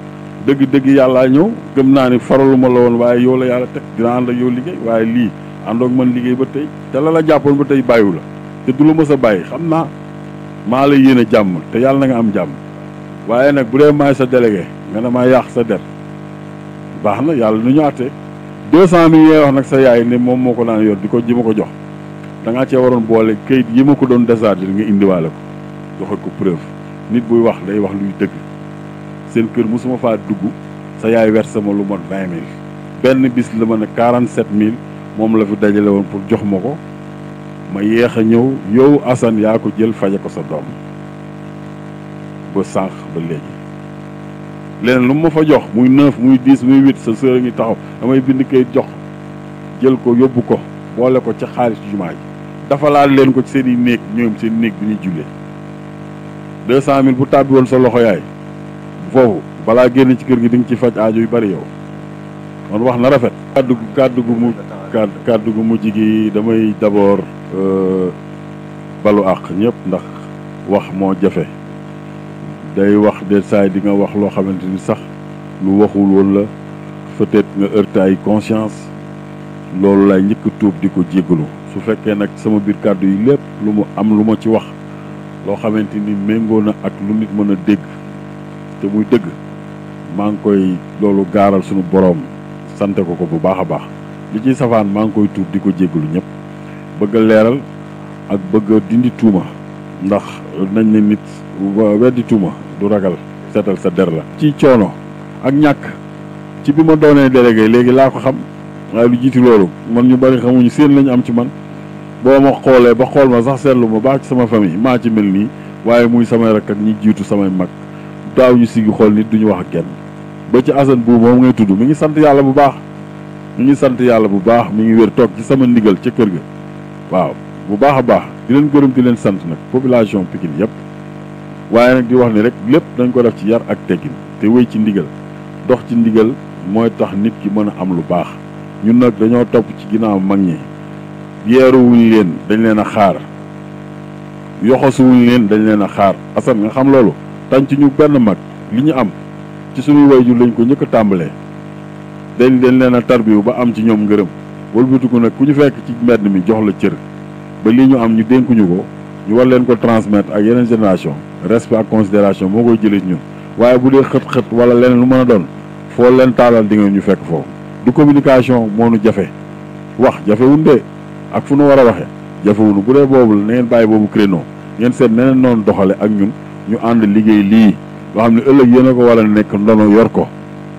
dëgg-dëgg yàlla ñëw gëm naa ni faraluma la woon waaye yow la yàlla teg dina yow liggéey waaye lii àndoog man liggéey ba tey te la la jàppoon ba tey bàyyiwu la te du la mës a bàyyi xam naa maa la yéene jàmm te yàlla na nga am jàmm waaye nag bu dee maay sa délégué nga ne maa yàq sa der baax na yàlla nu ñu àtte deux cent mille yi wax nag sa yaay ne moom moo ko daan yor di ko ji ma ko jox da ngaa cee waroon boole kayit yi ma ko doon décharger nga indiwaale ko joxe ko preuve nit buy wax day wax luy dëgg seen kër mosuma faa dugg sa yaay verse ma lu mot vingt mille benn bis la ma ne quarante sept mille moom la fi dajale woon pour jox ma ko ma yéex a ñëw yow Assane yaa ko jël faje ko sa doom ba sànq ba léegi leneen lu ma fa jox muy neuf muy dix muy huit sa sœur a ngi taxaw damay bind kayit jox jël ko yóbbu ko boole ko ci xaalis jumaa ji dafa laal leen ko ci seen i néeg ñoom seen néeg bi ñuy jullee deux cent mille bu tàbbi woon sa loxo yaay foofu balaa génn ci kër gi di nga ci faj aajo yu bari yow man wax na rafet kàddu gu kàddu gu mu kàddu gu mujj gi damay d'abord euh, balu àq ñëpp ndax wax moo jafe day wax de saay di nga wax loo xamante ni sax lu waxul woon la peut-être nga heurté ay conscience loolu lay njëkk tuub di ko jéggalu su fekkee nag sama biir kàddu yi lépp lu mu am lu ma ci wax loo xamante ni méngoo na ak lu nit mën a dégg te muy dëgg maa ngi koy loolu gaaral sunu boroom sante ko ko bu baax a baax li ci safaan maa ngi koy tuub di ko jéggalu ñëpp bëgg leeral ak bëgg dindi tuuma ndax nañ ne nit weddi tuuma du ragal seetal sa der la ci coono ak ñàkk ci bi ma doonee délégué léegi laa ko xam waaye lu jiiti loolu man ñu bari xamuñu seen lañu am ci man boo ma xoolee ba xool ma sax seetlu ma baax ci sama famille maa ci mel nii waaye muy sama rakk ak ñi jiitu samay mag daaw ñu sigi xool nit duñu wax a kenn ba ci asan bu moom ngay tudd mi ngi san yàlla bu baax ñu ngi sant yàlla bu baax mu ngi wér toog ci sama ndigal ca kër ga waaw bu baax a baax di leen gërëm di leen sant nag population Pikine yëpp waaye nag di wax ni rek lépp dañ ko def ci yar ak teggin te wéy ci ndigal dox ci ndigal mooy tax nit ki mën a am lu baax ñun nag dañoo topp ci ginnaaw mag ñi yeeruwuñ leen dañ leen a xaar yoxosuwuñ leen dañ leen a xaar asan nga xam loolu tànc ñu benn mag li ñu am ci sunu woy wayjur lañ ko jëkk a tàmbalee dañ dañ leen a tarbiwu ba am ci ñoom ngërëm wëlbatiku nag ku ñu fekk ci mbedd mi jox la cër ba li ñu am ñu dénkuñu ko ñu war leen ko transmettre ak yeneen génération respect ak considération moo koy jëlee ñun waaye bu dee xët-xët wala leneen lu mën a doon foo leen taalal di nga ñu fekk foofu du communication moo nu jafe wax jafewun de ak fu nu war a waxee jafewunu bu dee boobu la na ngeen bàyyi boobu créneau ngeen seet neneen noonu doxale ak ñun ñu ànd liggéey lii loo xam ne ëllëg yéen ko war a nekk ndono yor ko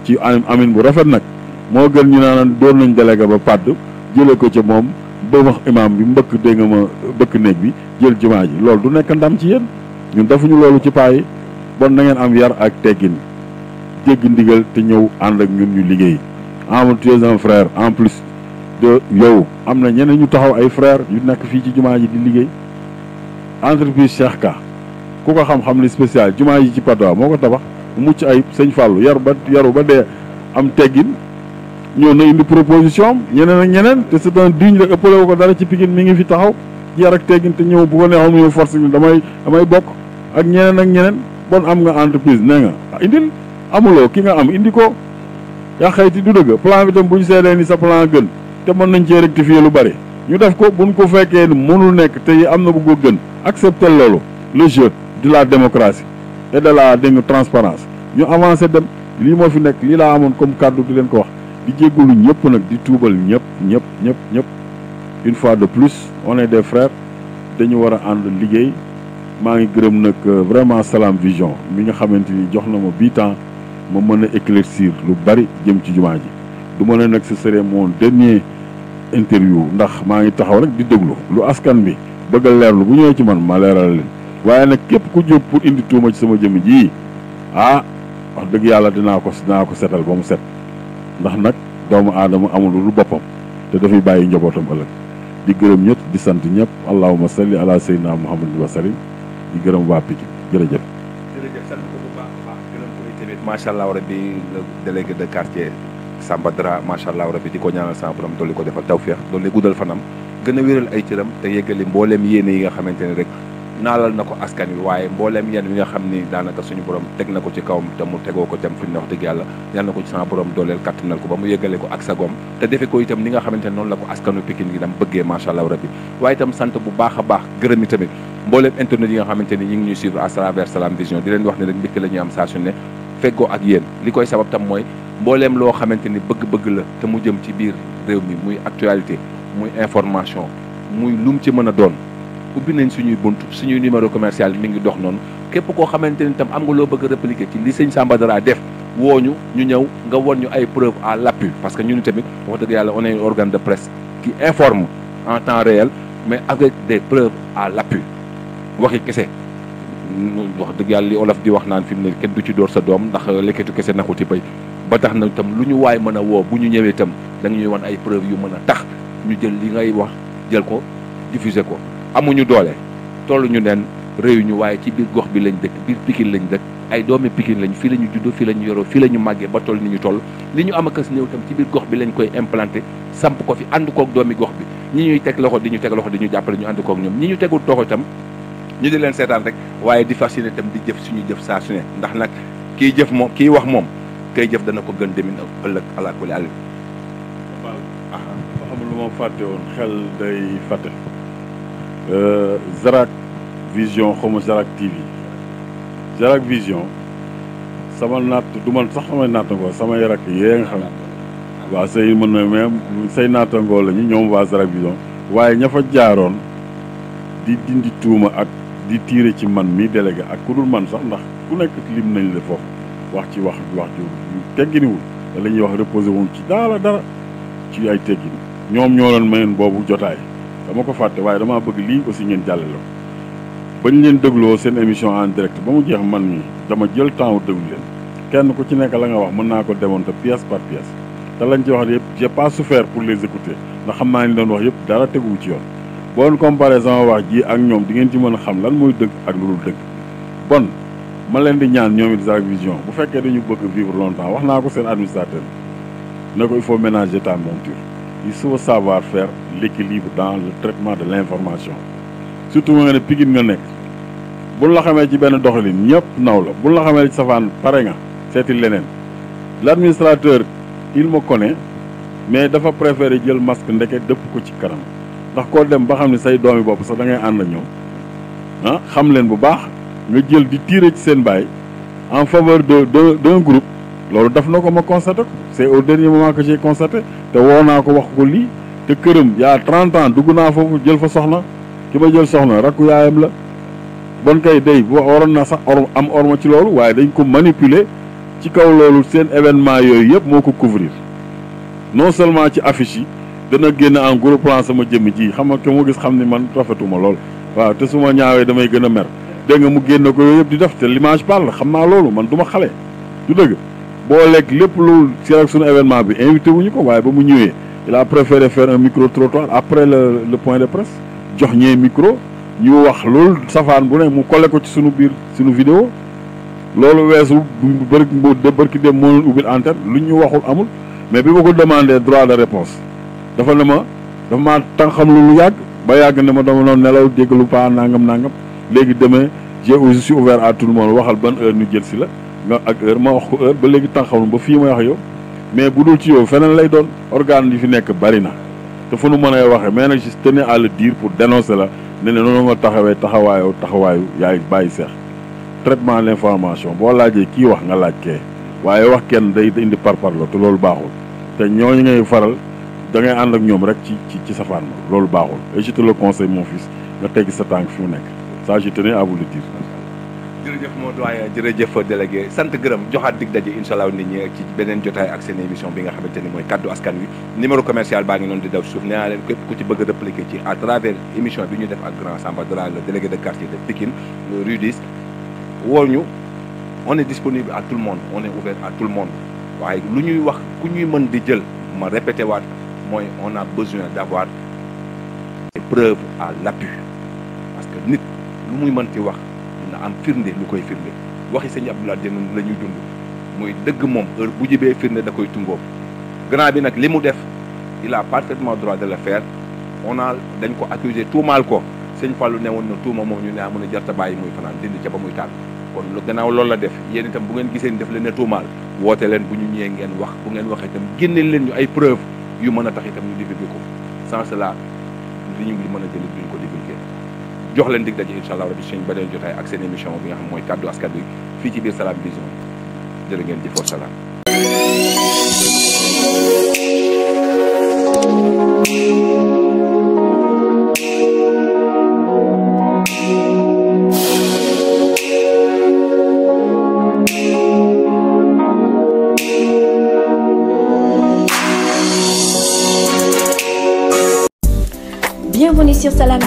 ci amin bu nag moo gën ñu naan doon nañ délégué ba pàdd jëlee ko ca moom ba wax imaam bi mbëkk dégg nga ma bëkk néeg bi jël jumaa ji loolu du nekk ndam ci yéen ñun defuñu loolu ci paa yi bon na ngeen am yar ak teggin dégg ndigal te ñëw ànd ak ñun ñu liggéey en tu es un en plus de yow am na ñeneen ñu taxaw ay frère yu nekk fii ci jumaa ji di liggéey entreprise Cheikh Ka ku ko xam-xam ni spécial jumaa yi ci Patte moo ko tabax mucc ay sëñ Fallou yar ba yaru ba dee am teggin ñoo na indi proposition am ñeneen ak ñeneen te c'est un digne rek ko dara ci Pikine mi ngi fi taxaw ci yar ak teggin te ñëw bu ko neexoon mu ñëw force bi damay bokk ak ñeneen ak ñeneen bon am nga entreprise nee nga ah, indil amuloo ki nga am indi ko yaa xayti du dëgg plan bi dem bu ñu seedee ni sa plan gën te mën nañ cee rectifier lu bari ñu def ko buñ ko fekkee ni mënul nekk te am na bu ko gën accepter loolu le jeu de la démocratie et de la dégg transparence ñu avancer dem lii moo fi nekk lii laa amoon comme kàddu di leen ko wax di lu ñëpp nag di tuubal ñëpp ñëpp ñëpp ñëpp une fois de plus on est des frères dañu war a ànd liggéey maa ngi gërëm nag euh, vraiment Salam Vision mi nga xamante ni jox na ma bii temps ma mën a éclaircir lu bari jëm ci jumaa ji du ma ne nag ce serait mon dernier interview ndax maa ngi taxaw rek di déglu lu askan bi bëgg a leerlu bu ñëwee ci man ma leeral waaye nag képp ku jóg pour indi tuuma ci sama jëmm jii ah wax dëgg yàlla dinaa ko dinaa ko setal ba mu set ndax nag doomu aadama amul lu boppam te dafay bàyyi njabootam ëllëg di gërëm ñëpp di sant ñëpp allahuma salli ala sayyidina muhammadin wa sallim di gërëm waa Pikine jërëjëf. jërëjëf sant ko bu baax a baax gërëm koy tamit macha allah rabi le délégué de quartier Samba Dra macha allah di ko ñaanal sama borom dolli ko defal tawféex dolli guddal fanam gën a wéral ay cëram te yeggali mbooleem yéene yi nga xamante ne rek naalal na ko askan wi waaye mbooleem yan yi nga xam ni daanaka suñu borom teg na ko ci kaw te mu tegoo ko tam fi mu ne wax dëgg yàlla yal ko ci sama borom dooleel kattanal ko ba mu yëggale ko ak sagoom te defe ko itam ni nga xamante ne noonu la ko askanu Pikine gi dam bëggee macha allah rabbi waaye itam sant bu baax a baax gërëm yi tamit mbooleem internet yi nga xamante ni ñi ngi ñuy suivre à travers Salam Vision di leen wax ne rek mbégte la ñuy am saa su ne feggoo ak yéen li koy sabab tam mooy mbooleem loo xamante ni bëgg-bëgg la te mu jëm ci biir réew mi muy actualité muy information muy lum ci mën a doon ubbi nañ suñuy bunt suñuy numéro commercial mi ngi dox noonu képp koo xamante ni tam am nga loo bëgg a ci li sëñ Samba Dara def wooñu ñu ñëw nga won ñu ay preuve à l'appui parce que ñun tamit wax dëgg yàlla on est organe de presse qui informe en temps réel mais avec des preuves à l'appui waxi kese wax dëgg yàlla li olof di wax naan fi mu ne kenn du ci door sa doom ndax lekketu kese naxu ci béy ba tax na tam lu ñu waay mën a woo bu ñu ñëwee itam da ñuy wan ay preuve yu mën a tax ñu jël li ngay wax jël ko diffuser ko amuñu doole ñu tolluñu nen ñu waaye ci biir gox bi lañ dëkk biir Pikine lañ dëkk ay doomi Pikine lañ fii la ñu juddoo fii la ñu yoroo fii la ñu màggee ba toll ni ñu toll li ñu am akas néew tam ci biir gox bi lañ koy implanté samp ko fi ànd koog doomi gox bi ñi ñuy teg loxo di ñu teg loxo di ñu jàppale ñu ànd koog ñoom ñi ñu tegul toxo tam ñu di leen seetaan rek waaye di fasciné tam di jëf suñu jëf saa su ne ndax nag kii jëf moom kii wax moom kay jëf dana ko gën demin ëllëg alaakuli àll. waaw xamul xel day fàtte. Euh, Zarak Vision xaw ma Zarak TV Zarak Vision sama naat du man sax samay naatangoo sama rakk yee xam waa say mën na même say naatangoo la ñu ñoom waa Zarak Vision waaye ña fa jaaroon di dindi tuuma ak di tiire ci man mi délégué ak ku dul man sax ndax ku nekk lim nañ la foofu wax ci wax wax ci tegginiwul la wax reposé woon ci daala dara ci ay teggin ñoom ñoo doon mayoon boobu jotaay dama ko fàtte waaye dama bëgg lii aussi ngeen jàlle la ba ñu leen dégloo seen émission en direct ba mu jeex man mi dama jël temps déglu leen kenn ku ci nekk la nga wax mën naa ko démonter pièce par pièce te lañ ci wax yépp j'ai pas souffert pour les écouter ndax xam naa ni doon wax yëpp dara teguwu ci yoon bon comparaison wax ji ak ñoom di ngeen ci mën a xam lan mooy dëgg ak lu dul dëgg bon ma leen di ñaan ñoom it Zack Vision bu fekkee dañu bëgg vivre longtemps wax naa ko seen administrateur ne ko il faut ménager ta monture il faut savoir faire l'équilibre dans le traitement de l'information surtout nga ne Pikine nga nekk bu la xamee ci benn doxalin ñëpp naw la bu la xamee ci safaan pare nga seeti leneen l'administrateur il kone mais dafa préféré jël masque ndeke dëpp ko ci kanam ndax koo dem ba xam ne say doomi bopp sax da ngay ànd ak ñoom ah xam leen bu baax nga jël di tirer ci seen baay en faveur de d'un groupe loolu daf na ko ma constaté ko c'est au dernier moment que j'ai constaté te woo naa ko wax ko lii te këram yaa 30 dugg naa foofu jël fa soxna ki ma jël soxna rakku yaayam la bon kay day bu waroon na sax or am orma ci loolu waaye dañ ko manipuler ci kaw loolu seen événement yooyu yëpp moo ko couvrir non seulement ci affiche yi dana génn en gros plan sama jëmm ji xam nga mu gis xam ni man rafetuma lool waaw te su ma ñaawee damay gën a mer dégg nga mu génn ko yëpp di def te l'image parle xam naa loolu man du ma xale du dëgg boo lekk lépp lu si ak suñu événement bi invité wuñu ko waaye ba mu ñëwee il a préféré faire un micro trottoir après le le point de presse jox ñee micro ñu wax loolu safaan bu ne mu collé ko ci suñu biir suñu vidéo loolu weesu bër de bërki dem moo leen ubbil antenne lu ñu waxul amul mais bi ma ko demandé droit de réponse dafa ne ma dafa maa tan xam lu lu yàgg ba yàgg ne ma dama noonu nelaw dégg lu paa nangam nangam léegi demee je suis ouvert à tout le waxal ban heure ñu jël si la noon ak heure ma wax ko heure ba léegi temps na ba fii may wax yow mais bu dul ci yow feneen lay doon organe yi fi nekk bari na te fu nu mën a waxee mais nag je tenais à le dire pour dénoncer la ne ne noonu nga taxawee taxawaayu taxawaayu yaay bàyyi seex traitement l' information boo laajee kii wax nga laaj kee waaye wax kenn day indi la te loolu baaxul te ñu ngay faral da ngay ànd ak ñoom rek ci ci ci safaan ma loolu baaxul et je te le conseille mon fils nga teggi sa tànk fi mu nekk ça je tenais à jërëjëf moo doyen jërëjëf délégué sant gërëm joxaat dig daje incha allah nit ñi ci beneen jotaay ak seen émission bi nga xamante ni mooy kaddu askan wi numéro commercial baa ngi noonu di daw suuf nee naa leen képp ku ci bëgg a répliquer ci à travers émission bi ñu def ak grand Samba Dara le délégué de quartier de Pikine rue 10 woo ñu on est disponible à tout le monde on est ouvert à tout le monde waaye lu ñuy wax ku ñuy mën di jël ma répété waat mooy on a besoin d'avoir des preuves à l'appui que nit lu muy mën ci wax na am firnde lu koy firnde waxi sëñ Abdoulaye Dieng la ñuy dund mooy dëgg moom heure bu jibee firnde da koy tungóob grand bi nag li mu def il a parfaitement droit de le faire on a dañ ko accusé tuumaal ko sëñ Fallou ne woon na tuuma moom ñu ne amun a jarta bàyyi muy fanaan dindi ca ba muy tànn kon lu gannaaw loolu la def yéen itam bu ngeen gisee ni def leen ne tuumaal woote leen bu ñu ñëwee ngeen wax bu ngeen waxee itam génneel leen ñu ay preuve yu mën a tax itam ñu défébi ko sans cela li ñu mën a jëli jox leen dig daje incha allah rabi suñ beneen jotaay ak seen émission bi nga xam mooy kàddu askan bi fii ci biir Salam Vision jërë ngeen jëf wa salaam. Bienvenue sur Salam